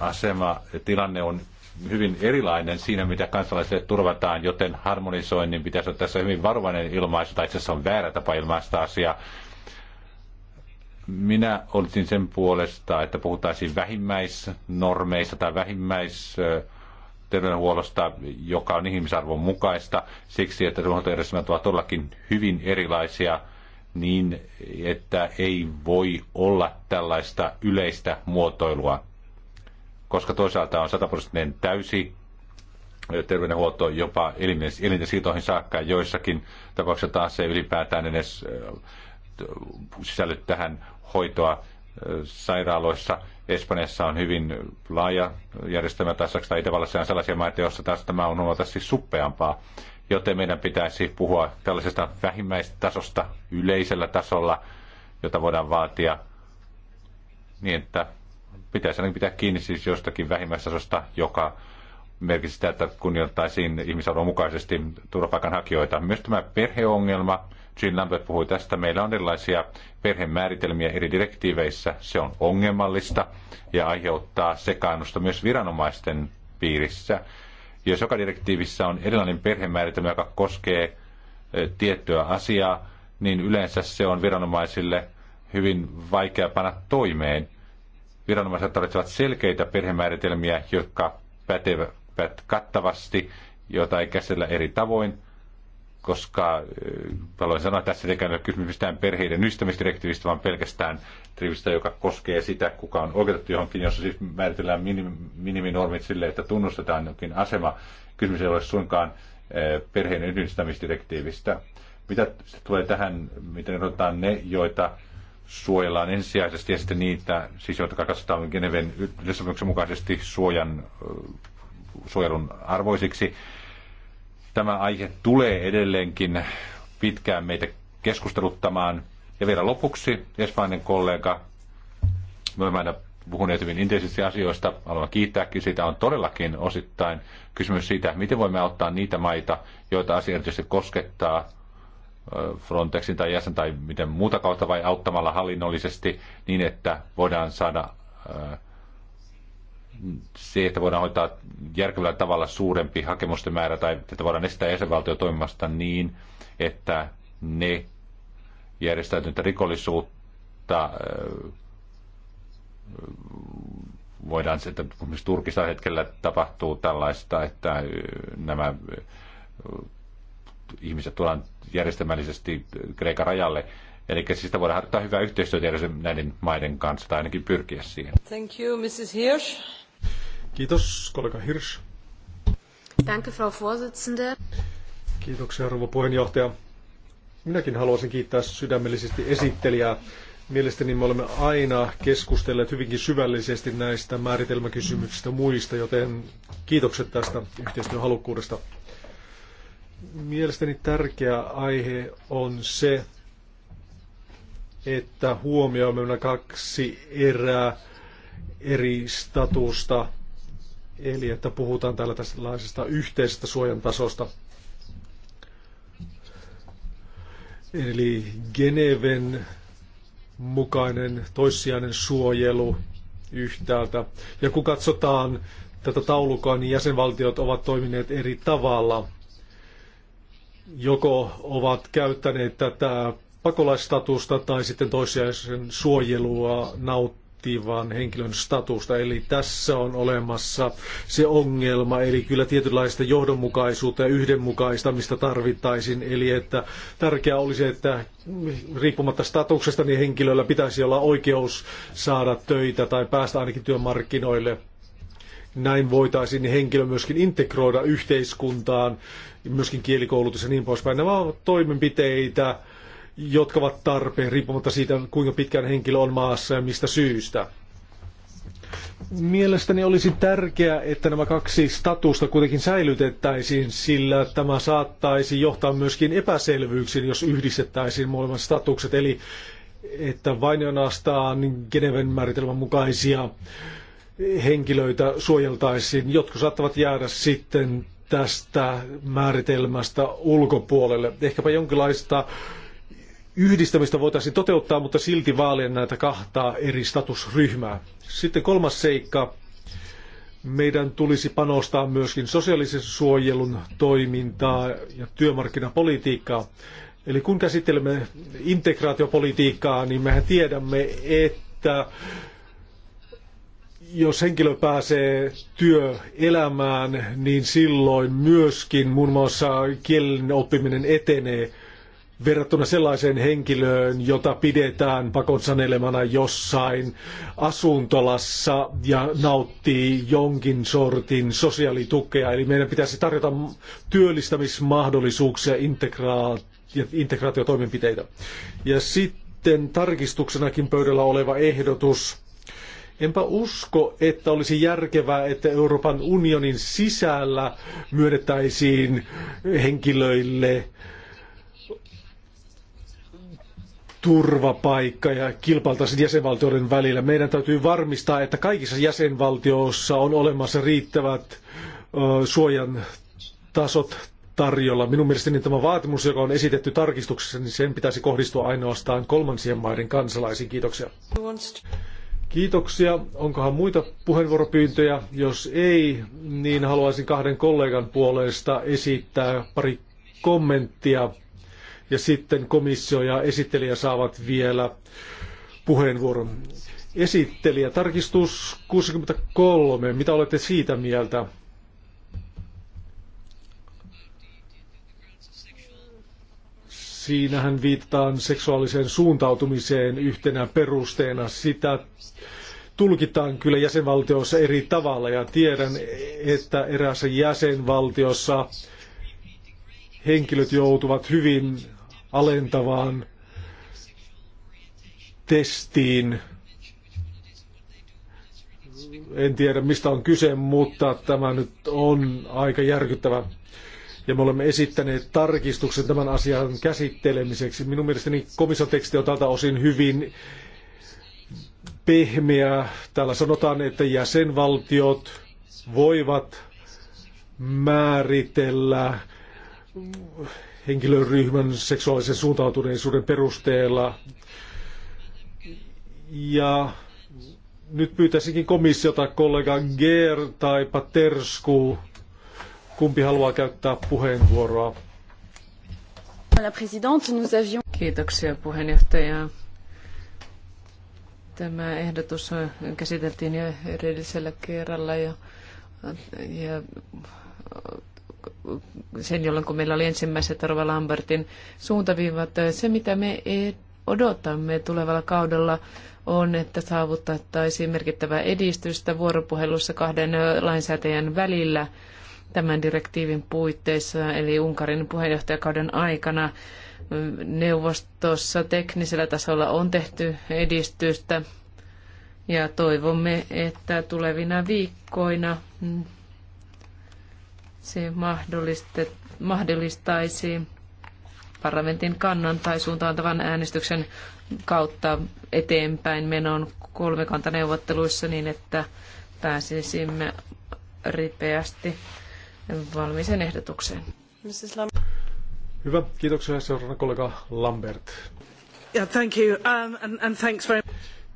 asema ja tilanne on hyvin erilainen siinä, mitä kansalaisille turvataan, joten harmonisoinnin pitäisi olla tässä hyvin varovainen ilmaisu, tai itse asiassa on väärä tapa ilmaista asiaa. Minä olisin sen puolesta, että puhutaisiin vähimmäisnormeista tai vähimmäis terveydenhuollosta, joka on ihmisarvon mukaista, siksi että terveydenhuoltojärjestelmät ovat todellakin hyvin erilaisia, niin että ei voi olla tällaista yleistä muotoilua, koska toisaalta on sataprosenttinen täysi terveydenhuolto jopa elinten siirtoihin saakka, joissakin tapauksissa taas se ylipäätään edes sisälly tähän hoitoa sairaaloissa. Espanjassa on hyvin laaja järjestelmä, tai Saksassa Itävallassa on sellaisia maita, joissa taas tämä on siis suppeampaa. Joten meidän pitäisi puhua tällaisesta vähimmäistasosta yleisellä tasolla, jota voidaan vaatia niin, että pitäisi ainakin pitää kiinni siis jostakin vähimmäistasosta, joka merkitsi sitä, että kunnioittaisiin ihmisarvon mukaisesti turvapaikanhakijoita. Myös tämä perheongelma, Jean Lambert puhui tästä. Meillä on erilaisia perhemääritelmiä eri direktiiveissä. Se on ongelmallista ja aiheuttaa sekaannusta myös viranomaisten piirissä. Jos joka direktiivissä on erilainen perhemääritelmä, joka koskee e, tiettyä asiaa, niin yleensä se on viranomaisille hyvin vaikea panna toimeen. Viranomaiset tarvitsevat selkeitä perhemääritelmiä, jotka pätevät kattavasti, joita ei käsitellä eri tavoin, koska haluan äh, sanoa, että tässä ei ole kysymys mistään perheiden ystämisdirektiivistä, vaan pelkästään direktiivistä, joka koskee sitä, kuka on oikeutettu johonkin, jossa siis määritellään minim, miniminormit sille, että tunnustetaan jokin asema. Kysymys ei ole suinkaan äh, perheen yhdistämisdirektiivistä. Mitä tulee tähän, miten erotetaan ne, joita suojellaan ensisijaisesti ja sitten niitä, siis joita katsotaan Geneven yleissopimuksen mukaisesti suojan, äh, suojelun arvoisiksi, Tämä aihe tulee edelleenkin pitkään meitä keskusteluttamaan. Ja vielä lopuksi espanjan kollega, me olemme aina puhuneet hyvin intensiivisesti asioista, haluan kiittääkin siitä, on todellakin osittain kysymys siitä, miten voimme auttaa niitä maita, joita asia erityisesti koskettaa Frontexin tai jäsen tai miten muuta kautta vai auttamalla hallinnollisesti niin, että voidaan saada se, että voidaan hoitaa järkevällä tavalla suurempi hakemusten määrä tai että voidaan estää jäsenvaltio toimimasta niin, että ne järjestäytyntä rikollisuutta voidaan, että esimerkiksi Turkissa hetkellä tapahtuu tällaista, että nämä ihmiset tuodaan järjestelmällisesti Kreikan rajalle. Eli siis sitä voidaan harjoittaa hyvää yhteistyötä näiden maiden kanssa tai ainakin pyrkiä siihen. Thank you, Mrs. Hirsch. Kiitos, kollega Hirsch. Danke, Frau Vorsitzende. Kiitoksia, rouva puheenjohtaja. Minäkin haluaisin kiittää sydämellisesti esittelijää. Mielestäni me olemme aina keskustelleet hyvinkin syvällisesti näistä määritelmäkysymyksistä muista, joten kiitokset tästä yhteistyöhalukkuudesta. Mielestäni tärkeä aihe on se, että huomioimme nämä kaksi erää eri statusta, eli että puhutaan tällaisesta yhteisestä suojan tasosta. Eli Geneven mukainen toissijainen suojelu yhtäältä. Ja kun katsotaan tätä taulukoa, niin jäsenvaltiot ovat toimineet eri tavalla. Joko ovat käyttäneet tätä pakolaistatusta tai sitten toissijaisen suojelua naut vaan henkilön statusta. Eli tässä on olemassa se ongelma, eli kyllä tietynlaista johdonmukaisuutta ja yhdenmukaistamista tarvittaisiin. Eli että tärkeää olisi, että riippumatta statuksesta, niin henkilöllä pitäisi olla oikeus saada töitä tai päästä ainakin työmarkkinoille. Näin voitaisiin niin henkilö myöskin integroida yhteiskuntaan, myöskin kielikoulutus ja niin poispäin. Nämä ovat toimenpiteitä, jotka ovat tarpeen, riippumatta siitä, kuinka pitkään henkilö on maassa ja mistä syystä. Mielestäni olisi tärkeää, että nämä kaksi statusta kuitenkin säilytettäisiin, sillä tämä saattaisi johtaa myöskin epäselvyyksiin, jos yhdistettäisiin molemmat statukset, eli että vain ainoastaan Geneven määritelmän mukaisia henkilöitä suojeltaisiin. Jotkut saattavat jäädä sitten tästä määritelmästä ulkopuolelle. Ehkäpä jonkinlaista äh, yhdistämistä voitaisiin toteuttaa, mutta silti vaalien näitä kahtaa eri statusryhmää. Sitten kolmas seikka. Meidän tulisi panostaa myöskin sosiaalisen suojelun toimintaa ja työmarkkinapolitiikkaa. Eli kun käsittelemme integraatiopolitiikkaa, niin mehän tiedämme, että jos henkilö pääsee työelämään, niin silloin myöskin muun muassa kielen oppiminen etenee – verrattuna sellaiseen henkilöön, jota pidetään pakon sanelemana jossain asuntolassa ja nauttii jonkin sortin sosiaalitukea. Eli meidän pitäisi tarjota työllistämismahdollisuuksia integra- ja integraatiotoimenpiteitä. Ja sitten tarkistuksenakin pöydällä oleva ehdotus – Enpä usko, että olisi järkevää, että Euroopan unionin sisällä myönnettäisiin henkilöille turvapaikka ja kilpailtaisiin jäsenvaltioiden välillä. Meidän täytyy varmistaa, että kaikissa jäsenvaltioissa on olemassa riittävät suojan tasot tarjolla. Minun mielestäni tämä vaatimus, joka on esitetty tarkistuksessa, niin sen pitäisi kohdistua ainoastaan kolmansien maiden kansalaisiin. Kiitoksia. Kiitoksia. Onkohan muita puheenvuoropyyntöjä? Jos ei, niin haluaisin kahden kollegan puolesta esittää pari kommenttia ja sitten komissio ja esittelijä saavat vielä puheenvuoron. Esittelijä, tarkistus 63, mitä olette siitä mieltä? Siinähän viitataan seksuaaliseen suuntautumiseen yhtenä perusteena. Sitä tulkitaan kyllä jäsenvaltioissa eri tavalla ja tiedän, että eräässä jäsenvaltiossa henkilöt joutuvat hyvin alentavaan testiin. En tiedä mistä on kyse, mutta tämä nyt on aika järkyttävä. Ja me olemme esittäneet tarkistuksen tämän asian käsittelemiseksi. Minun mielestäni komissioteksti on tältä osin hyvin pehmeä. Täällä sanotaan, että jäsenvaltiot voivat määritellä henkilöryhmän seksuaalisen suuntautuneisuuden perusteella. Ja nyt pyytäisinkin komissiota kollega Ger tai Patersku, kumpi haluaa käyttää puheenvuoroa. Kiitoksia puheenjohtaja. Tämä ehdotus käsiteltiin jo edellisellä kerralla ja, ja sen, jolloin kun meillä oli ensimmäiset Rova Lambertin suuntaviivat. Se, mitä me e- odotamme tulevalla kaudella, on, että saavutettaisiin merkittävää edistystä vuoropuhelussa kahden lainsäätäjän välillä tämän direktiivin puitteissa, eli Unkarin puheenjohtajakauden aikana neuvostossa teknisellä tasolla on tehty edistystä ja toivomme, että tulevina viikkoina se mahdollistaisi parlamentin kannan tai suuntaantavan äänestyksen kautta eteenpäin menon kolmikantaneuvotteluissa niin, että pääsisimme ripeästi valmiiseen ehdotukseen. Hyvä, kiitoksia seuraavana kollega Lambert. Yeah, thank you. Um, and, and thanks very...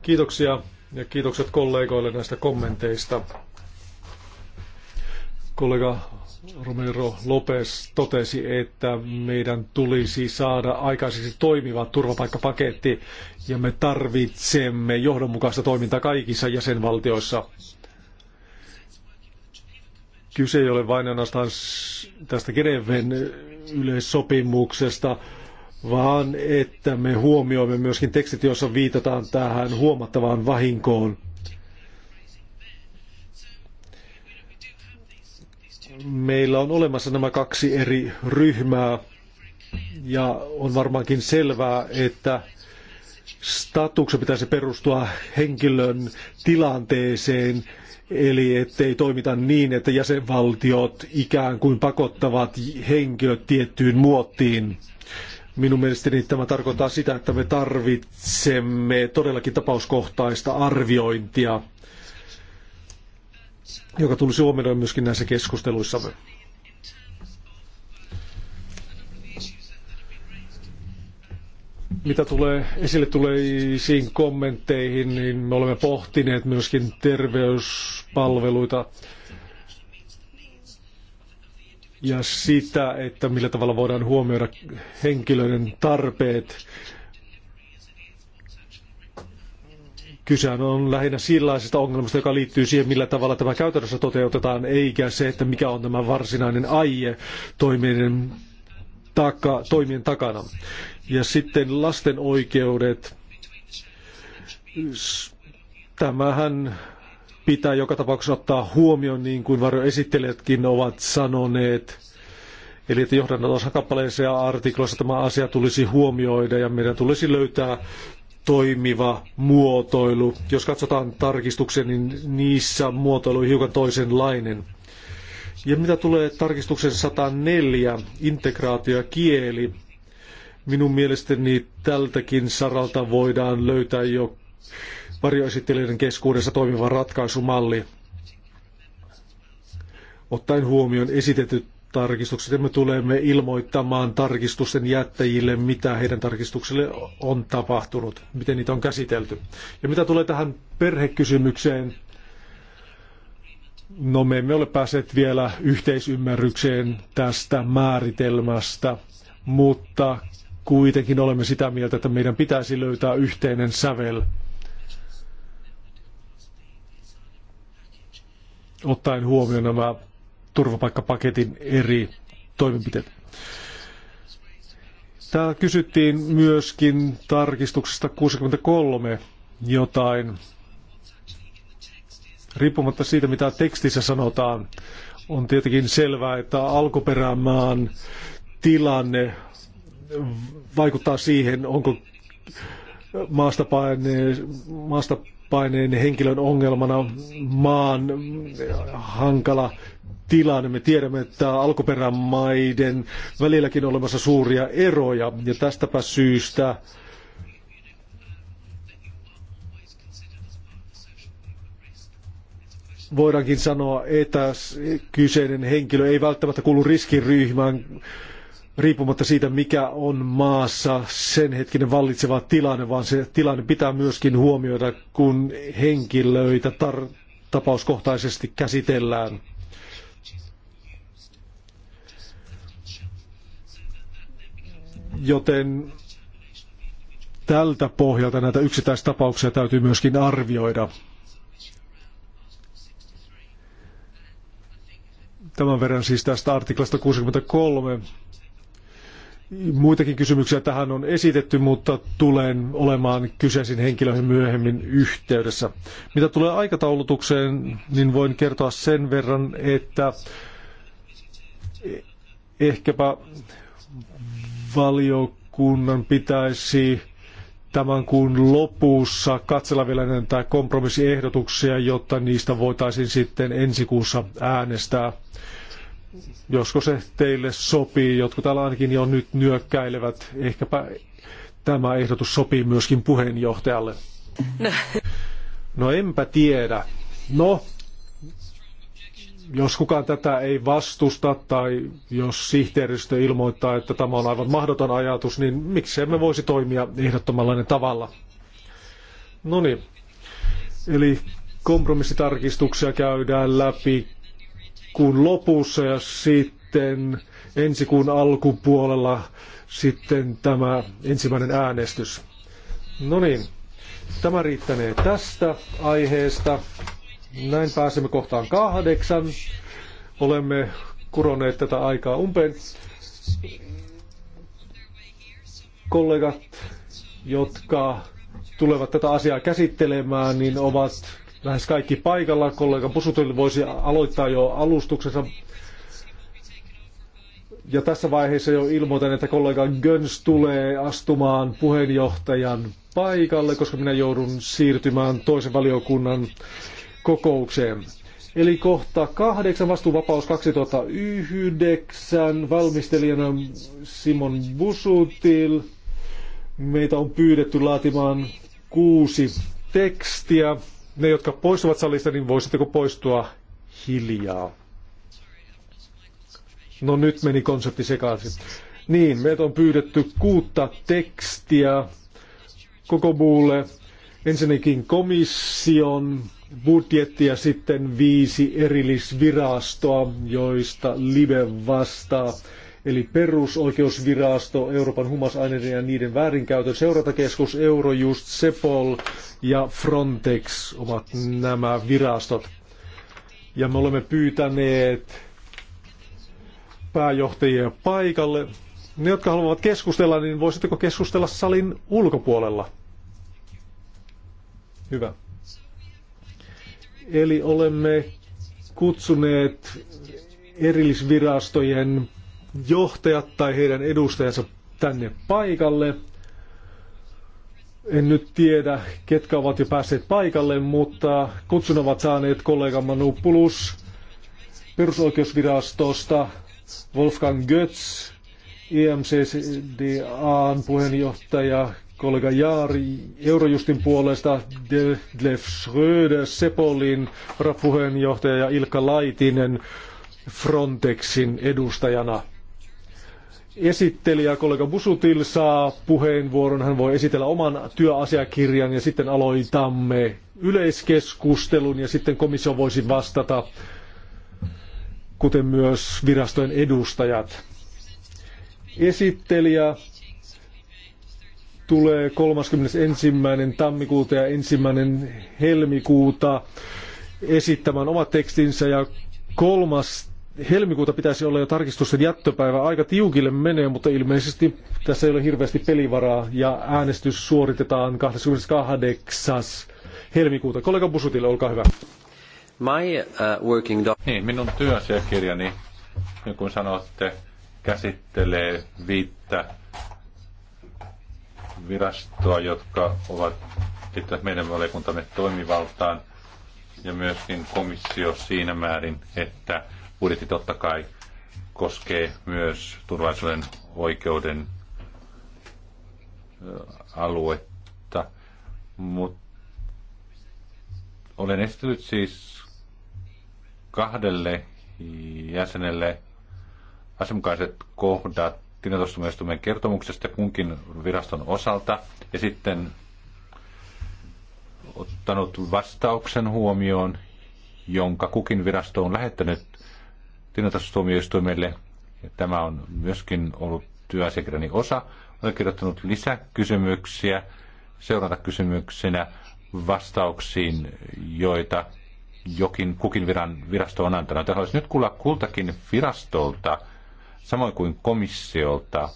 Kiitoksia ja kiitokset kollegoille näistä kommenteista. Kollega Romero Lopez totesi, että meidän tulisi saada aikaiseksi toimiva turvapaikkapaketti ja me tarvitsemme johdonmukaista toimintaa kaikissa jäsenvaltioissa. Kyse ei ole vain ainoastaan tästä Geneven yleissopimuksesta, vaan että me huomioimme myöskin tekstit, joissa viitataan tähän huomattavaan vahinkoon meillä on olemassa nämä kaksi eri ryhmää ja on varmaankin selvää, että statuksen pitäisi perustua henkilön tilanteeseen, eli ettei toimita niin, että jäsenvaltiot ikään kuin pakottavat henkilöt tiettyyn muottiin. Minun mielestäni tämä tarkoittaa sitä, että me tarvitsemme todellakin tapauskohtaista arviointia joka tulisi huomioida myöskin näissä keskusteluissa. Mitä tulee esille tuleisiin kommentteihin, niin me olemme pohtineet myöskin terveyspalveluita ja sitä, että millä tavalla voidaan huomioida henkilöiden tarpeet Kysehän on lähinnä sellaisesta ongelmasta, joka liittyy siihen, millä tavalla tämä käytännössä toteutetaan, eikä se, että mikä on tämä varsinainen aie toimien, taka, toimien takana. Ja sitten lasten oikeudet. Tämähän pitää joka tapauksessa ottaa huomioon, niin kuin varjoesittelijätkin ovat sanoneet. Eli että johdannotossa kappaleissa ja artikloissa tämä asia tulisi huomioida ja meidän tulisi löytää toimiva muotoilu. Jos katsotaan tarkistuksia, niin niissä muotoilu on hiukan toisenlainen. Ja mitä tulee tarkistuksen 104, integraatio ja kieli, minun mielestäni tältäkin saralta voidaan löytää jo varjoesittelijöiden keskuudessa toimiva ratkaisumalli. Ottaen huomioon esitetyt tarkistukset ja me tulemme ilmoittamaan tarkistusten jättäjille, mitä heidän tarkistuksille on tapahtunut, miten niitä on käsitelty. Ja mitä tulee tähän perhekysymykseen, no me emme ole päässeet vielä yhteisymmärrykseen tästä määritelmästä, mutta kuitenkin olemme sitä mieltä, että meidän pitäisi löytää yhteinen sävel. Ottaen huomioon nämä turvapaikkapaketin eri toimenpiteet. Täällä kysyttiin myöskin tarkistuksesta 63 jotain. Riippumatta siitä, mitä tekstissä sanotaan, on tietenkin selvää, että alkuperämaan tilanne vaikuttaa siihen, onko maasta, paine, maasta henkilön ongelmana maan hankala tilanne. Me tiedämme, että alkuperämaiden välilläkin on olemassa suuria eroja ja tästäpä syystä voidaankin sanoa, että kyseinen henkilö ei välttämättä kuulu riskiryhmään riippumatta siitä, mikä on maassa sen hetkinen vallitseva tilanne, vaan se tilanne pitää myöskin huomioida, kun henkilöitä tapauskohtaisesti käsitellään. joten tältä pohjalta näitä yksittäistapauksia täytyy myöskin arvioida. Tämän verran siis tästä artiklasta 63. Muitakin kysymyksiä tähän on esitetty, mutta tulen olemaan kyseisiin henkilöihin myöhemmin yhteydessä. Mitä tulee aikataulutukseen, niin voin kertoa sen verran, että ehkäpä valiokunnan pitäisi tämän kuun lopussa katsella vielä näitä kompromissiehdotuksia, jotta niistä voitaisiin sitten ensi kuussa äänestää. Josko se teille sopii, jotkut täällä ainakin jo nyt nyökkäilevät. Ehkäpä tämä ehdotus sopii myöskin puheenjohtajalle. No, no enpä tiedä. No, jos kukaan tätä ei vastusta tai jos sihteeristö ilmoittaa, että tämä on aivan mahdoton ajatus, niin miksi emme voisi toimia ehdottomallainen tavalla? No niin, eli kompromissitarkistuksia käydään läpi kuun lopussa ja sitten ensi kuun alkupuolella sitten tämä ensimmäinen äänestys. No niin, tämä riittänee tästä aiheesta. Näin pääsemme kohtaan kahdeksan. Olemme kuroneet tätä aikaa umpeen. Kollegat, jotka tulevat tätä asiaa käsittelemään, niin ovat lähes kaikki paikalla. Kollega Pusutel voisi aloittaa jo alustuksensa. Ja tässä vaiheessa jo ilmoitan, että kollega Göns tulee astumaan puheenjohtajan paikalle, koska minä joudun siirtymään toisen valiokunnan kokoukseen. Eli kohta kahdeksan vastuuvapaus 2009, valmistelijana Simon Busutil. Meitä on pyydetty laatimaan kuusi tekstiä. Ne, jotka poistuvat salista, niin voisitteko poistua hiljaa? No nyt meni konsepti sekaisin. Niin, meitä on pyydetty kuutta tekstiä koko muulle. Ensinnäkin komission budjetti ja sitten viisi erillisvirastoa, joista Live vastaa. Eli perusoikeusvirasto, Euroopan humasaineiden ja niiden väärinkäytön seurantakeskus, Eurojust, Sepol ja Frontex ovat nämä virastot. Ja me olemme pyytäneet pääjohtajia paikalle. Ne, jotka haluavat keskustella, niin voisitteko keskustella salin ulkopuolella? Hyvä. Eli olemme kutsuneet erillisvirastojen johtajat tai heidän edustajansa tänne paikalle. En nyt tiedä, ketkä ovat jo päässeet paikalle, mutta kutsun ovat saaneet kollega Manu Pulus perusoikeusvirastosta, Wolfgang Götz, IMCDAn e puheenjohtaja kollega Jaari Eurojustin puolesta, Delef Schröder, Sepolin varapuheenjohtaja ja Ilkka Laitinen Frontexin edustajana. Esittelijä kollega Busutil saa puheenvuoron. Hän voi esitellä oman työasiakirjan ja sitten aloitamme yleiskeskustelun ja sitten komissio voisi vastata, kuten myös virastojen edustajat. Esittelijä tulee 31. tammikuuta ja 1. helmikuuta esittämään omat tekstinsä ja kolmas helmikuuta pitäisi olla jo tarkistusten jättöpäivä. Aika tiukille menee, mutta ilmeisesti tässä ei ole hirveästi pelivaraa ja äänestys suoritetaan 28. helmikuuta. Kollega Busutille, olkaa hyvä. My uh, working doc- niin, minun työasiakirjani, niin kuin sanotte, käsittelee viittä virastoa, jotka ovat liittyvät meidän valiokuntamme toimivaltaan ja myöskin komissio siinä määrin, että budjetti totta kai koskee myös turvallisuuden oikeuden aluetta. Mutta olen esittänyt siis kahdelle jäsenelle asianmukaiset kohdat tilintarkastustuomioistuimen kertomuksesta kunkin viraston osalta ja sitten ottanut vastauksen huomioon, jonka kukin virasto on lähettänyt tilintarkastustuomioistuimelle. Tämä on myöskin ollut työasiakirjani osa. Olen kirjoittanut lisäkysymyksiä seurantakysymyksinä vastauksiin, joita jokin kukin viran, virasto on antanut. Haluaisin nyt kuulla kultakin virastolta – samoin kuin komissiolta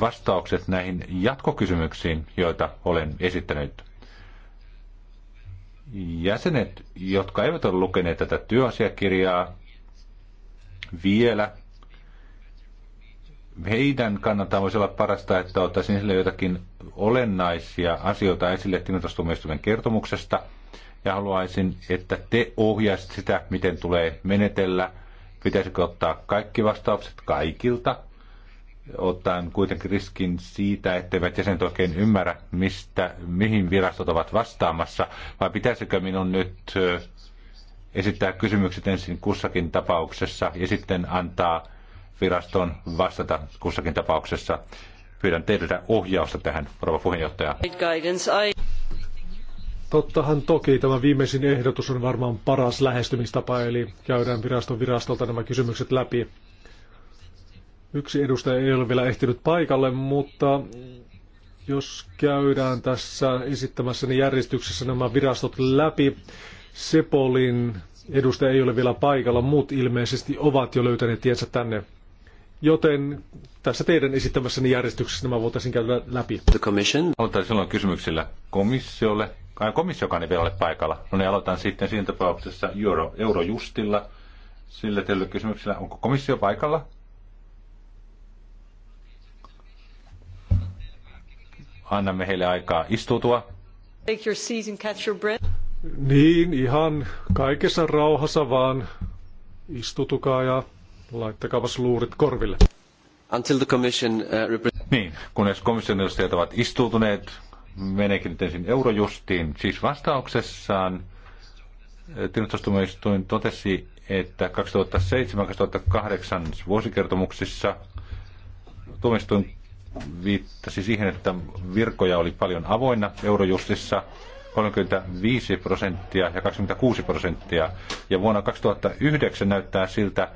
vastaukset näihin jatkokysymyksiin, joita olen esittänyt. Jäsenet, jotka eivät ole lukeneet tätä työasiakirjaa vielä, heidän kannattaa voisi olla parasta, että ottaisin sille jotakin olennaisia asioita esille tilintastuomioistuimen kertomuksesta. Ja haluaisin, että te ohjaisitte sitä, miten tulee menetellä – Pitäisikö ottaa kaikki vastaukset kaikilta, ottaen kuitenkin riskin siitä, etteivät jäsenet oikein ymmärrä, mistä, mihin virastot ovat vastaamassa, vai pitäisikö minun nyt esittää kysymykset ensin kussakin tapauksessa ja sitten antaa viraston vastata kussakin tapauksessa. Pyydän teiltä ohjausta tähän, rouva puheenjohtaja. Tottahan toki tämä viimeisin ehdotus on varmaan paras lähestymistapa, eli käydään viraston virastolta nämä kysymykset läpi. Yksi edustaja ei ole vielä ehtinyt paikalle, mutta jos käydään tässä esittämässäni järjestyksessä nämä virastot läpi, Sepolin edustaja ei ole vielä paikalla, muut ilmeisesti ovat jo löytäneet tiensä tänne. Joten tässä teidän esittämässäni järjestyksessä nämä voitaisiin käydä läpi. The commission. Aloitetaan silloin kysymyksillä komissiolle komissiokaan ei vielä ole paikalla. No niin, aloitan sitten siinä tapauksessa euro, Eurojustilla. Sillä teillä kysymyksellä, onko komissio paikalla? Annamme heille aikaa istutua. Take your seat and catch your breath. Niin, ihan kaikessa rauhassa vaan istutukaa ja laittakaa luurit korville. Until the commission, uh, niin, kunnes komission edustajat ovat istuutuneet, meneekin nyt ensin Eurojustiin. Siis vastauksessaan eh, tilastustumistuin totesi, että 2007-2008 vuosikertomuksissa tuomistuin viittasi siihen, että virkoja oli paljon avoinna Eurojustissa, 35 prosenttia ja 26 prosenttia. Ja vuonna 2009 näyttää siltä,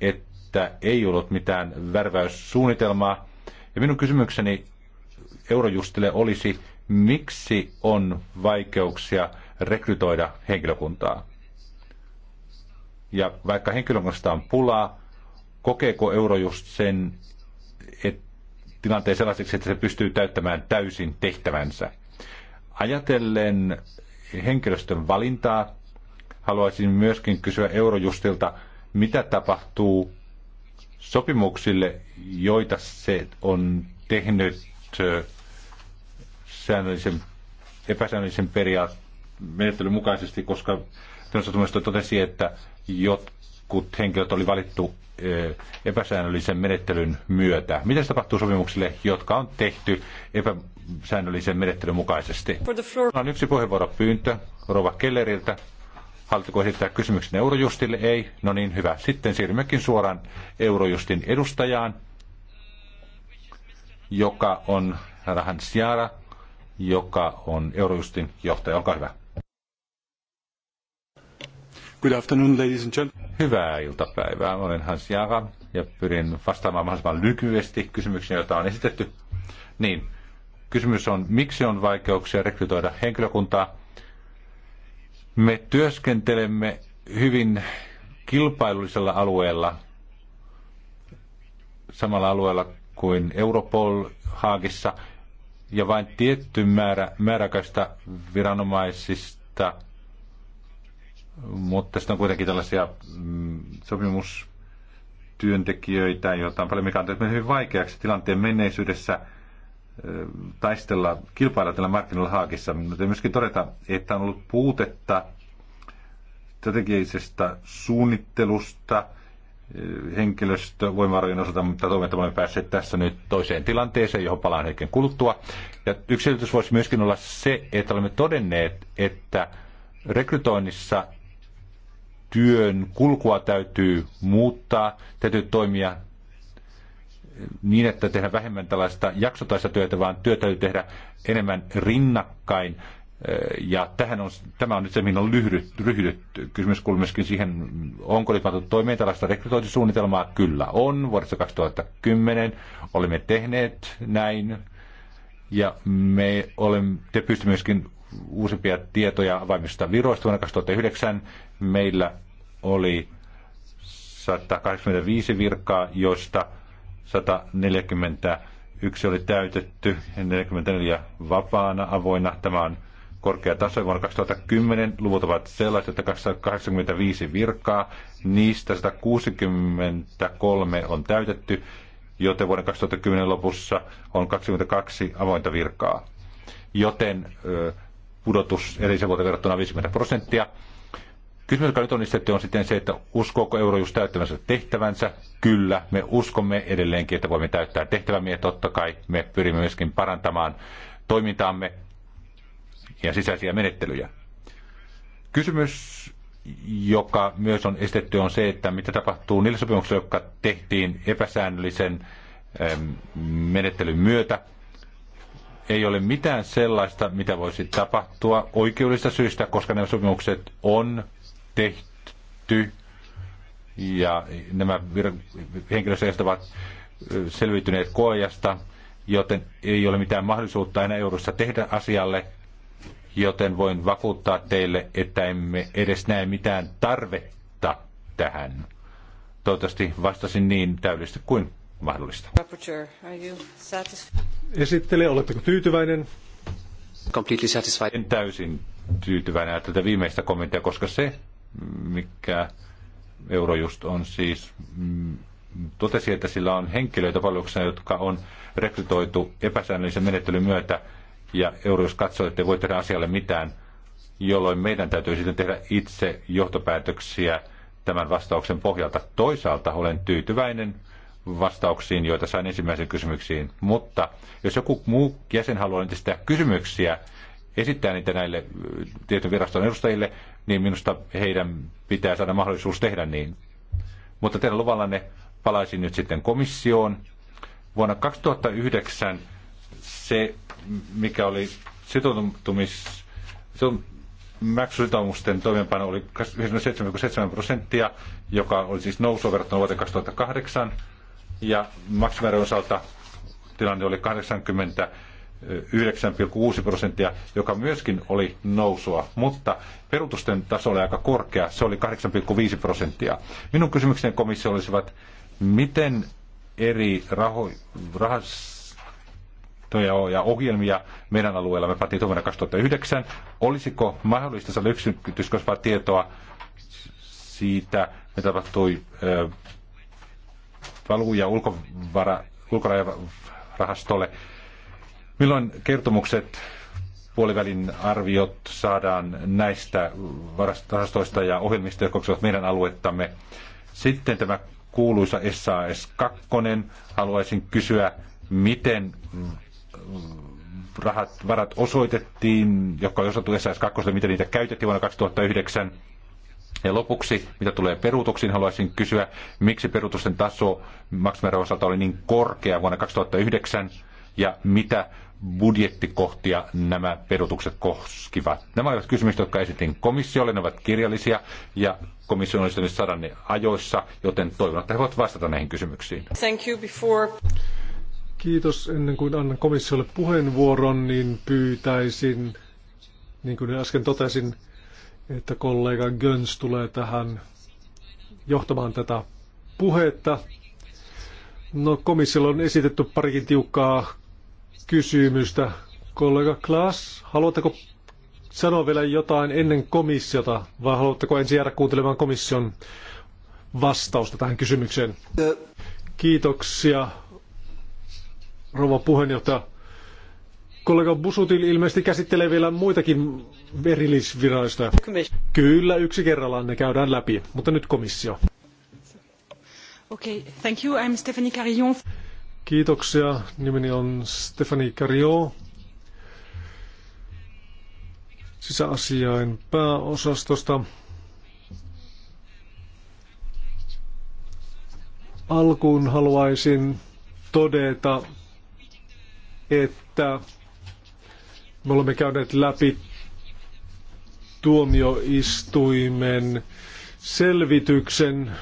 että ei ollut mitään värväyssuunnitelmaa. Ja minun kysymykseni Eurojustille olisi, miksi on vaikeuksia rekrytoida henkilökuntaa. Ja vaikka henkilökunnasta on pulaa, kokeeko euro just sen et, tilanteen sellaiseksi, että se pystyy täyttämään täysin tehtävänsä? Ajatellen henkilöstön valintaa, haluaisin myöskin kysyä Eurojustilta, mitä tapahtuu sopimuksille, joita se on tehnyt säännöllisen, epäsäännöllisen periaatteen menettelyn mukaisesti, koska tuomioistuin totesi, että jotkut henkilöt oli valittu epäsäännöllisen menettelyn myötä. Mitä se tapahtuu sopimuksille, jotka on tehty epäsäännöllisen menettelyn mukaisesti? On yksi puheenvuoropyyntö Rova Kelleriltä. Haluatteko esittää kysymyksen Eurojustille? Ei. No niin, hyvä. Sitten siirrymmekin suoraan Eurojustin edustajaan, joka on Rahan Siara, joka on Eurojustin johtaja. Olkaa hyvä. Good afternoon, ladies and gentlemen. Hyvää iltapäivää. Olen Hans Jaara ja pyrin vastaamaan mahdollisimman lyhyesti kysymyksiin, joita on esitetty. Niin, kysymys on, miksi on vaikeuksia rekrytoida henkilökuntaa? Me työskentelemme hyvin kilpailullisella alueella, samalla alueella kuin Europol Haagissa – ja vain tietty määrä määräkästä viranomaisista, mutta sitten on kuitenkin tällaisia mm, sopimustyöntekijöitä, joita on paljon, mikä on hyvin vaikeaksi tilanteen menneisyydessä taistella, kilpailla tällä markkinoilla haakissa. Mutta myöskin todeta, että on ollut puutetta strategisesta suunnittelusta – henkilöstövoimavarojen osalta, mutta toivon, että olemme päässeet tässä nyt toiseen tilanteeseen, johon palaan hetken kuluttua. Ja yksi selitys voisi myöskin olla se, että olemme todenneet, että rekrytoinnissa työn kulkua täytyy muuttaa, täytyy toimia niin, että tehdään vähemmän tällaista jaksotaista työtä, vaan työtä täytyy tehdä enemmän rinnakkain ja tähän on, tämä on nyt se, mihin on lyhdyt, ryhdytty. Kysymys kuuluu myöskin siihen, onko nyt toimeen tällaista rekrytointisuunnitelmaa? Kyllä on. Vuodessa 2010 olemme tehneet näin. Ja me olemme, te pystymme myöskin uusimpia tietoja avaimista viroista vuonna 2009. Meillä oli 185 virkaa, joista 141 oli täytetty ja 44 vapaana avoinna. Tämä on korkea taso. Vuonna 2010 luvut ovat sellaiset, että 285 virkaa, niistä 163 on täytetty, joten vuoden 2010 lopussa on 22 avointa virkaa. Joten pudotus edellisen vuoteen verrattuna 50 prosenttia. Kysymys, joka nyt on istetty, on sitten se, että uskooko Eurojust täyttävänsä tehtävänsä? Kyllä, me uskomme edelleenkin, että voimme täyttää tehtävämme ja totta kai me pyrimme myöskin parantamaan toimintaamme ja sisäisiä menettelyjä. Kysymys, joka myös on estetty, on se, että mitä tapahtuu niille sopimuksille, jotka tehtiin epäsäännöllisen menettelyn myötä. Ei ole mitään sellaista, mitä voisi tapahtua oikeudellisista syistä, koska nämä sopimukset on tehty ja nämä vir- henkilöstöjärjestöt ovat selviytyneet koajasta, joten ei ole mitään mahdollisuutta enää eurossa tehdä asialle joten voin vakuuttaa teille, että emme edes näe mitään tarvetta tähän. Toivottavasti vastasin niin täydellisesti kuin mahdollista. Esittele, oletteko tyytyväinen? Completely satisfied. En täysin tyytyväinen tätä viimeistä kommenttia, koska se, mikä Eurojust on siis mm, totesi, että sillä on henkilöitä paljon, jotka on rekrytoitu epäsäännöllisen menettelyn myötä – ja euro, jos katsoo, että voi tehdä asialle mitään, jolloin meidän täytyy sitten tehdä itse johtopäätöksiä tämän vastauksen pohjalta. Toisaalta olen tyytyväinen vastauksiin, joita sain ensimmäisiin kysymyksiin, mutta jos joku muu jäsen haluaa esittää kysymyksiä, esittää niitä näille tietyn viraston edustajille, niin minusta heidän pitää saada mahdollisuus tehdä niin. Mutta teidän luvallanne palaisin nyt sitten komissioon. Vuonna 2009 se mikä oli sitoutumis, maksusitoumusten toimeenpano oli 97,7 prosenttia, joka oli siis nousu verrattuna vuoteen 2008. Ja maksimäärän osalta tilanne oli 89,6 prosenttia, joka myöskin oli nousua, mutta perutusten taso oli aika korkea, se oli 8,5 prosenttia. Minun kysymykseni komissio olisivat, miten eri raho, rahas, ja ohjelmia meidän alueella. Me päätimme vuonna 2009. Olisiko mahdollista saada yksityiskohtaisempaa tietoa siitä, mitä tapahtui valuu- ja ulkovara, ulkorajarahastolle? Milloin kertomukset puolivälin arviot saadaan näistä varastoista ja ohjelmista, jotka ovat meidän aluettamme. Sitten tämä kuuluisa SAS 2. Haluaisin kysyä, miten rahat, varat osoitettiin, jotka oli osattu SS2, miten niitä käytettiin vuonna 2009. Ja lopuksi, mitä tulee peruutuksiin, haluaisin kysyä, miksi peruutusten taso maksimäärän osalta oli niin korkea vuonna 2009 ja mitä budjettikohtia nämä peruutukset koskivat. Nämä olivat kysymykset, jotka esitin komissiolle, ne ovat kirjallisia ja komissio on esittänyt sadanne ajoissa, joten toivon, että he voivat vastata näihin kysymyksiin. Thank you before. Kiitos. Ennen kuin annan komissiolle puheenvuoron, niin pyytäisin, niin kuin äsken totesin, että kollega Göns tulee tähän johtamaan tätä puhetta. No komissiolle on esitetty parikin tiukkaa kysymystä. Kollega Klaas, haluatteko sanoa vielä jotain ennen komissiota, vai haluatteko ensin jäädä kuuntelemaan komission vastausta tähän kysymykseen? Kiitoksia rouva puheenjohtaja. Kollega Busutil ilmeisesti käsittelee vielä muitakin verillisvirastoja. Kyllä, yksi kerrallaan ne käydään läpi, mutta nyt komissio. Okay, thank you. I'm Stephanie Carillon. Kiitoksia. Nimeni on Stephanie Carillon. Sisäasiain pääosastosta. Alkuun haluaisin todeta, että me olemme käyneet läpi tuomioistuimen selvityksen.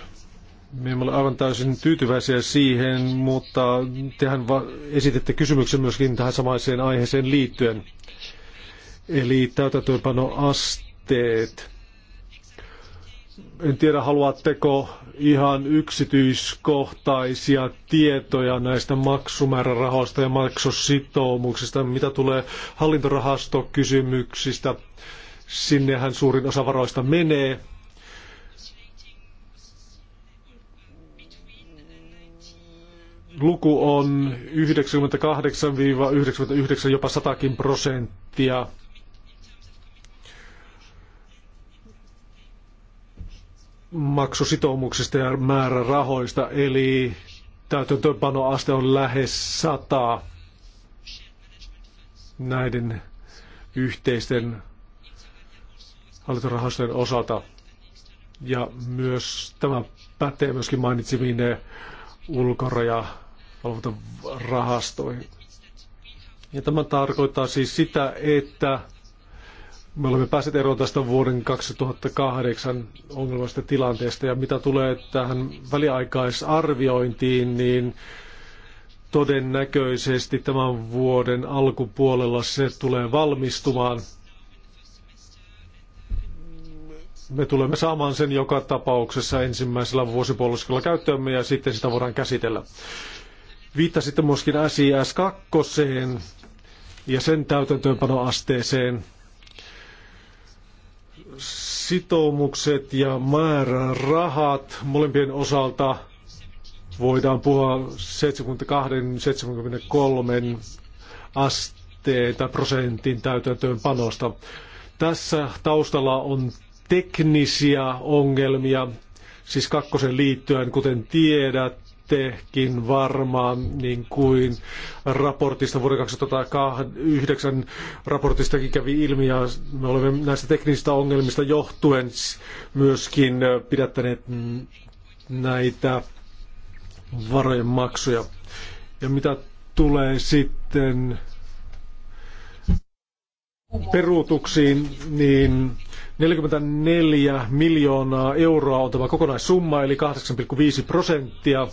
Me emme ole aivan täysin tyytyväisiä siihen, mutta tehän esitette kysymyksen myöskin tähän samaiseen aiheeseen liittyen. Eli täytäntöönpanoasteet en tiedä haluatteko ihan yksityiskohtaisia tietoja näistä maksumäärärahoista ja maksusitoumuksista, mitä tulee hallintorahastokysymyksistä. Sinnehän suurin osa varoista menee. Luku on 98-99, jopa 100 prosenttia. maksusitoumuksista ja määrärahoista, eli täytäntöönpanoaste on lähes sata näiden yhteisten hallintorahastojen osalta. Ja myös tämä pätee myöskin mainitsemiin ulkoraja rahastoihin. Ja tämä tarkoittaa siis sitä, että me olemme päässeet eroon tästä vuoden 2008 ongelmasta tilanteesta ja mitä tulee tähän väliaikaisarviointiin, niin todennäköisesti tämän vuoden alkupuolella se tulee valmistumaan. Me tulemme saamaan sen joka tapauksessa ensimmäisellä vuosipuoliskolla käyttöömme ja sitten sitä voidaan käsitellä. Viittasitte myöskin SIS 2 ja sen täytäntöönpanoasteeseen sitoumukset ja määrärahat molempien osalta voidaan puhua 72-73 asteen tai prosentin täytäntöönpanosta. Tässä taustalla on teknisiä ongelmia, siis kakkosen liittyen, kuten tiedät, tekin varmaan, niin kuin raportista vuoden 2009 raportistakin kävi ilmi, ja me olemme näistä teknisistä ongelmista johtuen myöskin pidättäneet näitä varojen maksuja. Ja mitä tulee sitten peruutuksiin, niin 44 miljoonaa euroa on tämä kokonaissumma, eli 8,5 prosenttia.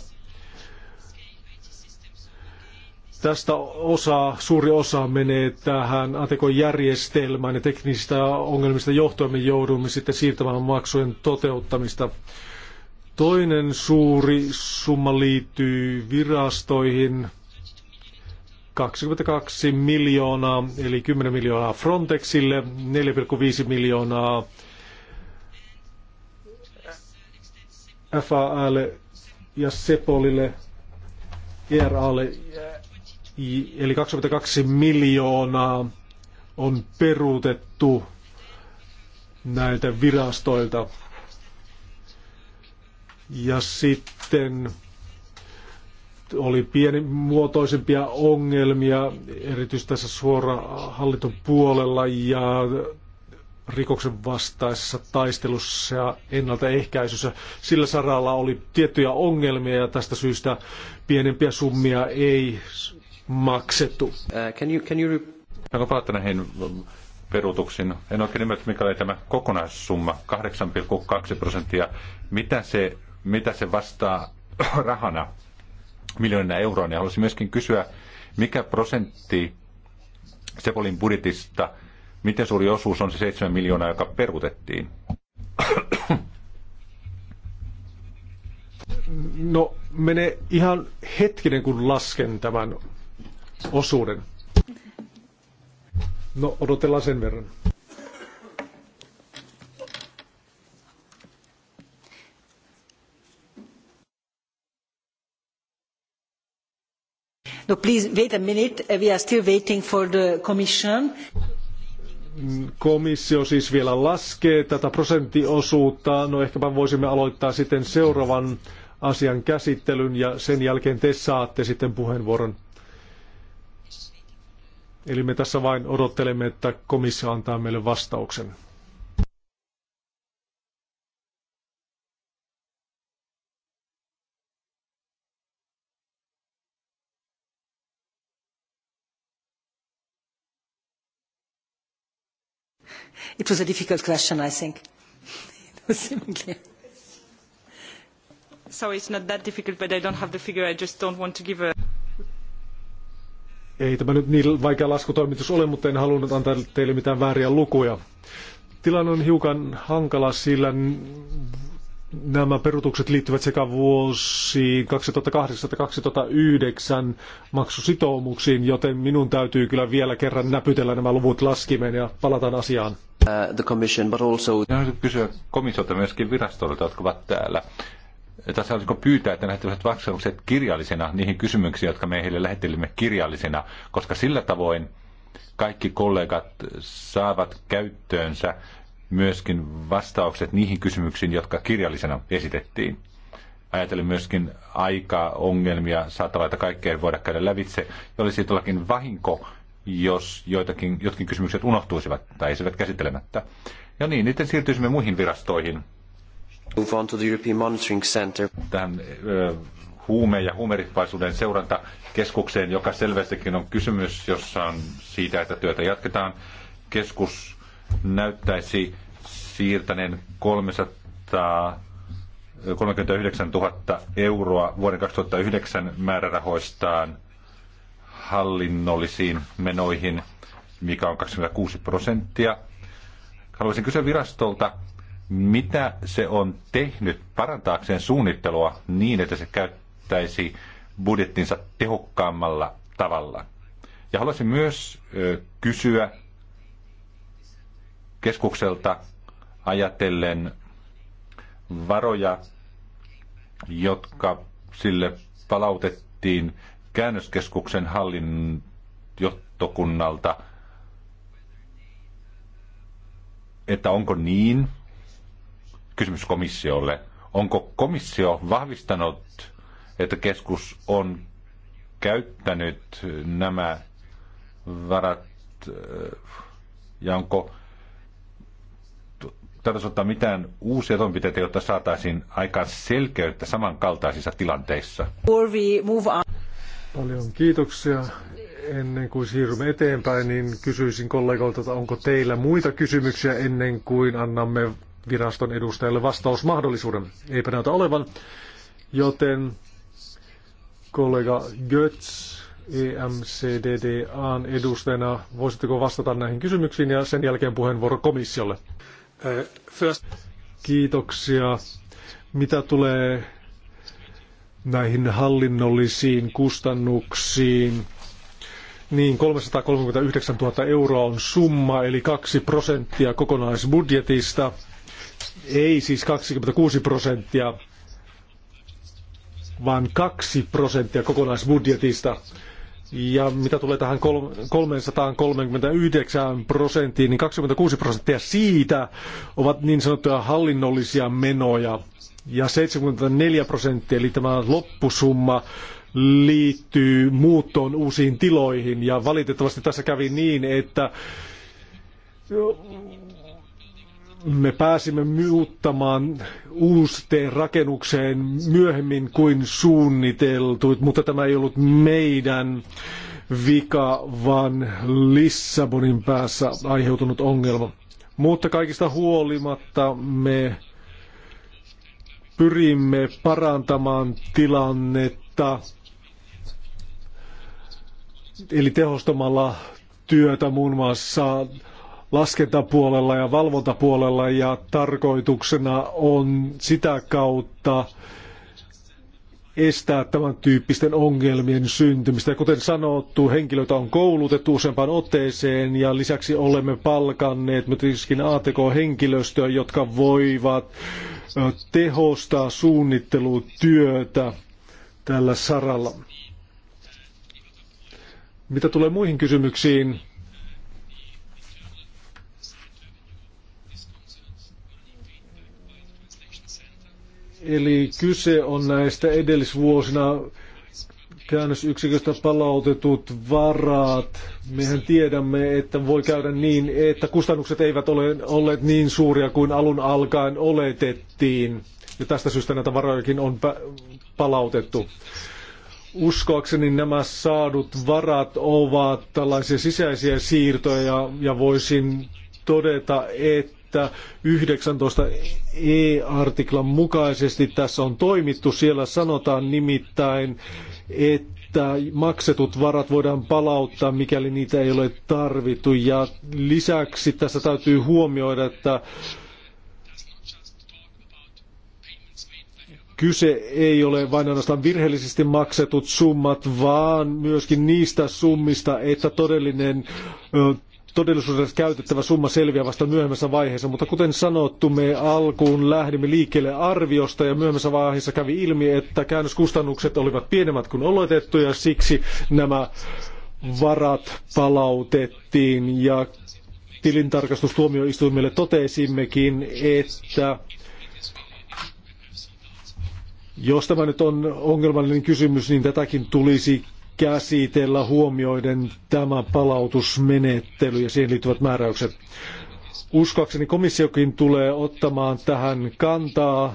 Tästä osa, suuri osa menee tähän ATK-järjestelmään ja teknisistä ongelmista johtuen me joudumme sitten siirtämään maksujen toteuttamista. Toinen suuri summa liittyy virastoihin, 22 miljoonaa, eli 10 miljoonaa Frontexille, 4,5 miljoonaa FAAlle ja Sepolille, ERAlle Eli 22 miljoonaa on peruutettu näiltä virastoilta. Ja sitten oli pienimuotoisempia ongelmia, erityisesti tässä suorahallinton puolella ja rikoksen vastaisessa taistelussa ja ennaltaehkäisyssä. Sillä saralla oli tiettyjä ongelmia ja tästä syystä pienempiä summia ei maksettu. Uh, can you, can you... Onko näihin peruutuksiin? En oikein ymmärrä, mikä oli tämä kokonaissumma, 8,2 prosenttia. Mitä se, mitä se vastaa [coughs] rahana miljoonina euroina? Ja haluaisin myöskin kysyä, mikä prosentti Sepolin budjetista, miten suuri osuus on se 7 miljoonaa, joka peruutettiin? No, menee ihan hetkinen, kun lasken tämän osuuden. No, odotellaan sen verran. No, please wait a minute. We are still waiting for the commission. Mm, komissio siis vielä laskee tätä prosenttiosuutta. No ehkäpä voisimme aloittaa sitten seuraavan asian käsittelyn ja sen jälkeen te saatte sitten puheenvuoron. Eli me tässä vain odottelemme, että komissio antaa meille vastauksen. It was a difficult question, I think. [laughs] So it's not that difficult, but I don't have the figure. I just don't want to give a ei tämä nyt niin vaikea laskutoimitus ole, mutta en halunnut antaa teille mitään vääriä lukuja. Tilanne on hiukan hankala, sillä nämä perutukset liittyvät sekä vuosiin 2008 että 2009 maksusitoumuksiin, joten minun täytyy kyllä vielä kerran näpytellä nämä luvut laskimeen ja palataan asiaan. Uh, the commission, but also... Ja kysyä komissiolta myöskin virastolta, jotka ovat täällä että saisiko pyytää, että lähettäisivät vastaukset kirjallisena niihin kysymyksiin, jotka me heille lähettelimme kirjallisena, koska sillä tavoin kaikki kollegat saavat käyttöönsä myöskin vastaukset niihin kysymyksiin, jotka kirjallisena esitettiin. Ajatellen myöskin aikaa, ongelmia, saatavaita kaikkea ei voida käydä lävitse. Ja olisi todellakin vahinko, jos joitakin, jotkin kysymykset unohtuisivat tai jäisivät käsittelemättä. Ja niin, nyt siirtyisimme muihin virastoihin. Move on to the European Monitoring Center. Tähän huume- ja huumeripaisuuden seurantakeskukseen, joka selvästikin on kysymys, jossa on siitä, että työtä jatketaan. Keskus näyttäisi siirtäneen 339 000 euroa vuoden 2009 määrärahoistaan hallinnollisiin menoihin, mikä on 26 prosenttia. Haluaisin kysyä virastolta, mitä se on tehnyt parantaakseen suunnittelua niin, että se käyttäisi budjettinsa tehokkaammalla tavalla. Ja haluaisin myös kysyä keskukselta ajatellen varoja, jotka sille palautettiin käännöskeskuksen hallin että onko niin, kysymys komissiolle. Onko komissio vahvistanut, että keskus on käyttänyt nämä varat äh, ja onko tarvitsisi mitään uusia toimenpiteitä, jotta saataisiin aikaan selkeyttä samankaltaisissa tilanteissa? Paljon kiitoksia. Ennen kuin siirrymme eteenpäin, niin kysyisin kollegoilta, että onko teillä muita kysymyksiä ennen kuin annamme viraston edustajalle vastausmahdollisuuden. Eipä näytä olevan, joten kollega Götz EMCDDAn edustajana voisitteko vastata näihin kysymyksiin ja sen jälkeen puheenvuoro komissiolle. Kiitoksia. Mitä tulee näihin hallinnollisiin kustannuksiin, niin 339 000 euroa on summa, eli 2 prosenttia kokonaisbudjetista ei siis 26 prosenttia, vaan 2 prosenttia kokonaisbudjetista. Ja mitä tulee tähän 339 prosenttiin, niin 26 prosenttia siitä ovat niin sanottuja hallinnollisia menoja. Ja 74 prosenttia, eli tämä loppusumma, liittyy muuttoon uusiin tiloihin. Ja valitettavasti tässä kävi niin, että me pääsimme muuttamaan uusteen rakennukseen myöhemmin kuin suunniteltu, mutta tämä ei ollut meidän vika, vaan Lissabonin päässä aiheutunut ongelma. Mutta kaikista huolimatta me pyrimme parantamaan tilannetta, eli tehostamalla työtä muun muassa laskentapuolella ja valvontapuolella ja tarkoituksena on sitä kautta estää tämän tyyppisten ongelmien syntymistä. Ja kuten sanottu, henkilöitä on koulutettu useampaan otteeseen ja lisäksi olemme palkanneet myöskin ATK-henkilöstöä, jotka voivat tehostaa suunnittelutyötä tällä saralla. Mitä tulee muihin kysymyksiin, Eli kyse on näistä edellisvuosina käännösyksiköstä palautetut varat. Mehän tiedämme, että voi käydä niin, että kustannukset eivät ole olleet niin suuria kuin alun alkaen oletettiin. Ja tästä syystä näitä varojakin on palautettu. Uskoakseni nämä saadut varat ovat tällaisia sisäisiä siirtoja ja voisin todeta, että että 19 E-artiklan mukaisesti tässä on toimittu. Siellä sanotaan nimittäin, että maksetut varat voidaan palauttaa, mikäli niitä ei ole tarvittu. Ja lisäksi tässä täytyy huomioida, että kyse ei ole vain ainoastaan virheellisesti maksetut summat, vaan myöskin niistä summista, että todellinen todellisuudessa käytettävä summa selviää vasta myöhemmässä vaiheessa, mutta kuten sanottu, me alkuun lähdimme liikkeelle arviosta ja myöhemmässä vaiheessa kävi ilmi, että käännöskustannukset olivat pienemmät kuin oletettu ja siksi nämä varat palautettiin ja tilintarkastustuomioistuimelle totesimmekin, että jos tämä nyt on ongelmallinen kysymys, niin tätäkin tulisi käsitellä huomioiden tämä palautusmenettely ja siihen liittyvät määräykset. Uskoakseni komissiokin tulee ottamaan tähän kantaa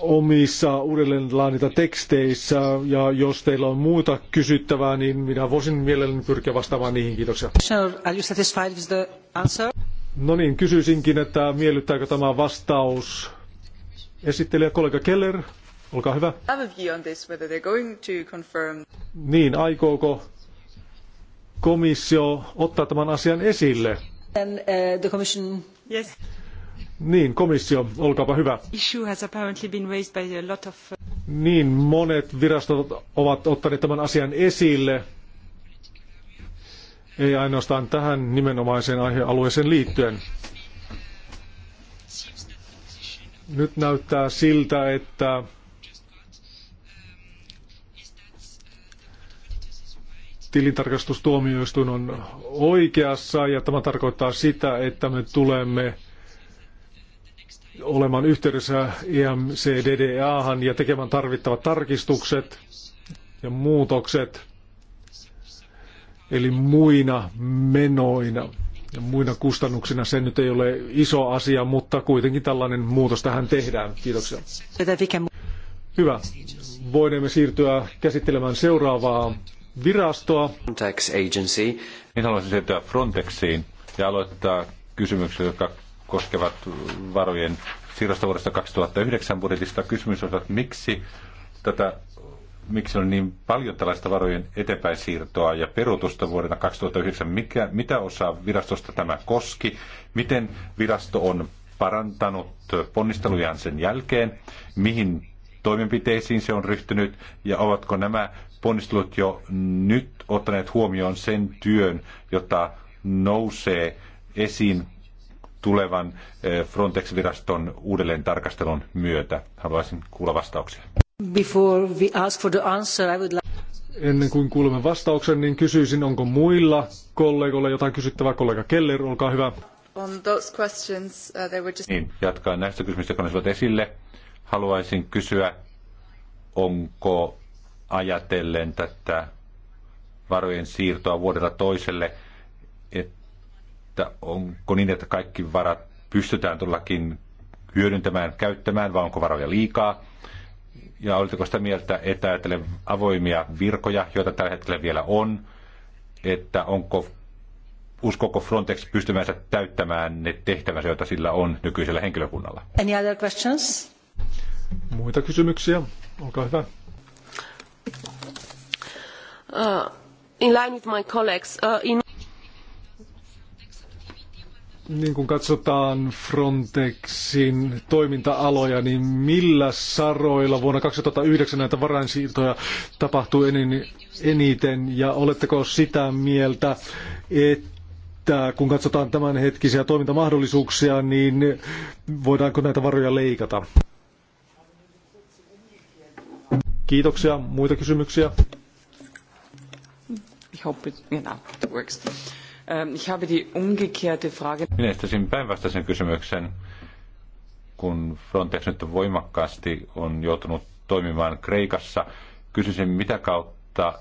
omissa uudelleenlaadita teksteissä ja jos teillä on muuta kysyttävää, niin minä voisin mielelläni pyrkiä vastaamaan niihin. Kiitoksia. No niin, kysyisinkin, että miellyttääkö tämä vastaus Esittelijä kollega Keller, olkaa hyvä. this confirm? Niin, aikooko komissio ottaa tämän asian esille? And, uh, yes. Niin, komissio, olkaapa hyvä. Issue has apparently been raised by a lot of... Uh, niin, monet virastot ovat ottaneet tämän asian esille. Ei ainoastaan tähän nimenomaiseen aihealueeseen liittyen. Nyt näyttää siltä, että tilintarkastustuomioistuin on oikeassa ja tämä tarkoittaa sitä, että me tulemme olemaan yhteydessä EMCDDAhan ja tekemään tarvittavat tarkistukset ja muutokset, eli muina menoina muina kustannuksina. Se nyt ei ole iso asia, mutta kuitenkin tällainen muutos tähän tehdään. Kiitoksia. Hyvä. Voimme siirtyä käsittelemään seuraavaa virastoa. Frontex Agency. Minä niin haluaisin siirtyä Frontexiin ja aloittaa kysymyksiä, jotka koskevat varojen siirrosta vuodesta 2009 budjetista. Kysymys on, että miksi tätä miksi on niin paljon tällaista varojen eteenpäinsiirtoa ja peruutusta vuodena 2009? Mikä, mitä osaa virastosta tämä koski? Miten virasto on parantanut ponnistelujaan sen jälkeen? Mihin toimenpiteisiin se on ryhtynyt? Ja ovatko nämä ponnistelut jo nyt ottaneet huomioon sen työn, jota nousee esiin tulevan eh, Frontex-viraston uudelleen tarkastelun myötä? Haluaisin kuulla vastauksia. Before we ask for the answer, I would like... Ennen kuin kuulemme vastauksen, niin kysyisin, onko muilla kollegoilla jotain kysyttävää. Kollega Keller, olkaa hyvä. On those questions, uh, they were just... niin, jatkaan näistä kysymyksistä, jotka nousivat esille. Haluaisin kysyä, onko ajatellen tätä varojen siirtoa vuodelta toiselle, että onko niin, että kaikki varat pystytään todellakin hyödyntämään, käyttämään, vai onko varoja liikaa? Ja oletteko sitä mieltä, että ajattelen avoimia virkoja, joita tällä hetkellä vielä on, että onko uskoko Frontex pystymänsä täyttämään ne tehtävänsä, joita sillä on nykyisellä henkilökunnalla? Any other questions? Muita kysymyksiä? Olkaa hyvä. Uh, in line with my colleagues, uh, in niin kun katsotaan Frontexin toiminta-aloja, niin millä saroilla vuonna 2009 näitä varainsiirtoja tapahtui eniten? Ja oletteko sitä mieltä, että kun katsotaan tämänhetkisiä toimintamahdollisuuksia, niin voidaanko näitä varoja leikata? Kiitoksia. Muita kysymyksiä? hope it, you know, it works. Ähm, ich habe die umgekehrte Frage. Minä esittäisin päinvastaisen kysymyksen, kun Frontex nyt voimakkaasti on joutunut toimimaan Kreikassa. Kysyisin, mitä kautta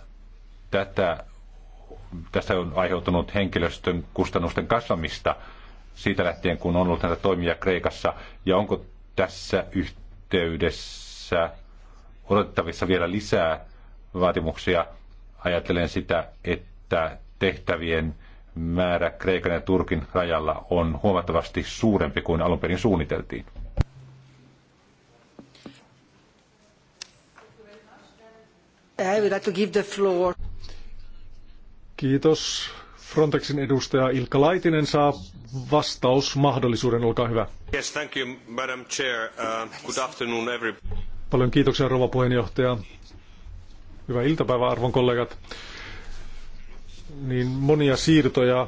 tätä, tästä on aiheutunut henkilöstön kustannusten kasvamista siitä lähtien, kun on ollut näitä toimia Kreikassa, ja onko tässä yhteydessä odotettavissa vielä lisää vaatimuksia, ajatellen sitä, että tehtävien määrä Kreikan ja Turkin rajalla on huomattavasti suurempi kuin alun perin suunniteltiin. I would like to give the floor. Kiitos. Frontexin edustaja Ilkka Laitinen saa vastausmahdollisuuden. Olkaa hyvä. Yes, thank you, Madam Chair. Uh, good afternoon, everybody. Paljon kiitoksia, rouva puheenjohtaja. Hyvää iltapäivää, arvon kollegat niin monia siirtoja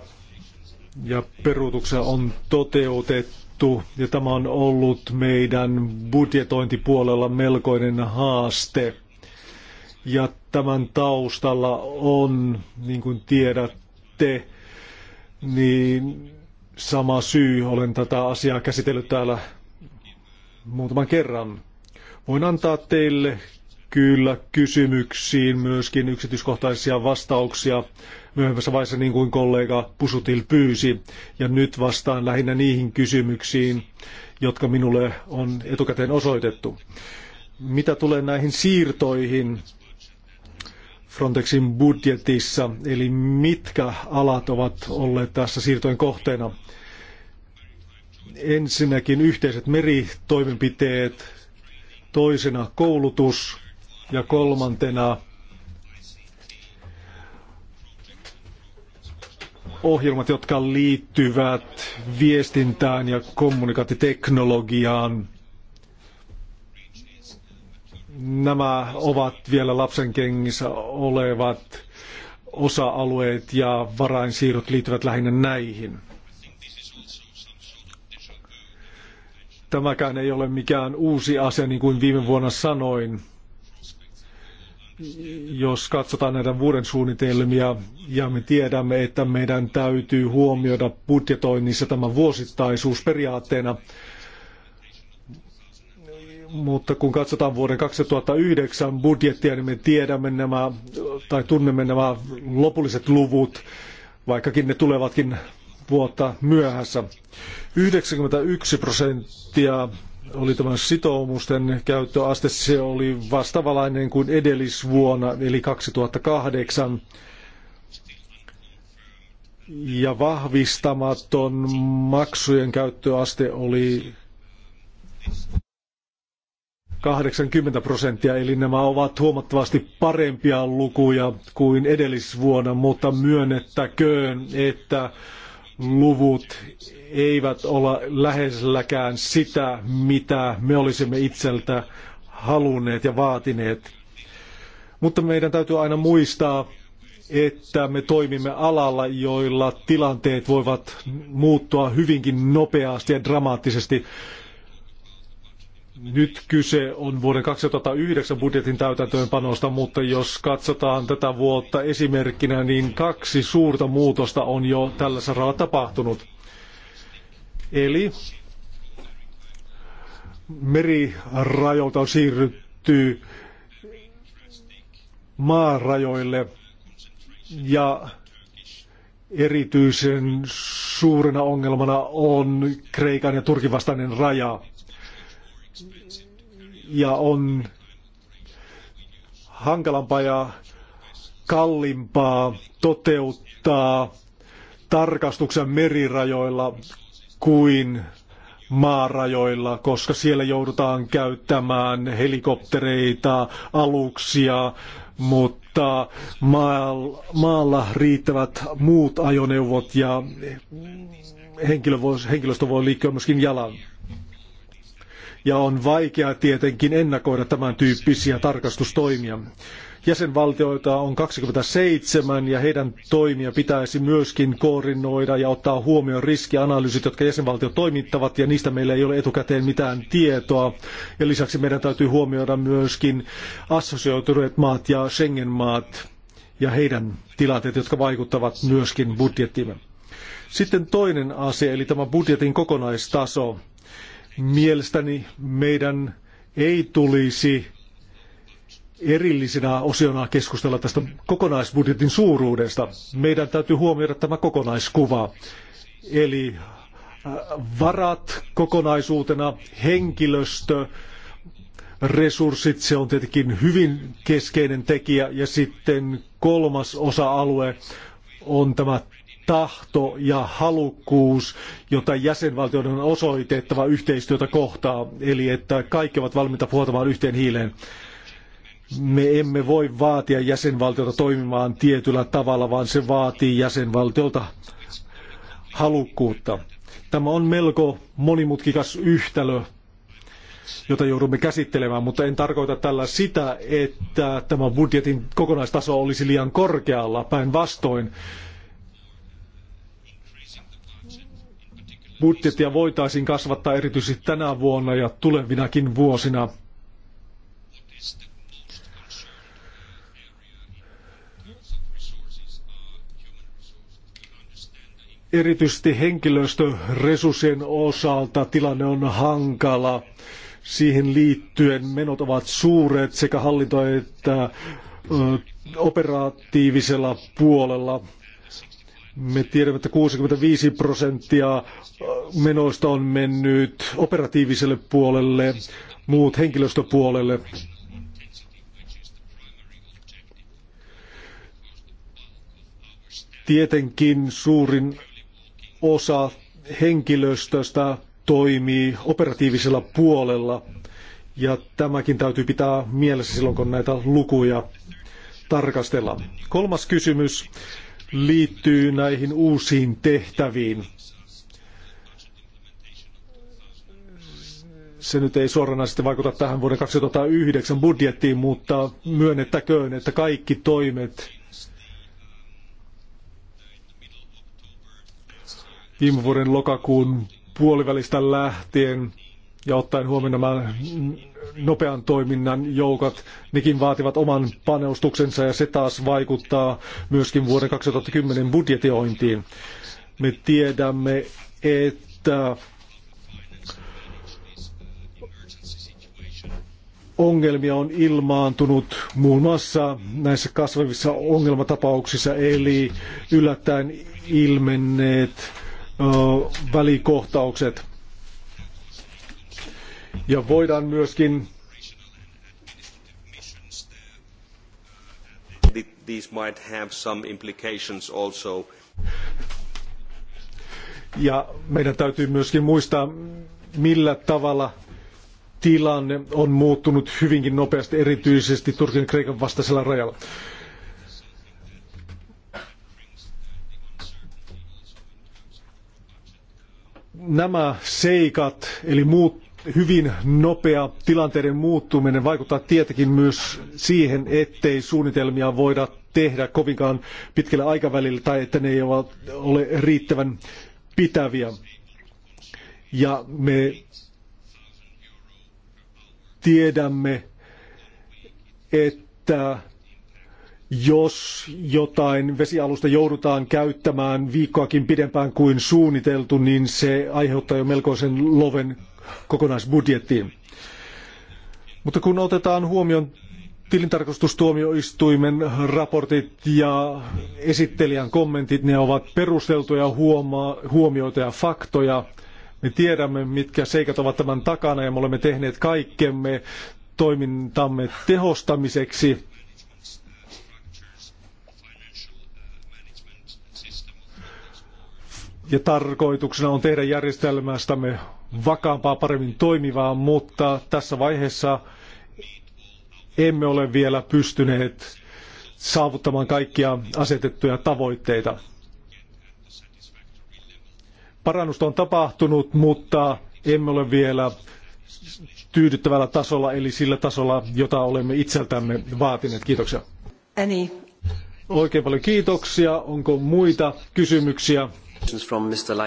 ja peruutuksia on toteutettu ja tämä on ollut meidän budjetointipuolella melkoinen haaste. Ja tämän taustalla on, niin kuin tiedätte, niin sama syy. Olen tätä asiaa käsitellyt täällä muutaman kerran. Voin antaa teille kyllä kysymyksiin myöskin yksityiskohtaisia vastauksia myöhemmässä vaiheessa niin kuin kollega Pusutil pyysi. Ja nyt vastaan lähinnä niihin kysymyksiin, jotka minulle on etukäteen osoitettu. Mitä tulee näihin siirtoihin Frontexin budjetissa, eli mitkä alat ovat olleet tässä siirtojen kohteena? Ensinnäkin yhteiset meritoimenpiteet, toisena koulutus ja kolmantena ohjelmat, jotka liittyvät viestintään ja kommunikaatiteknologiaan. Nämä ovat vielä lapsenkengissä olevat osa-alueet ja varainsiirrot liittyvät lähinnä näihin. Tämäkään ei ole mikään uusi asia, niin kuin viime vuonna sanoin jos katsotaan näitä vuoden suunnitelmia ja me tiedämme, että meidän täytyy huomioida budjetoinnissa tämä vuosittaisuus periaatteena, mutta kun katsotaan vuoden 2009 budjettia, niin me tiedämme nämä, tai tunnemme nämä lopulliset luvut, vaikkakin ne tulevatkin vuotta myöhässä. 91 prosenttia oli tämä sitoumusten käyttöaste, se oli vastavalainen kuin edellisvuonna, eli 2008. Ja vahvistamaton maksujen käyttöaste oli 80 prosenttia, eli nämä ovat huomattavasti parempia lukuja kuin edellisvuonna, mutta myönnettäköön, että luvut eivät ole läheselläkään sitä, mitä me olisimme itseltä halunneet ja vaatineet. Mutta meidän täytyy aina muistaa, että me toimimme alalla, joilla tilanteet voivat muuttua hyvinkin nopeasti ja dramaattisesti. Nyt kyse on vuoden 2009 budjetin täytäntöönpanosta, mutta jos katsotaan tätä vuotta esimerkkinä, niin kaksi suurta muutosta on jo tällä saralla tapahtunut. Eli merirajoilta on siirrytty maarajoille ja erityisen suurena ongelmana on Kreikan ja Turkin vastainen raja. Ja on hankalampaa ja kalliimpaa toteuttaa tarkastuksen merirajoilla kuin maarajoilla, koska siellä joudutaan käyttämään helikoptereita, aluksia, mutta maalla riittävät muut ajoneuvot ja henkilö voi, henkilöstö voi liikkua myöskin jalan. Ja on vaikea tietenkin ennakoida tämän tyyppisiä tarkastustoimia. Jäsenvaltioita on 27 ja heidän toimia pitäisi myöskin koordinoida ja ottaa huomioon riskianalyysit, jotka jäsenvaltiot toimittavat ja niistä meillä ei ole etukäteen mitään tietoa. Ja lisäksi meidän täytyy huomioida myöskin assosioituneet maat ja Schengen-maat ja heidän tilanteet, jotka vaikuttavat myöskin budjettiimme. Sitten toinen asia, eli tämä budjetin kokonaistaso. Mielestäni meidän ei tulisi erillisinä osiona keskustella tästä kokonaisbudjetin suuruudesta. Meidän täytyy huomioida tämä kokonaiskuva. Eli äh, varat kokonaisuutena, henkilöstö, resurssit, se on tietenkin hyvin keskeinen tekijä. Ja sitten kolmas osa-alue on tämä tahto ja halukkuus, jota jäsenvaltioiden on osoitettava yhteistyötä kohtaan, eli että kaikki ovat valmiita puhaltamaan yhteen hiileen me emme voi vaatia jäsenvaltiota toimimaan tietyllä tavalla, vaan se vaatii jäsenvaltiolta halukkuutta. Tämä on melko monimutkikas yhtälö, jota joudumme käsittelemään, mutta en tarkoita tällä sitä, että tämä budjetin kokonaistaso olisi liian korkealla. Päinvastoin budjettia voitaisiin kasvattaa erityisesti tänä vuonna ja tulevinakin vuosina – Erityisesti henkilöstöresurssien osalta tilanne on hankala. Siihen liittyen menot ovat suuret sekä hallinto- että operatiivisella puolella. Me tiedämme, että 65 prosenttia menoista on mennyt operatiiviselle puolelle, muut henkilöstöpuolelle. Tietenkin suurin osa henkilöstöstä toimii operatiivisella puolella. Ja tämäkin täytyy pitää mielessä silloin, kun näitä lukuja tarkastellaan. Kolmas kysymys liittyy näihin uusiin tehtäviin. Se nyt ei suoranaisesti vaikuta tähän vuoden 2009 budjettiin, mutta myönnettäköön, että kaikki toimet, viime vuoden lokakuun puolivälistä lähtien ja ottaen huomioon nämä nopean toiminnan joukot, nekin vaativat oman paneustuksensa ja se taas vaikuttaa myöskin vuoden 2010 budjetiointiin. Me tiedämme, että ongelmia on ilmaantunut muun muassa näissä kasvavissa ongelmatapauksissa, eli yllättäen ilmenneet välikohtaukset. Ja voidaan myöskin these might have some implications also. Ja meidän täytyy myöskin muistaa, millä tavalla tilanne on muuttunut hyvinkin nopeasti, erityisesti Turkin ja Kreikan vastaisella rajalla. nämä seikat, eli muut, hyvin nopea tilanteiden muuttuminen vaikuttaa tietenkin myös siihen, ettei suunnitelmia voida tehdä kovinkaan pitkällä aikavälillä tai että ne eivät ole riittävän pitäviä. Ja me tiedämme, että jos jotain vesialusta joudutaan käyttämään viikkoakin pidempään kuin suunniteltu, niin se aiheuttaa jo melkoisen loven kokonaisbudjettiin. Mutta kun otetaan huomioon tilintarkastustuomioistuimen raportit ja esittelijän kommentit, ne ovat perusteltuja huomioita ja faktoja. Me tiedämme, mitkä seikat ovat tämän takana ja me olemme tehneet kaikkemme toimintamme tehostamiseksi ja tarkoituksena on tehdä järjestelmästämme vakaampaa, paremmin toimivaa, mutta tässä vaiheessa emme ole vielä pystyneet saavuttamaan kaikkia asetettuja tavoitteita. Parannusta on tapahtunut, mutta emme ole vielä tyydyttävällä tasolla, eli sillä tasolla, jota olemme itseltämme vaatineet. Kiitoksia. Any. Oikein paljon kiitoksia. Onko muita kysymyksiä?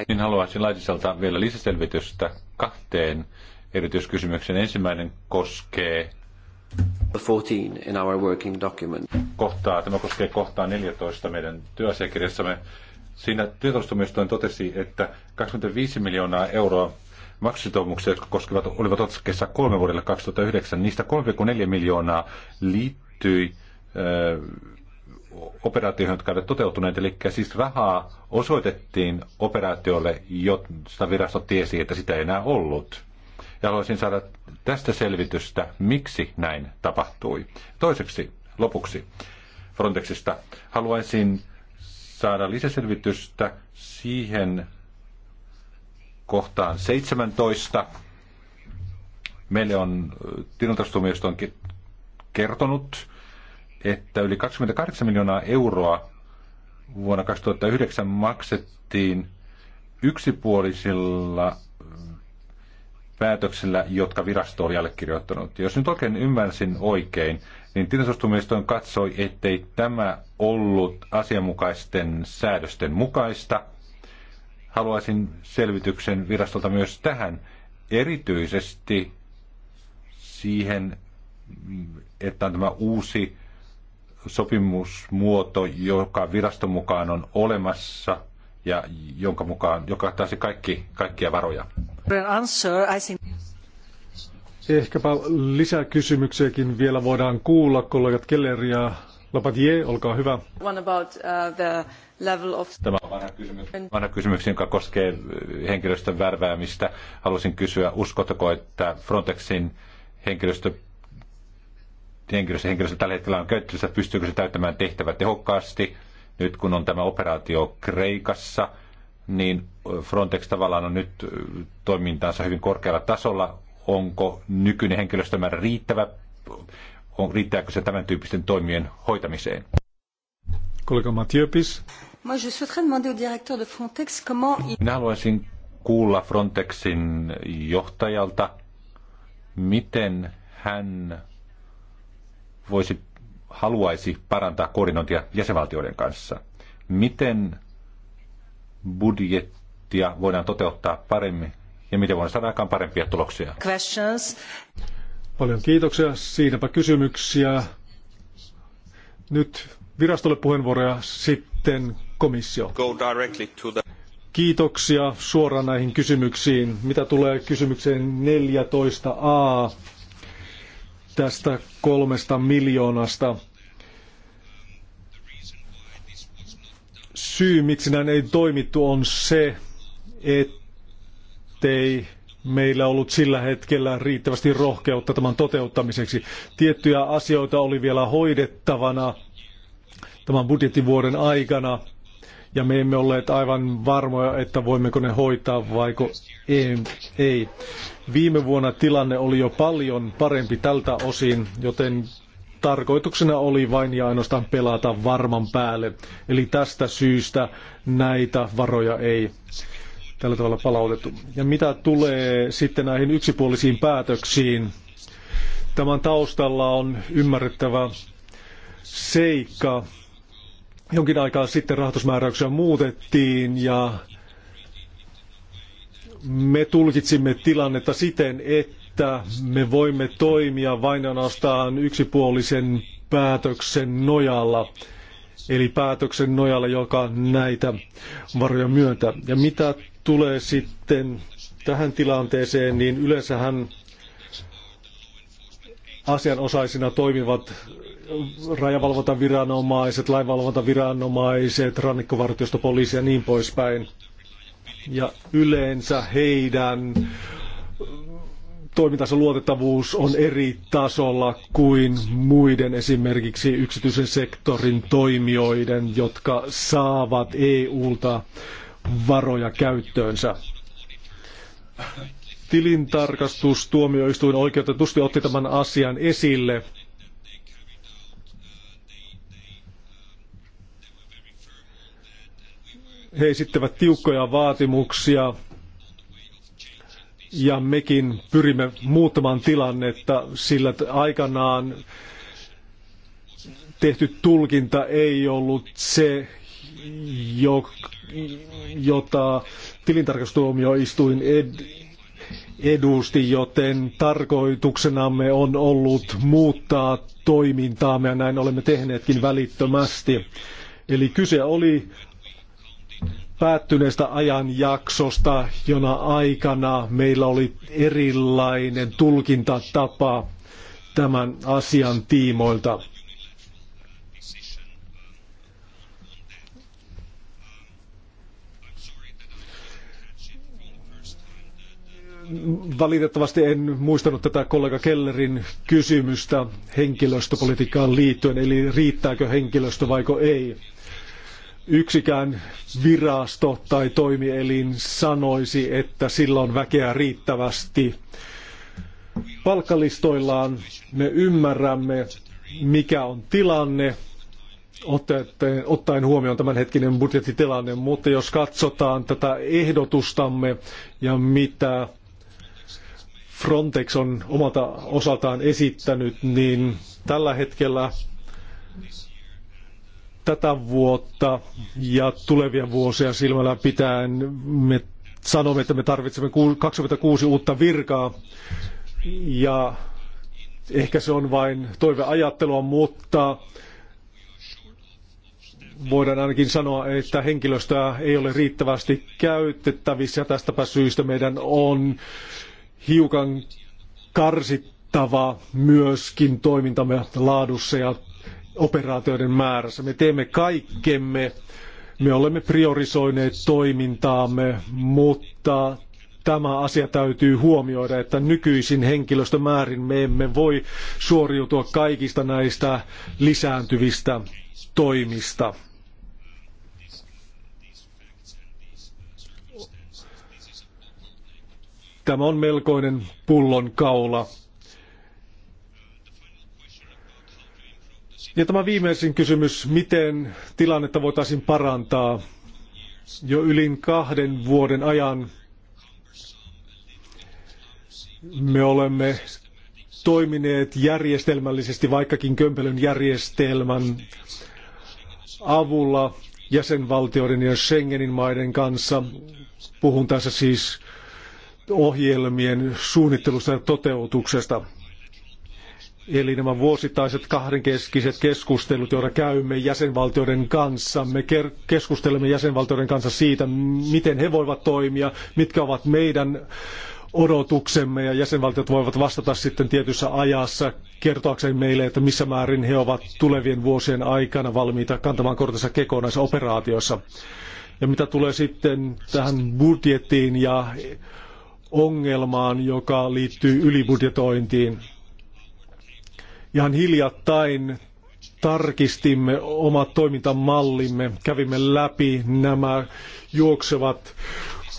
Niin haluaisin laitiselta vielä lisäselvitystä kahteen erityiskysymykseen. Ensimmäinen koskee 14 in our working document. Kohtaa, tämä koskee kohtaa 14 meidän työasiakirjassamme. Siinä tietoistumistoin totesi, että 25 miljoonaa euroa maksusitoumuksia, jotka koskevat, olivat otsakkeessa kolme vuodelle 2009, niistä 3,4 miljoonaa liittyi operaatioihin, jotka eivät toteutuneet. Eli siis rahaa osoitettiin operaatiolle, josta virasto tiesi, että sitä ei enää ollut. Ja haluaisin saada tästä selvitystä, miksi näin tapahtui. Toiseksi, lopuksi Frontexista haluaisin saada lisäselvitystä siihen kohtaan 17. Meille on tilintarkastustuomioistuin kertonut, että yli 28 miljoonaa euroa vuonna 2009 maksettiin yksipuolisilla päätöksillä, jotka virasto oli allekirjoittanut. Jos nyt oikein ymmärsin oikein, niin tilintarkastustuomioistuin katsoi, ettei tämä ollut asianmukaisten säädösten mukaista. Haluaisin selvityksen virastolta myös tähän, erityisesti siihen, että on tämä uusi sopimusmuoto, joka viraston mukaan on olemassa ja jonka mukaan, joka taisi kaikki, kaikkia varoja? Ehkäpä lisää kysymyksiäkin vielä voidaan kuulla. Kollegat Keller ja Lapatier, olkaa hyvä. One about, uh, the level of... Tämä on vanha kysymys, vanha kysymys, joka koskee uh, henkilöstön värväämistä. Haluaisin kysyä, uskotko, että Frontexin henkilöstö henkilöstö, henkilöstö tällä hetkellä on käytettävissä, pystyykö se täyttämään tehtävä tehokkaasti. Nyt kun on tämä operaatio Kreikassa, niin Frontex tavallaan on nyt toimintaansa hyvin korkealla tasolla. Onko nykyinen henkilöstömäärä riittävä? On, riittääkö se tämän tyyppisten toimien hoitamiseen? Kollega Matiopis. Minä haluaisin kuulla Frontexin johtajalta, miten hän voisi, haluaisi parantaa koordinointia jäsenvaltioiden kanssa. Miten budjettia voidaan toteuttaa paremmin ja miten voidaan saada aikaan parempia tuloksia? Questions. Paljon kiitoksia. Siinäpä kysymyksiä. Nyt virastolle puheenvuoroja, sitten komissio. Kiitoksia suoraan näihin kysymyksiin. Mitä tulee kysymykseen 14a, tästä kolmesta miljoonasta. Syy, miksi näin ei toimittu, on se, ettei meillä ollut sillä hetkellä riittävästi rohkeutta tämän toteuttamiseksi. Tiettyjä asioita oli vielä hoidettavana tämän budjettivuoden aikana – ja me emme olleet aivan varmoja, että voimmeko ne hoitaa vaiko ei. Viime vuonna tilanne oli jo paljon parempi tältä osin, joten tarkoituksena oli vain ja ainoastaan pelata varman päälle. Eli tästä syystä näitä varoja ei tällä tavalla palautettu. Ja mitä tulee sitten näihin yksipuolisiin päätöksiin, tämän taustalla on ymmärrettävä seikka, jonkin aikaa sitten rahoitusmääräyksiä muutettiin ja me tulkitsimme tilannetta siten, että me voimme toimia vain ainoastaan yksipuolisen päätöksen nojalla, eli päätöksen nojalla, joka näitä varoja myöntää. Ja mitä tulee sitten tähän tilanteeseen, niin yleensähän asianosaisina toimivat rajavalvontaviranomaiset, lainvalvontaviranomaiset, rannikkovartiosto, poliisi ja niin poispäin. Ja yleensä heidän äh, toimintansa luotettavuus on eri tasolla kuin muiden esimerkiksi yksityisen sektorin toimijoiden, jotka saavat EUlta varoja käyttöönsä. Tilintarkastustuomioistuin oikeutetusti otti tämän asian esille He esittävät tiukkoja vaatimuksia ja mekin pyrimme muuttamaan tilannetta, sillä aikanaan tehty tulkinta ei ollut se, jota tilintarkastuomioistuin edusti, joten tarkoituksenamme on ollut muuttaa toimintaamme ja näin olemme tehneetkin välittömästi. Eli kyse oli päättyneestä ajanjaksosta, jona aikana meillä oli erilainen tulkintatapa tämän asian tiimoilta. valitettavasti en muistanut tätä kollega Kellerin kysymystä henkilöstöpolitiikkaan liittyen, eli riittääkö henkilöstö vaiko ei yksikään virasto tai toimielin sanoisi, että sillä on väkeä riittävästi palkkalistoillaan. Me ymmärrämme, mikä on tilanne, ottaen huomioon tämänhetkinen budjettitilanne, mutta jos katsotaan tätä ehdotustamme ja mitä Frontex on omalta osaltaan esittänyt, niin tällä hetkellä tätä vuotta ja tulevia vuosia silmällä pitäen me sanomme, että me tarvitsemme 26 uutta virkaa ja ehkä se on vain toiveajattelua, mutta voidaan ainakin sanoa, että henkilöstöä ei ole riittävästi käytettävissä ja tästäpä syystä meidän on hiukan karsittava myöskin toimintamme laadussa ja operaatioiden määrässä. Me teemme kaikkemme, me olemme priorisoineet toimintaamme, mutta tämä asia täytyy huomioida, että nykyisin henkilöstömäärin me emme voi suoriutua kaikista näistä lisääntyvistä toimista. Tämä on melkoinen pullonkaula. Ja tämä viimeisin kysymys, miten tilannetta voitaisiin parantaa jo yli kahden vuoden ajan me olemme toimineet järjestelmällisesti, vaikkakin kömpelön järjestelmän avulla jäsenvaltioiden ja Schengenin maiden kanssa. Puhun tässä siis ohjelmien suunnittelusta ja toteutuksesta. Eli nämä vuosittaiset kahdenkeskiset keskustelut, joita käymme jäsenvaltioiden kanssa, me keskustelemme jäsenvaltioiden kanssa siitä, miten he voivat toimia, mitkä ovat meidän odotuksemme ja jäsenvaltiot voivat vastata sitten tietyssä ajassa kertoakseen meille, että missä määrin he ovat tulevien vuosien aikana valmiita kantamaan kortensa kekoon näissä operaatioissa. Ja mitä tulee sitten tähän budjettiin ja ongelmaan, joka liittyy ylibudjetointiin, Ihan hiljattain tarkistimme omat toimintamallimme, kävimme läpi nämä juoksevat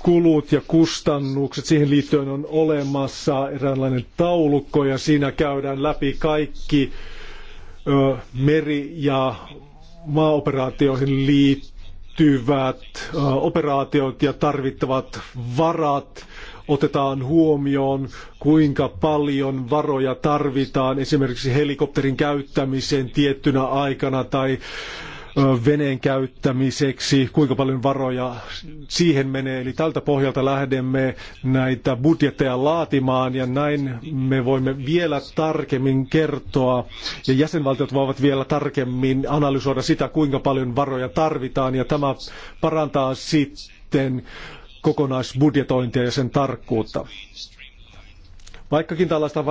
kulut ja kustannukset. Siihen liittyen on olemassa eräänlainen taulukko ja siinä käydään läpi kaikki ö, meri- ja maaoperaatioihin liittyvät ö, operaatiot ja tarvittavat varat otetaan huomioon, kuinka paljon varoja tarvitaan esimerkiksi helikopterin käyttämiseen tiettynä aikana tai veneen käyttämiseksi, kuinka paljon varoja siihen menee. Eli tältä pohjalta lähdemme näitä budjetteja laatimaan ja näin me voimme vielä tarkemmin kertoa ja jäsenvaltiot voivat vielä tarkemmin analysoida sitä, kuinka paljon varoja tarvitaan ja tämä parantaa sitten kokonaisbudjetointia ja sen tarkkuutta. Vaikkakin tällaista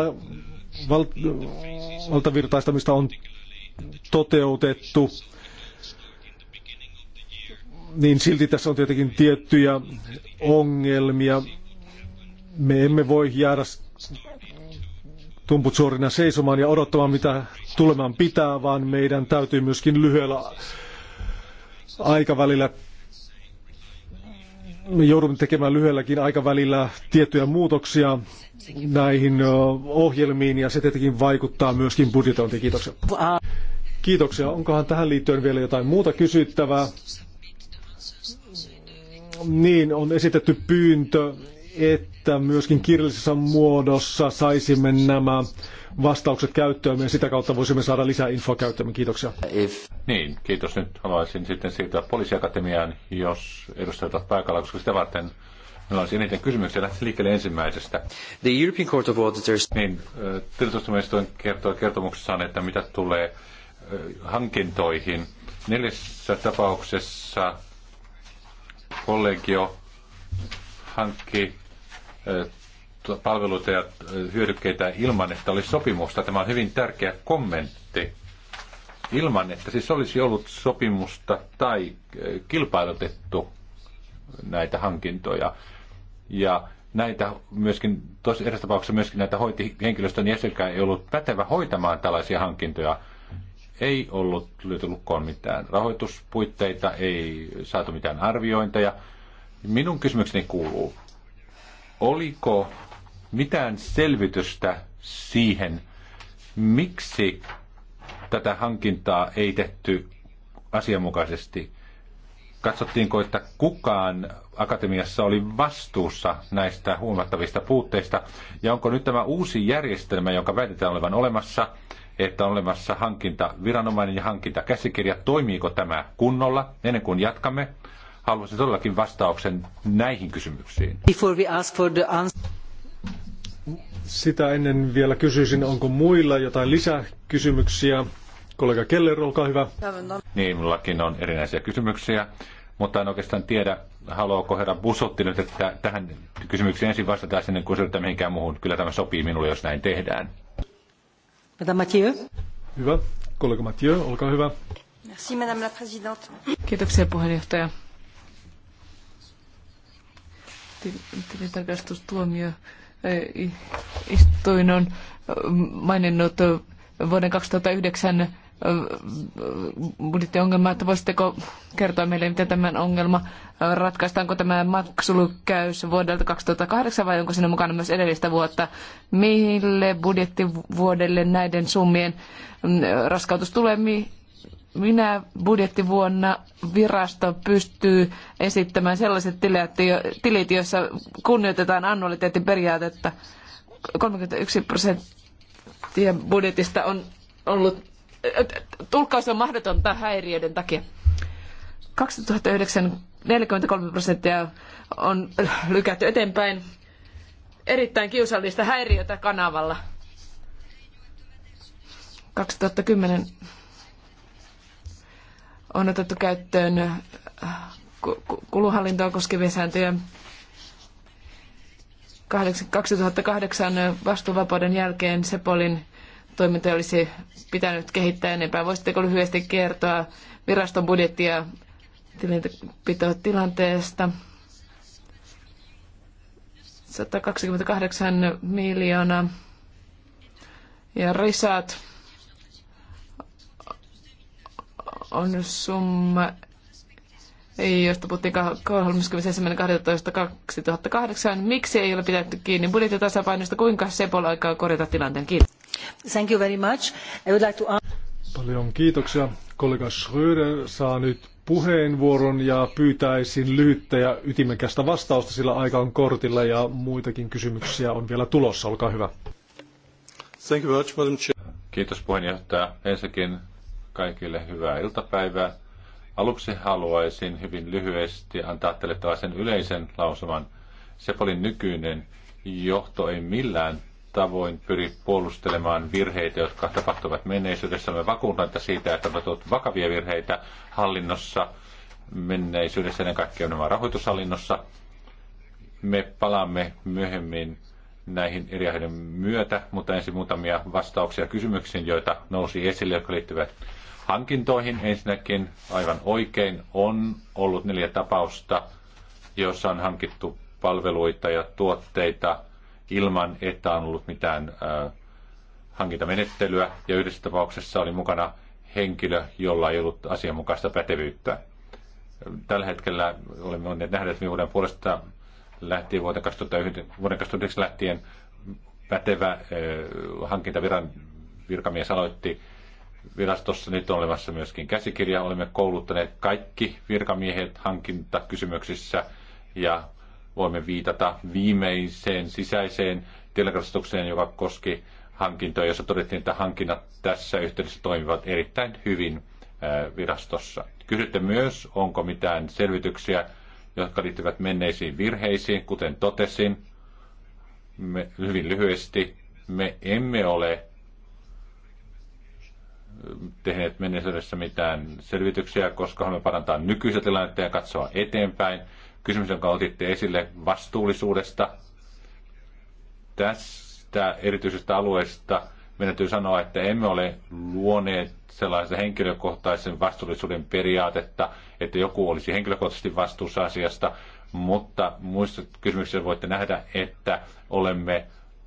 valtavirtaistamista on toteutettu, niin silti tässä on tietenkin tiettyjä ongelmia. Me emme voi jäädä tumput suorina seisomaan ja odottamaan, mitä tuleman pitää, vaan meidän täytyy myöskin lyhyellä aikavälillä me joudumme tekemään lyhyelläkin aikavälillä tiettyjä muutoksia näihin ohjelmiin ja se tietenkin vaikuttaa myöskin budjetointiin. Kiitoksia. Kiitoksia. Onkohan tähän liittyen vielä jotain muuta kysyttävää? Niin, on esitetty pyyntö, että myöskin kirjallisessa muodossa saisimme nämä vastaukset käyttöön ja sitä kautta voisimme saada lisää infoa käyttöön. Kiitoksia. If. Niin, kiitos. Nyt haluaisin sitten siirtyä poliisiakatemiaan, jos edustajat ovat paikalla, koska sitä varten Meillä olisi eniten kysymyksiä. Lähti liikkeelle ensimmäisestä. The European Court of Auditors. Niin, äh, tilintustumistoin kertoo kertomuksessaan, että mitä tulee äh, hankintoihin. Neljässä tapauksessa kollegio hankki äh, palveluita ja hyödykkeitä ilman, että olisi sopimusta. Tämä on hyvin tärkeä kommentti. Ilman, että siis olisi ollut sopimusta tai kilpailutettu näitä hankintoja. Ja näitä myöskin, tosi eräs tapauksessa myöskin näitä hoiti henkilöstön jäsenkään ei ollut pätevä hoitamaan tällaisia hankintoja. Ei ollut lyöty lukkoon mitään rahoituspuitteita, ei saatu mitään arviointeja. Minun kysymykseni kuuluu, oliko mitään selvitystä siihen, miksi tätä hankintaa ei tehty asianmukaisesti. Katsottiinko, että kukaan akatemiassa oli vastuussa näistä huomattavista puutteista, ja onko nyt tämä uusi järjestelmä, jonka väitetään olevan olemassa, että on olemassa hankintaviranomainen ja hankintakäsikirja, toimiiko tämä kunnolla ennen kuin jatkamme? Haluaisin todellakin vastauksen näihin kysymyksiin. Sitä ennen vielä kysyisin, onko muilla jotain lisäkysymyksiä. Kollega Keller, olkaa hyvä. Niin, minullakin on erinäisiä kysymyksiä, mutta en oikeastaan tiedä, haluaako herra Busotti nyt, että tähän kysymykseen ensin vastataan ennen kuin siirrytään mihinkään muuhun. Kyllä tämä sopii minulle, jos näin tehdään. Madame Mathieu. Hyvä. Kollega Mathieu, olkaa hyvä. Merci, Madame la Présidente. Kiitoksia puheenjohtaja. Tilintarkastustuomio istuin on maininnut vuoden 2009 budjettiongelma, että voisitteko kertoa meille, miten tämän ongelma ratkaistaanko tämä maksulukäys vuodelta 2008 vai onko siinä mukana myös edellistä vuotta? Mille budjettivuodelle näiden summien mm, raskautus tulee? minä budjettivuonna virasto pystyy esittämään sellaiset tilit, joissa kunnioitetaan annualiteettiperiaatetta. 31 prosenttia budjetista on ollut, tulkkaus on mahdotonta häiriöiden takia. 2009 43 prosenttia on lykätty eteenpäin erittäin kiusallista häiriötä kanavalla. 2010 on otettu käyttöön äh, kuluhallintoa koskevia sääntöjä 2008 vastuuvapauden jälkeen Sepolin toiminta olisi pitänyt kehittää enempää. Voisitteko lyhyesti kertoa viraston budjettia tilanteesta? 128 miljoonaa ja risat on summa, josta puhuttiin 31.12.2008. Miksi ei ole pidetty kiinni budjettitasapainosta? Kuinka Sepol aikaa korjata tilanteen? Kiitos. Thank you very much. I would like to... Paljon kiitoksia. Kollega Schröder saa nyt puheenvuoron ja pyytäisin lyhyttä ja ytimekästä vastausta, sillä aika on kortilla ja muitakin kysymyksiä on vielä tulossa. Olkaa hyvä. Thank you very much, Madam Chair. Kiitos puheenjohtaja. Ensinnäkin kaikille hyvää iltapäivää. Aluksi haluaisin hyvin lyhyesti antaa teille tällaisen yleisen lausuman. Sepolin nykyinen johto ei millään tavoin pyri puolustelemaan virheitä, jotka tapahtuvat menneisyydessä. Me vakuutan siitä, että on tullut vakavia virheitä hallinnossa, menneisyydessä ennen kaikkea nämä rahoitushallinnossa. Me palaamme myöhemmin näihin eri aiheiden myötä, mutta ensin muutamia vastauksia kysymyksiin, joita nousi esille, jotka liittyvät hankintoihin ensinnäkin aivan oikein on ollut neljä tapausta, joissa on hankittu palveluita ja tuotteita ilman, että on ollut mitään äh, hankintamenettelyä. Ja yhdessä tapauksessa oli mukana henkilö, jolla ei ollut asianmukaista pätevyyttä. Tällä hetkellä olemme onneet nähdä, että vuoden puolesta lähtien vuoden 2009, vuoden 2009 lähtien pätevä äh, hankintaviran virkamies aloitti äh, virastossa nyt on olemassa myöskin käsikirja. Olemme kouluttaneet kaikki virkamiehet hankintakysymyksissä ja voimme viitata viimeiseen sisäiseen tilakastukseen, joka koski hankintoja, jossa todettiin, että hankinnat tässä yhteydessä toimivat erittäin hyvin virastossa. Kysytte myös, onko mitään selvityksiä, jotka liittyvät menneisiin virheisiin, kuten totesin. Me, hyvin lyhyesti, me emme ole tehneet menneisyydessä mitään selvityksiä, koska haluamme parantaa nykyistä tilannetta ja katsoa eteenpäin. Kysymys, jonka otitte esille vastuullisuudesta. Tästä erityisestä alueesta meidän täytyy sanoa, että emme ole luoneet sellaisen henkilökohtaisen vastuullisuuden periaatetta, että joku olisi henkilökohtaisesti vastuussa asiasta, mutta muista kysymyksissä voitte nähdä, että olemme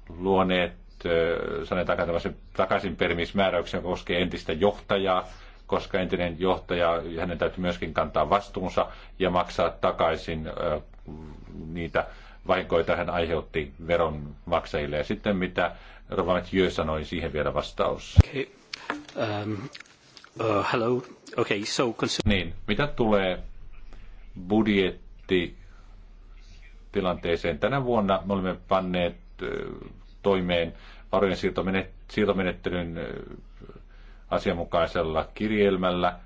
luoneet Äh, sanotaan tämmöisen takaisinperimismääräyksen koskee entistä johtajaa, koska entinen johtaja, hänen täytyy myöskin kantaa vastuunsa ja maksaa takaisin äh, niitä vahinkoita hän aiheutti veronmaksajille. Ja sitten mitä Rova Mathieu sanoi, siihen vielä vastaus. Okay. Um, uh, hello. Okay, so niin, mitä tulee budjetti tilanteeseen. Tänä vuonna me olemme panneet äh, toimeen varojen siirtomenettelyn asianmukaisella kirjelmällä.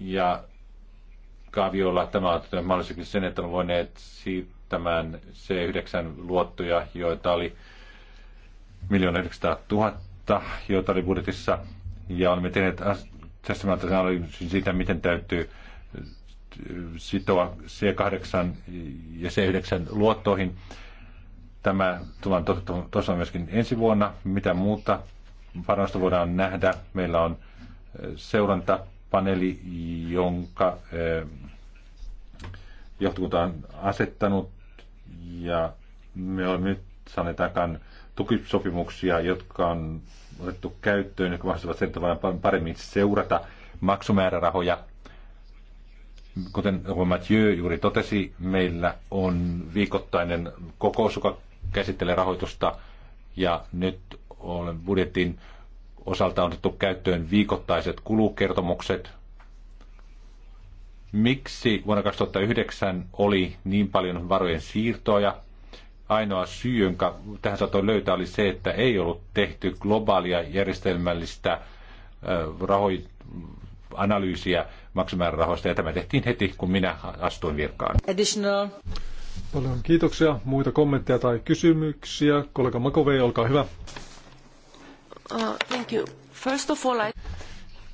Ja kaaviolla tämä on mahdollisesti sen, että on voineet siirtämään C9-luottoja, joita oli 1 900 000, joita oli budjetissa. Ja olemme tehneet tästä analyysin siitä, miten täytyy sitoa C8 ja C9 luottoihin. Tämä tullaan tuossa myöskin ensi vuonna. Mitä muuta parannusta voidaan nähdä? Meillä on eh, seurantapaneeli, jonka eh, johtokunta on asettanut ja me olemme nyt saaneet aikaan tukisopimuksia, jotka on otettu käyttöön, jotka mahdollistavat sen, että voidaan paremmin seurata maksumäärärahoja Kuten Mathieu juuri totesi, meillä on viikoittainen kokous, joka käsittelee rahoitusta ja nyt olen budjetin osalta on otettu käyttöön viikoittaiset kulukertomukset. Miksi vuonna 2009 oli niin paljon varojen siirtoja? Ainoa syy, jonka tähän saattoi löytää, oli se, että ei ollut tehty globaalia järjestelmällistä analyysiä maksumäärärahoista ja tämä tehtiin heti, kun minä astuin virkaan. Additional. Paljon kiitoksia. Muita kommentteja tai kysymyksiä? Kollega Makovei, olkaa hyvä. Uh, thank you. First of all, I...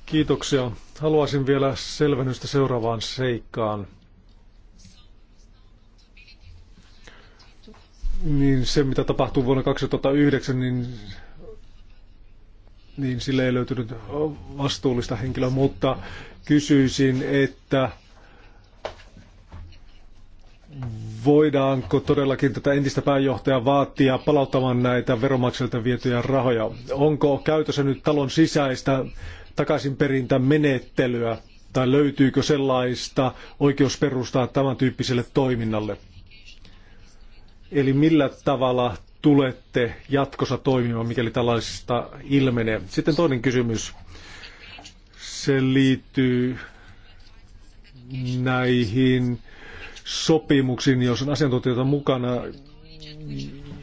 Kiitoksia. Haluaisin vielä selvennystä seuraavaan seikkaan. Niin se, mitä tapahtuu vuonna 2009, niin niin sille ei löytynyt vastuullista henkilöä, mutta kysyisin, että voidaanko todellakin tätä entistä pääjohtajaa vaatia palauttamaan näitä veromakselta vietyjä rahoja? Onko käytössä nyt talon sisäistä takaisinperintämenettelyä tai löytyykö sellaista oikeusperustaa tämän tyyppiselle toiminnalle? Eli millä tavalla tulette jatkossa toimimaan, mikäli tällaisista ilmenee. Sitten toinen kysymys. Se liittyy näihin sopimuksiin, jos on asiantuntijoita mukana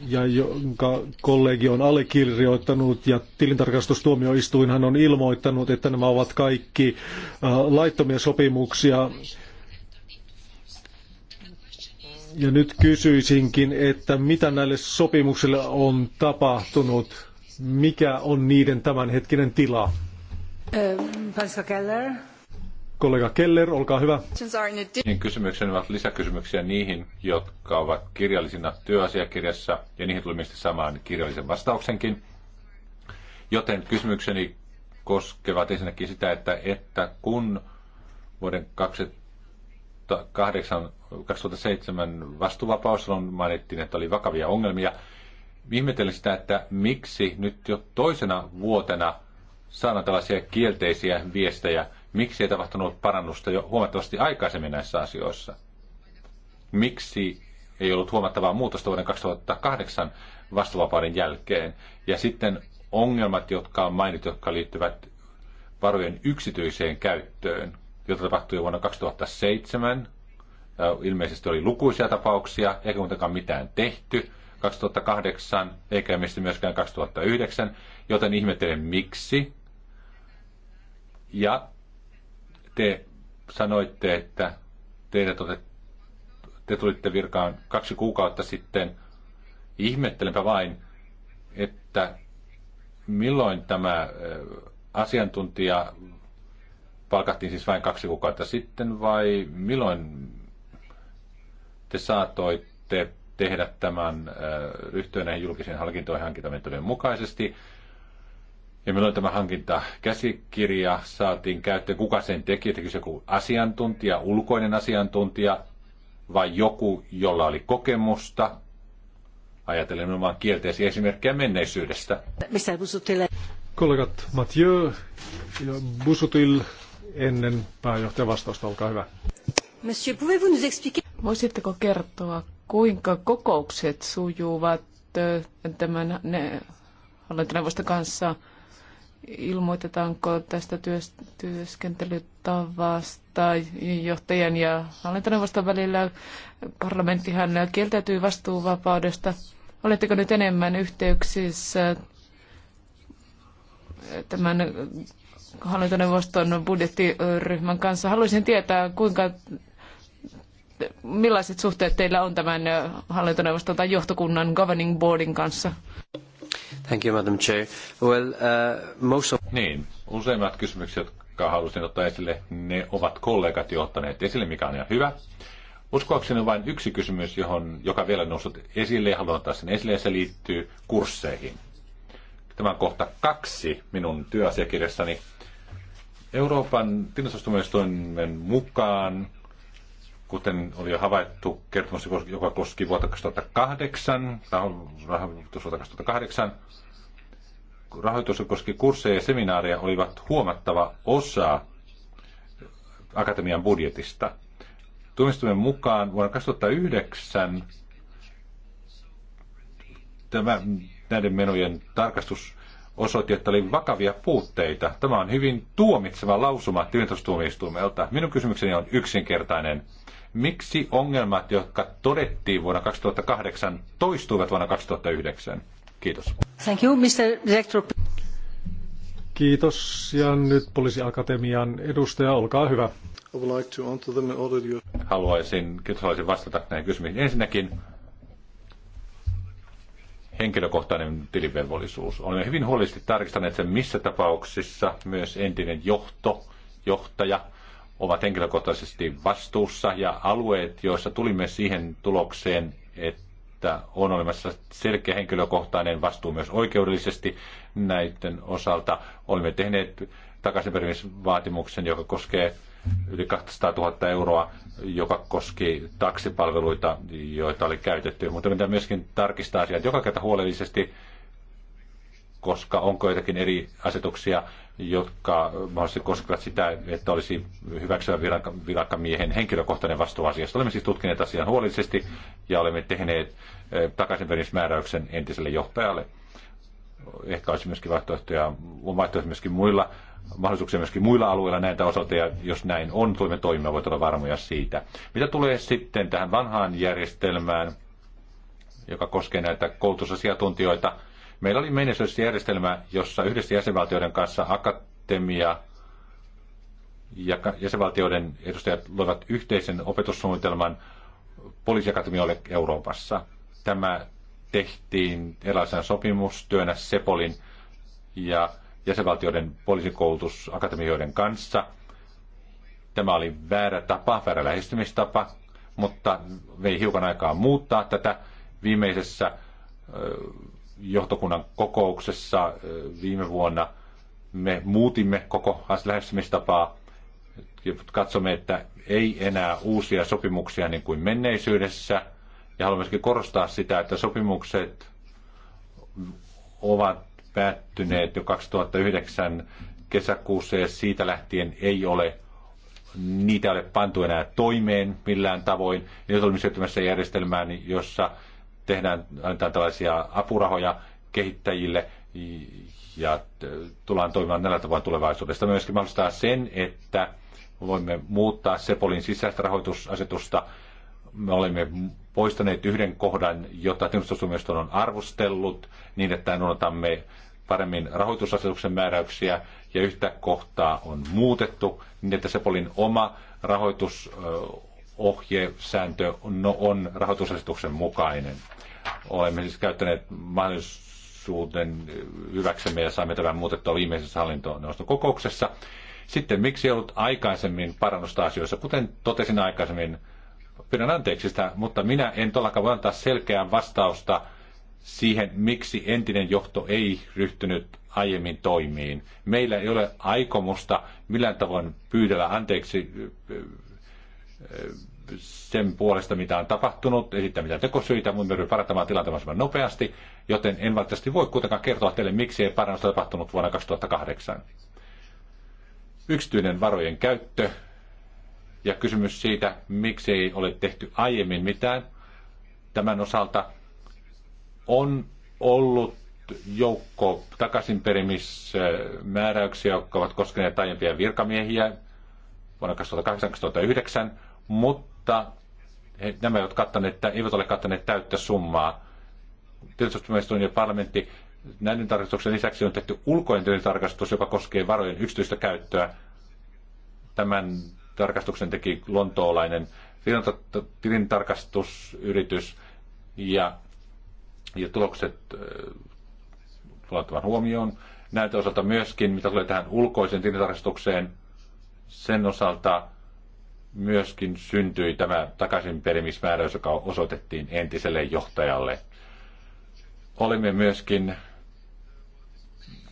ja jonka kollegi on allekirjoittanut ja tilintarkastustuomioistuinhan on ilmoittanut, että nämä ovat kaikki äh, laittomia sopimuksia ja nyt kysyisinkin, että mitä näille sopimuksille on tapahtunut? Mikä on niiden tämänhetkinen tila? Panska ähm, Keller. Kollega Keller, olkaa hyvä. Niin, kysymykseni ovat lisäkysymyksiä niihin, jotka ovat kirjallisina työasiakirjassa, ja niihin tuli myös samaan kirjallisen vastauksenkin. Joten kysymykseni koskevat ensinnäkin sitä, että, että kun vuoden 2008 2007 vastuvapaus, on mainittiin, että oli vakavia ongelmia. Ihmettelin sitä, että miksi nyt jo toisena vuotena saadaan tällaisia kielteisiä viestejä. Miksi ei tapahtunut parannusta jo huomattavasti aikaisemmin näissä asioissa? Miksi ei ollut huomattavaa muutosta vuoden 2008 vastuvapauden jälkeen? Ja sitten ongelmat, jotka on mainittu, jotka liittyvät varojen yksityiseen käyttöön, jota tapahtui vuonna 2007, Ilmeisesti oli lukuisia tapauksia, eikä muutenkaan mitään tehty 2008, eikä ilmeisesti myöskään 2009, joten ihmettelen miksi. Ja te sanoitte, että teidät otet, te tulitte virkaan kaksi kuukautta sitten. Ihmettelenpä vain, että milloin tämä asiantuntija palkattiin siis vain kaksi kuukautta sitten vai milloin te saatoitte tehdä tämän ryhtyä äh, näihin julkisiin hankintoihin hankintamenettelyjen mukaisesti. Ja milloin tämä hankinta saatiin käyttöön? Kuka sen teki? Tekikö se joku asiantuntija, ulkoinen asiantuntija vai joku, jolla oli kokemusta? Ajatellen nimenomaan kielteisiä esimerkkejä menneisyydestä. Missä Busutille? Kollegat Mathieu ja Busutil ennen pääjohtajan vastausta, olkaa hyvä. Monsieur, pouvez-vous nous expliquer... Voisitteko kertoa, kuinka kokoukset sujuvat tämän ne, hallintoneuvoston kanssa? Ilmoitetaanko tästä työs, työskentelytavasta johtajan ja hallintoneuvoston välillä? Parlamenttihan kieltäytyy vastuuvapaudesta. Oletteko nyt enemmän yhteyksissä tämän hallintoneuvoston budjettiryhmän kanssa? Haluaisin tietää, kuinka millaiset suhteet teillä on tämän hallintoneuvoston tai johtokunnan governing boardin kanssa? Thank you, Madam Chair. Well, uh, most of... Niin, useimmat kysymykset, jotka halusin ottaa esille, ne ovat kollegat jo ottaneet esille, mikä on ihan hyvä. Uskoakseni on vain yksi kysymys, johon, joka vielä noussut esille ja haluan ottaa sen esille, ja se liittyy kursseihin. Tämä on kohta kaksi minun työasiakirjassani. Euroopan tilastustumistoimen mukaan kuten oli jo havaittu kertomus, joka koski vuotta 2008, rahoitus vuotta 2008, rahoitus koski kursseja ja seminaareja olivat huomattava osa akatemian budjetista. Tuomistuminen mukaan vuonna 2009 tämä, näiden menojen tarkastus osoitti, että oli vakavia puutteita. Tämä on hyvin tuomitseva lausuma tilintostuomioistuimelta. Minun kysymykseni on yksinkertainen. Miksi ongelmat, jotka todettiin vuonna 2008, toistuivat vuonna 2009? Kiitos. Thank you, Mr. Director. Kiitos. Ja nyt poliisiakatemian edustaja, olkaa hyvä. Haluaisin, haluaisin vastata näihin kysymyksiin. Ensinnäkin henkilökohtainen tilivelvollisuus. Olemme hyvin huolellisesti tarkistaneet sen, missä tapauksissa myös entinen johto, johtaja ovat henkilökohtaisesti vastuussa ja alueet, joissa tulimme siihen tulokseen, että on olemassa selkeä henkilökohtainen vastuu myös oikeudellisesti näiden osalta. Olemme tehneet takaisinperimisvaatimuksen, joka koskee yli 200 000 euroa, joka koski taksipalveluita, joita oli käytetty. Mutta pitää myöskin tarkistaa asiat joka kerta huolellisesti, koska onko jotakin eri asetuksia, jotka mahdollisesti koskevat sitä, että olisi hyväksyvä virkamiehen henkilökohtainen vastuu asiasta. Olemme siis tutkineet asian huolellisesti ja olemme tehneet eh, takaisinperimismääräyksen entiselle johtajalle. Ehkä olisi myöskin vaihtoehtoja, on vaihtoehtoja myöskin muilla, mahdollisuuksia myöskin muilla alueilla näitä osalta, ja jos näin on, tulemme toimia, voit olla varmoja siitä. Mitä tulee sitten tähän vanhaan järjestelmään, joka koskee näitä koulutusasiantuntijoita, Meillä oli järjestelmä, jossa yhdessä jäsenvaltioiden kanssa akatemia ja jäsenvaltioiden edustajat luovat yhteisen opetussuunnitelman poliisiakatemioille Euroopassa. Tämä tehtiin erilaisena sopimustyönä Sepolin ja jäsenvaltioiden poliisikoulutusakatemioiden kanssa. Tämä oli väärä tapa, väärä lähestymistapa, mutta vei hiukan aikaa muuttaa tätä. Viimeisessä johtokunnan kokouksessa viime vuonna me muutimme koko lähestymistapaa. Katsomme, että ei enää uusia sopimuksia niin kuin menneisyydessä. Ja haluan myöskin korostaa sitä, että sopimukset ovat päättyneet jo 2009 kesäkuussa ja siitä lähtien ei ole niitä ei ole pantu enää toimeen millään tavoin. nyt olemme siirtymässä järjestelmään, jossa tehdään, annetaan tällaisia apurahoja kehittäjille ja tullaan toimimaan näillä tavoin tulevaisuudesta. Myöskin mahdollistaa sen, että voimme muuttaa Sepolin sisäistä rahoitusasetusta. Me olemme poistaneet yhden kohdan, jota tilintustuomioistuin on arvostellut, niin että noudatamme paremmin rahoitusasetuksen määräyksiä ja yhtä kohtaa on muutettu niin, että Sepolin oma rahoitusohjesääntö on rahoitusasetuksen mukainen. Olemme siis käyttäneet mahdollisuuden hyväksemme ja saimme tämän muutettua viimeisessä hallintoneuvoston kokouksessa. Sitten miksi ei ollut aikaisemmin parannusta asioissa? Kuten totesin aikaisemmin, pyydän anteeksi sitä, mutta minä en todellakaan voi antaa selkeää vastausta siihen, miksi entinen johto ei ryhtynyt aiemmin toimiin. Meillä ei ole aikomusta millään tavoin pyydellä anteeksi sen puolesta, mitä on tapahtunut, esittää mitä tekosyitä, mutta pyrin parantamaan tilanteen nopeasti, joten en valitettavasti voi kuitenkaan kertoa teille, miksi ei parannusta tapahtunut vuonna 2008. Yksityinen varojen käyttö ja kysymys siitä, miksi ei ole tehty aiemmin mitään tämän osalta, on ollut joukko takaisinperimismääräyksiä, äh, jotka ovat koskeneet aiempia virkamiehiä vuonna 2008-2009, mutta mutta he, nämä eivät, kattaneet, eivät ole kattaneet täyttä summaa. Tietysti ja parlamentti näiden tarkastuksen lisäksi on tehty ulkoinen tarkastus, joka koskee varojen yksityistä käyttöä. Tämän tarkastuksen teki lontoolainen tilintarkastusyritys ja, ja tulokset äh, tulevat huomioon. Näitä osalta myöskin, mitä tulee tähän ulkoiseen tilintarkastukseen, sen osalta myöskin syntyi tämä takaisinperimismääräys, joka osoitettiin entiselle johtajalle. Olimme myöskin,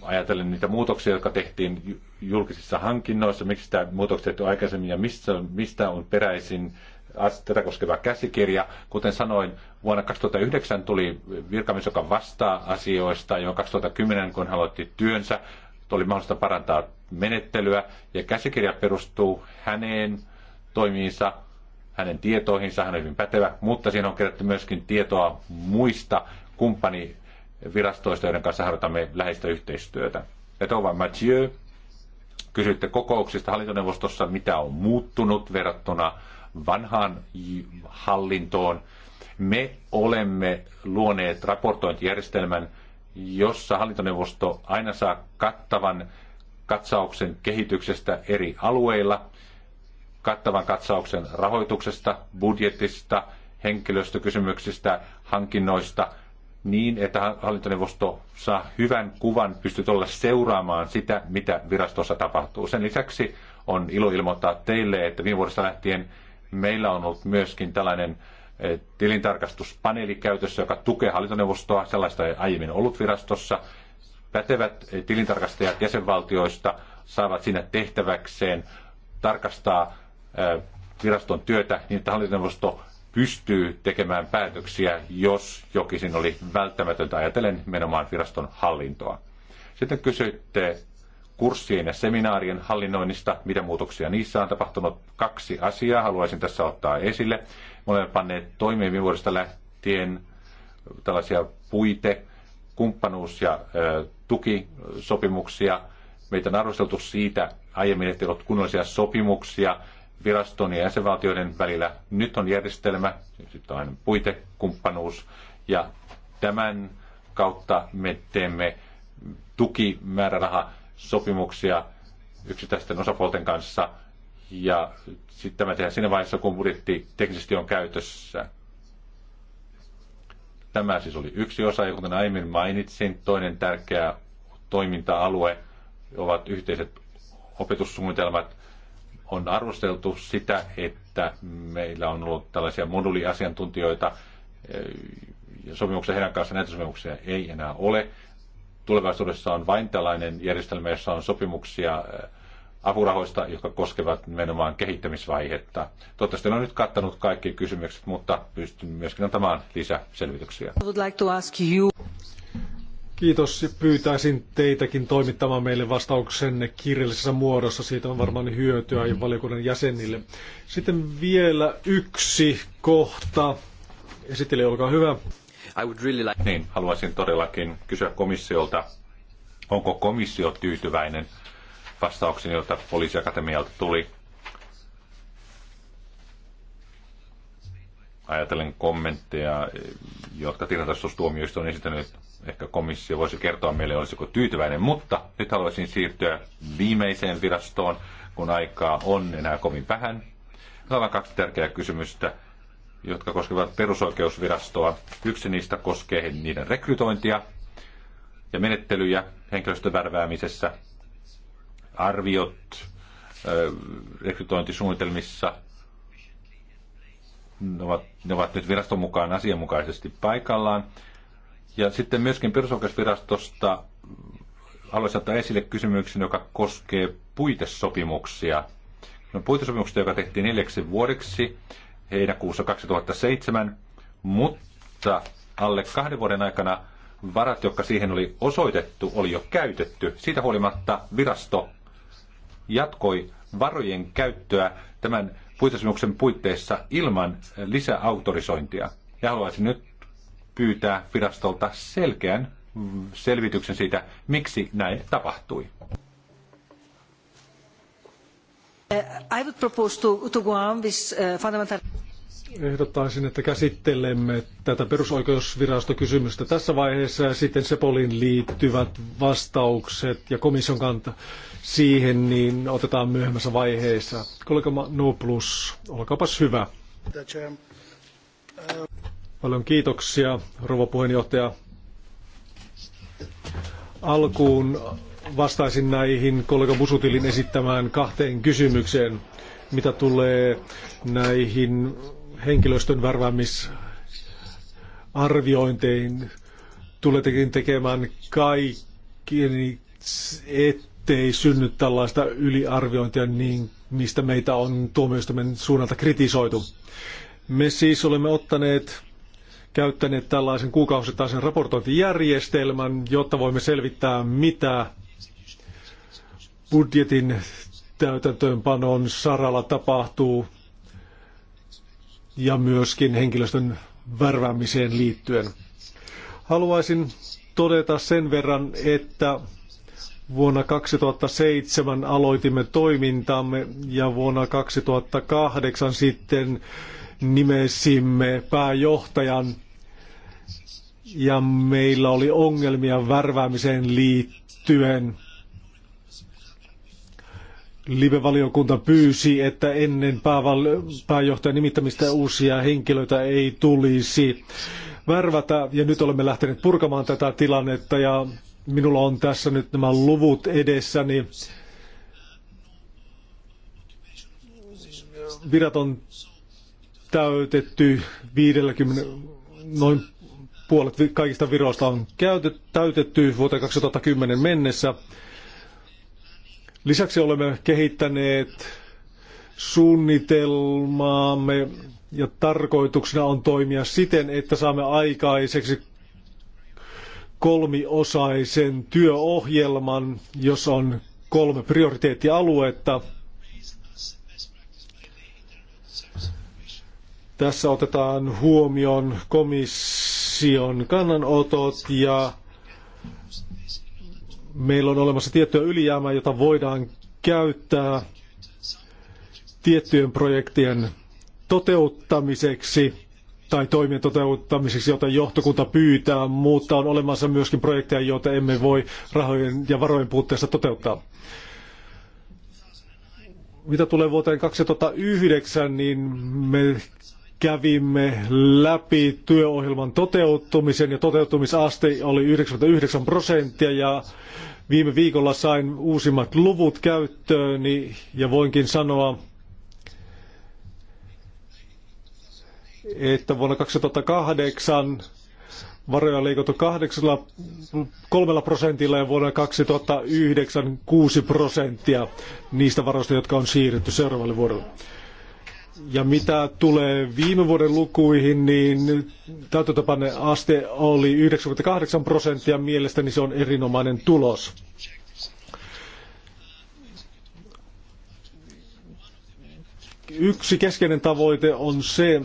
ajatellen niitä muutoksia, jotka tehtiin julkisissa hankinnoissa, miksi tämä muutokset tehty aikaisemmin ja mistä, mistä on peräisin tätä koskeva käsikirja. Kuten sanoin, vuonna 2009 tuli virkamies, joka vastaa asioista, jo 2010, kun hän aloitti työnsä, oli mahdollista parantaa menettelyä, ja käsikirja perustuu häneen toimiinsa, hänen tietoihinsa, hän on hyvin pätevä, mutta siinä on kerätty myöskin tietoa muista kumppanivirastoista, joiden kanssa harjoitamme läheistä yhteistyötä. Ja Tova Mathieu, kysytte kokouksista hallintoneuvostossa, mitä on muuttunut verrattuna vanhaan hallintoon. Me olemme luoneet raportointijärjestelmän, jossa hallintoneuvosto aina saa kattavan katsauksen kehityksestä eri alueilla – kattavan katsauksen rahoituksesta, budjetista, henkilöstökysymyksistä, hankinnoista, niin että hallintoneuvosto saa hyvän kuvan, pystyy olla seuraamaan sitä, mitä virastossa tapahtuu. Sen lisäksi on ilo ilmoittaa teille, että viime vuodesta lähtien meillä on ollut myöskin tällainen eh, tilintarkastuspaneeli käytössä, joka tukee hallintoneuvostoa. Sellaista ei aiemmin ollut virastossa. Pätevät eh, tilintarkastajat jäsenvaltioista saavat siinä tehtäväkseen tarkastaa viraston työtä niin, että hallintoneuvosto pystyy tekemään päätöksiä, jos jokin oli välttämätöntä ajatellen menomaan viraston hallintoa. Sitten kysyitte kurssien ja seminaarien hallinnoinnista, mitä muutoksia niissä on tapahtunut. Kaksi asiaa haluaisin tässä ottaa esille. Me olemme panneet toimeen vuodesta lähtien tällaisia puite, kumppanuus- ja ö, tukisopimuksia. Meitä on arvosteltu siitä aiemmin, että ei ollut kunnollisia sopimuksia viraston ja jäsenvaltioiden välillä. Nyt on järjestelmä, sitten on puitekumppanuus, ja tämän kautta me teemme tukimääräraha-sopimuksia yksittäisten osapuolten kanssa, ja sitten tämä tehdään siinä vaiheessa, kun budjetti teknisesti on käytössä. Tämä siis oli yksi osa, ja kuten aiemmin mainitsin, toinen tärkeä toiminta-alue ovat yhteiset opetussuunnitelmat – on arvosteltu sitä, että meillä on ollut tällaisia moduliasiantuntijoita, eh, ja sopimuksia heidän kanssa näitä sopimuksia ei enää ole. Tulevaisuudessa on vain tällainen järjestelmä, jossa on sopimuksia eh, apurahoista, jotka koskevat nimenomaan kehittämisvaihetta. Toivottavasti on nyt kattanut kaikki kysymykset, mutta pystyn myöskin antamaan lisäselvityksiä. I would like to ask you. Kiitos. Pyytäisin teitäkin toimittamaan meille vastauksenne kirjallisessa muodossa. Siitä on varmaan hyötyä ja valiokunnan jäsenille. Sitten vielä yksi kohta. Esittelijä, olkaa hyvä. I would really like... Niin, haluaisin todellakin kysyä komissiolta, onko komissio tyytyväinen vastauksiin, joita poliisiakatemialta tuli. Ajatellen kommentteja, jotka tilintarkastustuomioistuin on esittänyt Ehkä komissio voisi kertoa meille, olisiko tyytyväinen, mutta nyt haluaisin siirtyä viimeiseen virastoon, kun aikaa on enää kovin vähän. Täällä on kaksi tärkeää kysymystä, jotka koskevat perusoikeusvirastoa. Yksi niistä koskee niiden rekrytointia ja menettelyjä henkilöstön värväämisessä, arviot rekrytointisuunnitelmissa, ne ovat, ne ovat nyt viraston mukaan asianmukaisesti paikallaan. Ja sitten myöskin perusoikeusvirastosta haluaisin ottaa esille kysymyksen, joka koskee puitesopimuksia. No, puitesopimuksia, joka tehtiin neljäksi vuodeksi heinäkuussa 2007, mutta alle kahden vuoden aikana varat, jotka siihen oli osoitettu, oli jo käytetty. Siitä huolimatta virasto jatkoi varojen käyttöä tämän puitesopimuksen puitteissa ilman lisäautorisointia. Ja haluaisin nyt pyytää virastolta selkeän selvityksen siitä, miksi näin tapahtui. Eh, I would propose to, to go on this eh, fundamental ehdottaisin, että käsittelemme tätä perusoikeusvirastokysymystä tässä vaiheessa ja sitten Sepolin liittyvät vastaukset ja komission kanta siihen, niin otetaan myöhemmässä vaiheessa. Kollega No Plus, olkaapas hyvä. Paljon kiitoksia, rouva puheenjohtaja. Alkuun vastaisin näihin kollega Busutilin esittämään kahteen kysymykseen, mitä tulee näihin henkilöstön värväämisarviointeihin. tuletekin tekemään kaikki, ettei synny tällaista yliarviointia, niin mistä meitä on tuomioistuimen suunnalta kritisoitu. Me siis olemme ottaneet käyttäneet tällaisen kuukausittaisen raportointijärjestelmän, jotta voimme selvittää, mitä budjetin täytäntöönpanon saralla tapahtuu ja myöskin henkilöstön värväämiseen liittyen. Haluaisin todeta sen verran, että vuonna 2007 aloitimme toimintamme ja vuonna 2008 sitten nimesimme pääjohtajan ja meillä oli ongelmia värväämiseen liittyen. Live-valiokunta pyysi, että ennen pääval- pääjohtajan nimittämistä uusia henkilöitä ei tulisi värvätä. Ja nyt olemme lähteneet purkamaan tätä tilannetta ja minulla on tässä nyt nämä luvut edessäni. Virat on täytetty 50, noin puolet kaikista viroista on käytet, täytetty vuoteen 2010 mennessä. Lisäksi olemme kehittäneet suunnitelmaamme ja tarkoituksena on toimia siten, että saamme aikaiseksi kolmiosaisen työohjelman, jossa on kolme prioriteettialuetta – Tässä otetaan huomioon komission kannanotot ja meillä on olemassa tiettyä ylijäämää, jota voidaan käyttää tiettyjen projektien toteuttamiseksi tai toimien toteuttamiseksi, jota johtokunta pyytää, mutta on olemassa myöskin projekteja, joita emme voi rahojen ja varojen puutteessa toteuttaa. Mitä tulee vuoteen 2009, niin me kävimme läpi työohjelman toteuttumisen ja toteutumisaste oli 99 prosenttia ja viime viikolla sain uusimmat luvut käyttööni ja voinkin sanoa, että vuonna 2008 varoja leikattu 3 prosentilla ja vuonna 2009 6 prosenttia niistä varoista, jotka on siirretty seuraavalle vuodelle. Ja mitä tulee viime vuoden lukuihin, niin täytäntöpanne aste oli 98 prosenttia. Mielestäni se on erinomainen tulos. Yksi keskeinen tavoite on se,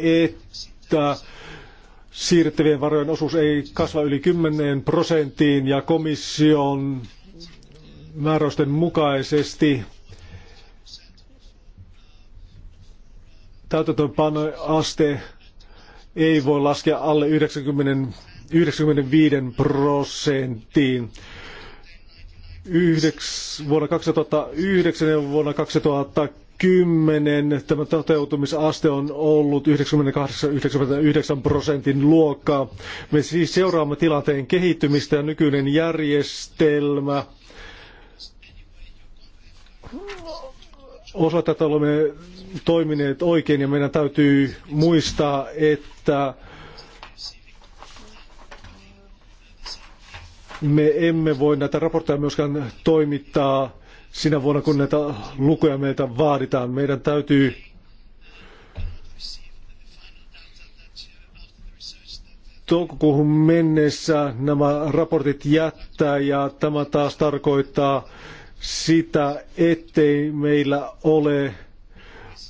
että siirrettävien varojen osuus ei kasva yli 10 prosenttiin ja komission määräysten mukaisesti täytäntöönpanoaste ei voi laskea alle 90, 95 prosenttiin. Yhdeks, vuonna 2009 ja vuonna 2010 tämä toteutumisaste on ollut 98-99 prosentin luokkaa. Me siis seuraamme tilanteen kehittymistä ja nykyinen järjestelmä osoittaa, että olemme toimineet oikein ja meidän täytyy muistaa, että me emme voi näitä raportteja myöskään toimittaa sinä vuonna, kun näitä lukuja meiltä vaaditaan. Meidän täytyy toukokuuhun mennessä nämä raportit jättää ja tämä taas tarkoittaa sitä, ettei meillä ole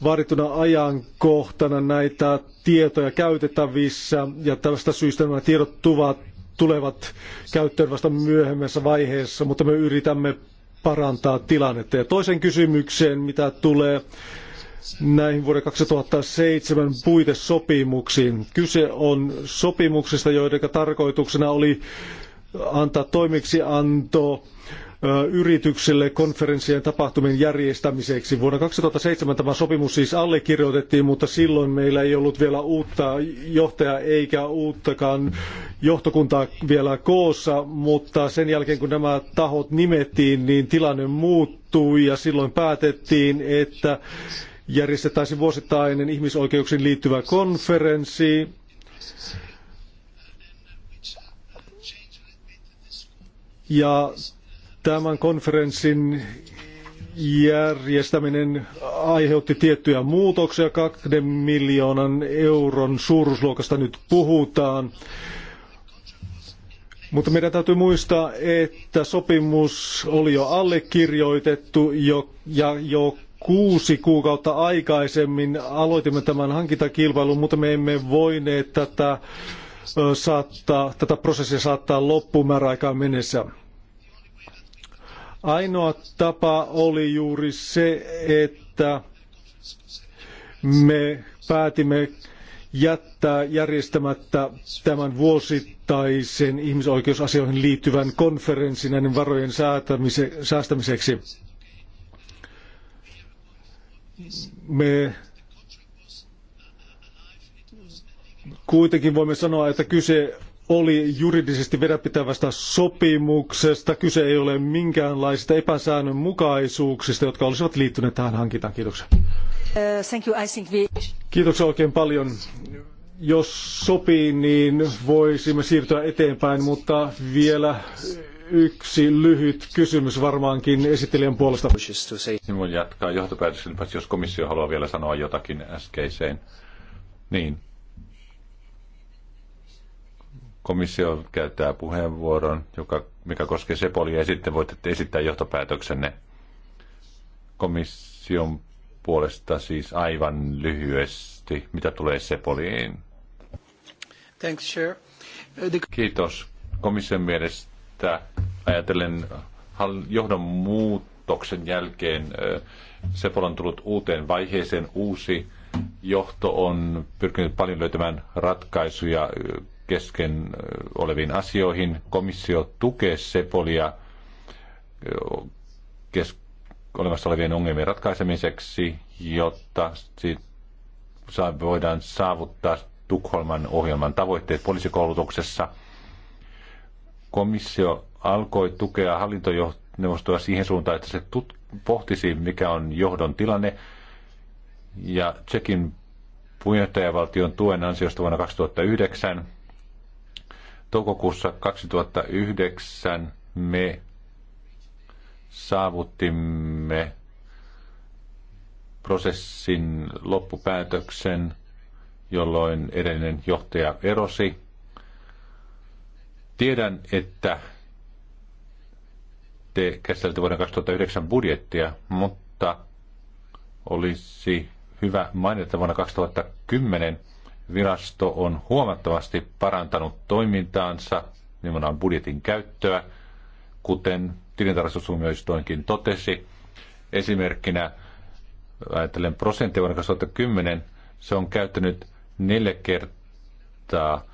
vaadittuna ajankohtana näitä tietoja käytettävissä ja tästä syystä nämä tiedot tuvat, tulevat käyttöön vasta myöhemmässä vaiheessa, mutta me yritämme parantaa tilannetta. Ja toisen kysymykseen, mitä tulee näihin vuoden 2007 puitesopimuksiin. Kyse on sopimuksista, joiden tarkoituksena oli antaa toimeksianto yrityksille konferenssien tapahtumien järjestämiseksi. Vuonna 2007 tämä sopimus siis allekirjoitettiin, mutta silloin meillä ei ollut vielä uutta johtajaa eikä uuttakaan johtokuntaa vielä koossa, mutta sen jälkeen kun nämä tahot nimettiin, niin tilanne muuttui ja silloin päätettiin, että järjestettäisiin vuosittainen ihmisoikeuksiin liittyvä konferenssi. Ja Tämän konferenssin järjestäminen aiheutti tiettyjä muutoksia. Kahden miljoonan euron suuruusluokasta nyt puhutaan. Mutta meidän täytyy muistaa, että sopimus oli jo allekirjoitettu jo, ja jo kuusi kuukautta aikaisemmin aloitimme tämän hankintakilpailun, mutta me emme voineet tätä, saattaa, tätä prosessia saattaa loppumääräaikaan mennessä. Ainoa tapa oli juuri se, että me päätimme jättää järjestämättä tämän vuosittaisen ihmisoikeusasioihin liittyvän konferenssin näiden varojen säästämiseksi. Me kuitenkin voimme sanoa, että kyse oli juridisesti vedäpitävästä sopimuksesta. Kyse ei ole minkäänlaisista epäsäännönmukaisuuksista, jotka olisivat liittyneet tähän hankintaan. Kiitoksia. Uh, Kiitoksia oikein paljon. Jos sopii, niin voisimme siirtyä eteenpäin, mutta vielä yksi lyhyt kysymys varmaankin esittelijän puolesta. Voin jatkaa johtopäätöksen, jos komissio haluaa vielä sanoa jotakin äskeiseen. Niin, komissio käyttää puheenvuoron, joka, mikä koskee Sepolia, ja sitten voitte esittää johtopäätöksenne komission puolesta siis aivan lyhyesti, mitä tulee Sepoliin. Thanks, sir. Uh, the... Kiitos. Komission mielestä ajatellen johdon muutoksen jälkeen uh, Sepol on tullut uuteen vaiheeseen. Uusi johto on pyrkinyt paljon löytämään ratkaisuja uh, kesken oleviin asioihin. Komissio tukee Sepolia kes- olemassa olevien ongelmien ratkaisemiseksi, jotta sit saa, voidaan saavuttaa Tukholman ohjelman tavoitteet poliisikoulutuksessa. Komissio alkoi tukea hallintoneuvostoa siihen suuntaan, että se tut- pohtisi, mikä on johdon tilanne. Ja Tsekin puheenjohtajavaltion tuen ansiosta vuonna 2009 toukokuussa 2009 me saavuttimme prosessin loppupäätöksen, jolloin edellinen johtaja erosi. Tiedän, että te käsiteltiin vuoden 2009 budjettia, mutta olisi hyvä mainita vuonna 2010 virasto on huomattavasti parantanut toimintaansa, nimenomaan budjetin käyttöä, kuten tilintarkastusuomioistuinkin totesi. Esimerkkinä ajattelen prosenttia vuonna 2010, se on käyttänyt neljä kertaa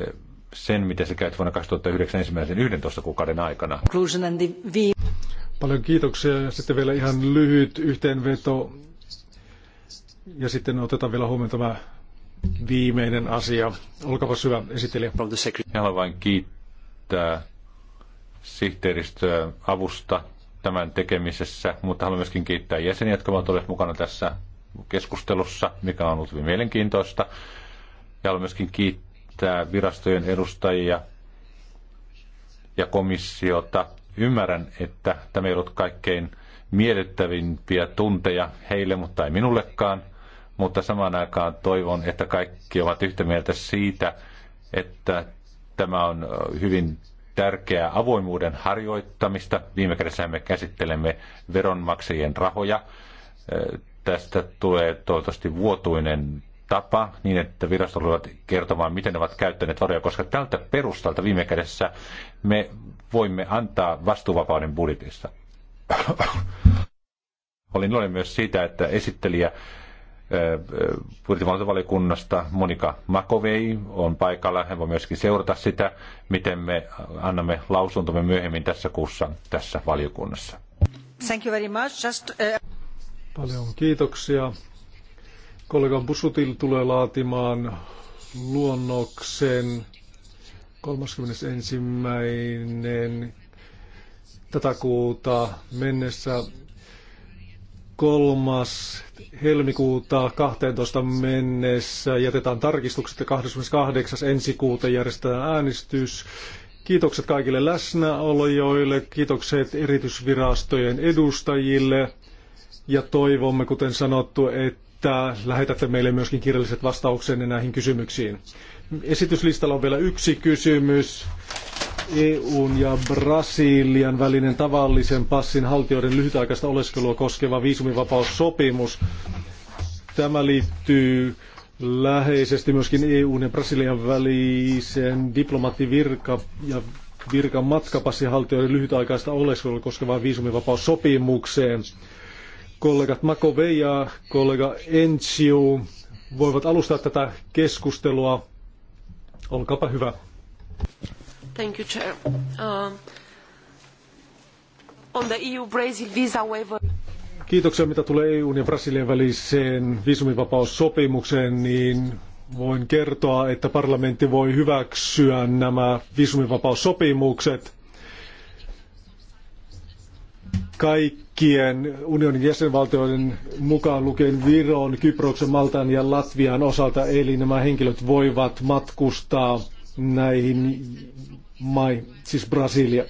eh, sen, mitä se käytti vuonna 2009 ensimmäisen 11 kuukauden aikana. Paljon kiitoksia. Sitten vielä ihan lyhyt yhteenveto. Ja sitten otetaan vielä huomioon tämä viimeinen asia. Olkaapa hyvä esittelijä. Haluan vain kiittää sihteeristöä avusta tämän tekemisessä, mutta haluan myöskin kiittää jäseniä, jotka ovat olleet mukana tässä keskustelussa, mikä on ollut hyvin mielenkiintoista. Ja haluan myöskin kiittää virastojen edustajia ja komissiota. Ymmärrän, että tämä ei ollut kaikkein miellyttävimpiä tunteja heille, mutta ei minullekaan – mutta samaan aikaan toivon, että kaikki ovat yhtä mieltä siitä, että tämä on hyvin tärkeää avoimuuden harjoittamista. Viime kädessä me käsittelemme veronmaksajien rahoja. Tästä tulee toivottavasti vuotuinen tapa niin, että virastot tulevat kertomaan, miten ne ovat käyttäneet varoja, koska tältä perustalta viime kädessä me voimme antaa vastuuvapauden budjetissa. [coughs] Olin iloinen myös siitä, että esittelijä budjettivalvontavaliokunnasta Monika Makovei on paikalla. Hän voi myöskin seurata sitä, miten me annamme lausuntomme myöhemmin tässä kuussa tässä valiokunnassa. Thank you very much. Just, uh... Paljon kiitoksia. Kollega Busutil tulee laatimaan luonnoksen 31. tätä kuuta mennessä kolmas helmikuuta 12 mennessä jätetään tarkistukset ja 28. ensi kuuta järjestetään äänestys. Kiitokset kaikille läsnäolijoille, kiitokset erityisvirastojen edustajille ja toivomme, kuten sanottu, että lähetätte meille myöskin kirjalliset vastauksenne näihin kysymyksiin. Esityslistalla on vielä yksi kysymys. EUn ja Brasilian välinen tavallisen passin haltijoiden lyhytaikaista oleskelua koskeva viisumivapaussopimus. Tämä liittyy läheisesti myöskin EUn ja Brasilian välisen diplomaattivirka ja virkan matkapassihaltijoiden lyhytaikaista oleskelua koskevaan viisumivapaussopimukseen. Kollegat Makovei ja kollega Enciu voivat alustaa tätä keskustelua. Olkaapa hyvä. Thank you, Chair. Uh, on the EU-Brazil visa waiver. Kiitoksia, mitä tulee EUn ja Brasilian väliseen viisumivapaussopimukseen, niin voin kertoa, että parlamentti voi hyväksyä nämä viisumivapaussopimukset kaikkien unionin jäsenvaltioiden mukaan lukien Viron, Kyproksen, Maltan ja Latvian osalta, eli nämä henkilöt voivat matkustaa näihin mai, siis Brasilia.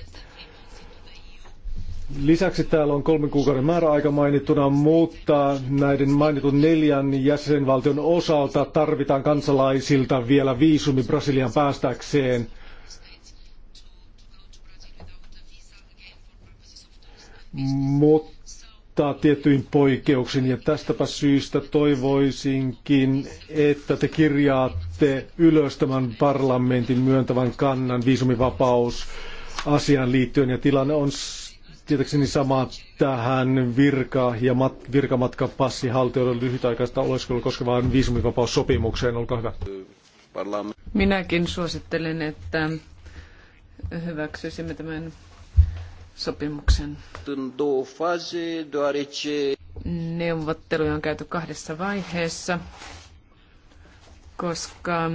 Lisäksi täällä on kolmen kuukauden määräaika mainittuna, mutta näiden mainitun neljän jäsenvaltion osalta tarvitaan kansalaisilta vielä viisumi Brasilian päästäkseen. Mutta mutta tiettyin poikkeuksin ja tästäpä syystä toivoisinkin, että te kirjaatte ylös tämän parlamentin myöntävän kannan viisumivapaus asiaan liittyen ja tilanne on tietääkseni sama tähän virka- ja mat- virkamatka-passihaltijoiden lyhytaikaista oleskelua koskevaan viisumivapaussopimukseen. Olkaa hyvä. Minäkin suosittelen, että hyväksyisimme tämän sopimuksen. Neuvotteluja on käyty kahdessa vaiheessa, koska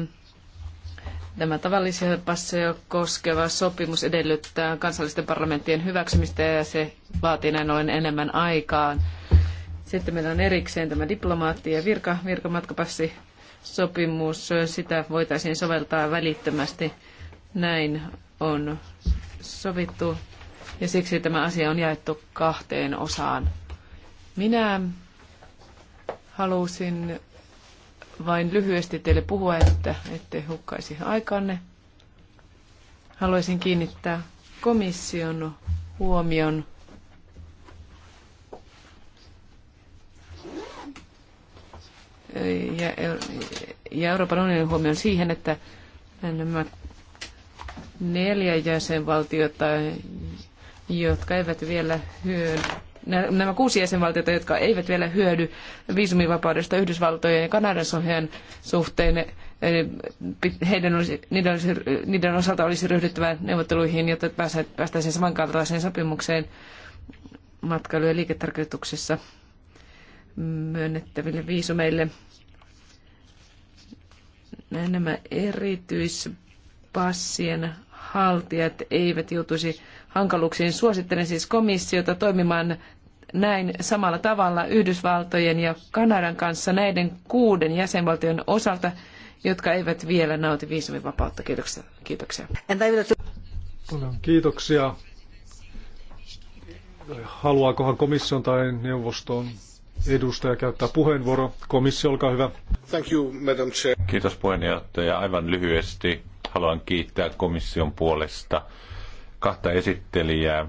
Tämä tavallisia passeja koskeva sopimus edellyttää kansallisten parlamenttien hyväksymistä ja se vaatii näin ollen enemmän aikaa. Sitten meillä on erikseen tämä diplomaatti- ja virka, virkamatkapassi sopimus. Sitä voitaisiin soveltaa välittömästi. Näin on sovittu ja siksi tämä asia on jaettu kahteen osaan. Minä halusin vain lyhyesti teille puhua, että ette hukkaisi aikanne. Haluaisin kiinnittää komission huomion ja, ja Euroopan unionin huomioon siihen, että nämä neljä jäsenvaltiota, jotka eivät vielä hyödy nämä kuusi jäsenvaltiota, jotka eivät vielä hyödy viisumivapaudesta Yhdysvaltojen ja Kanadan sohjan suhteen, heidän olisi, niiden, olisi, niiden osalta olisi ryhdyttävä neuvotteluihin, jotta päästäisiin samankaltaiseen sopimukseen matkailu- ja liiketarkoituksessa myönnettäville viisumeille. Nämä erityispassien haltijat eivät joutuisi hankaluuksiin. Suosittelen siis komissiota toimimaan näin samalla tavalla Yhdysvaltojen ja Kanadan kanssa näiden kuuden jäsenvaltion osalta, jotka eivät vielä nauti viisumivapautta. Kiitoksia. Kiitoksia. Paljon kiitoksia. Haluaakohan komission tai neuvoston edustaja käyttää puheenvuoro? Komissio, olkaa hyvä. Thank you, Madam Chair. Kiitos puheenjohtaja. Aivan lyhyesti haluan kiittää komission puolesta kahta esittelijää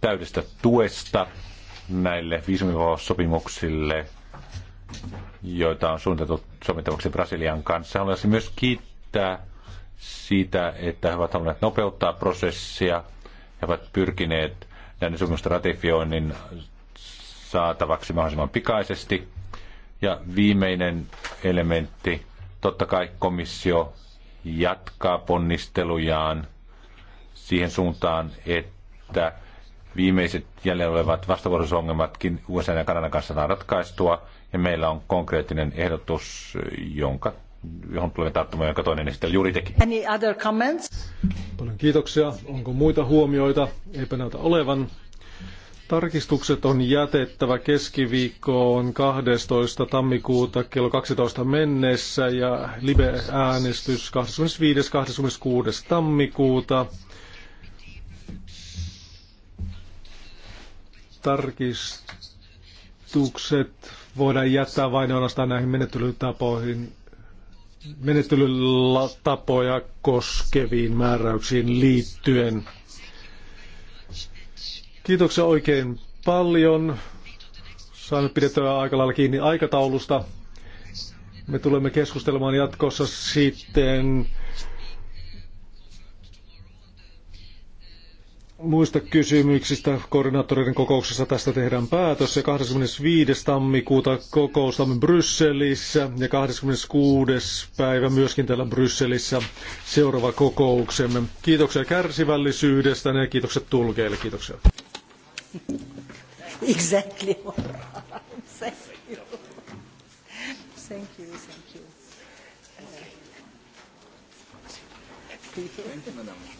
täydestä tuesta näille viisumivapaussopimuksille, joita on suunniteltu sovittavaksi Brasilian kanssa. Haluaisin myös kiittää siitä, että he ovat halunneet nopeuttaa prosessia. He ovat pyrkineet näiden sopimusten ratifioinnin saatavaksi mahdollisimman pikaisesti. Ja viimeinen elementti, totta kai komissio jatkaa ponnistelujaan siihen suuntaan, että viimeiset jäljellä olevat vastavuoroisuusongelmatkin USA ja Kanadan kanssa saadaan ratkaistua, ja meillä on konkreettinen ehdotus, jonka johon tulemme tarttumaan, jonka toinen esittely juuri teki. Any other comments? Paljon kiitoksia. Onko muita huomioita? Eipä näytä olevan. Tarkistukset on jätettävä keskiviikkoon 12. tammikuuta kello 12 mennessä ja live-äänestys 25.–26. tammikuuta. tarkistukset voidaan jättää vain ainoastaan näihin menettelytapoihin, menettelytapoja koskeviin määräyksiin liittyen. Kiitoksia oikein paljon. Saamme pidettyä aika lailla kiinni aikataulusta. Me tulemme keskustelemaan jatkossa sitten muista kysymyksistä. Koordinaattoreiden kokouksessa tästä tehdään päätös. Ja 25. tammikuuta kokoustamme Brysselissä ja 26. päivä myöskin täällä Brysselissä seuraava kokouksemme. Kiitoksia kärsivällisyydestä ja kiitokset tulkeille. Kiitoksia. [laughs] Exactly. [laughs] thank you. Thank you. Thank you. madam.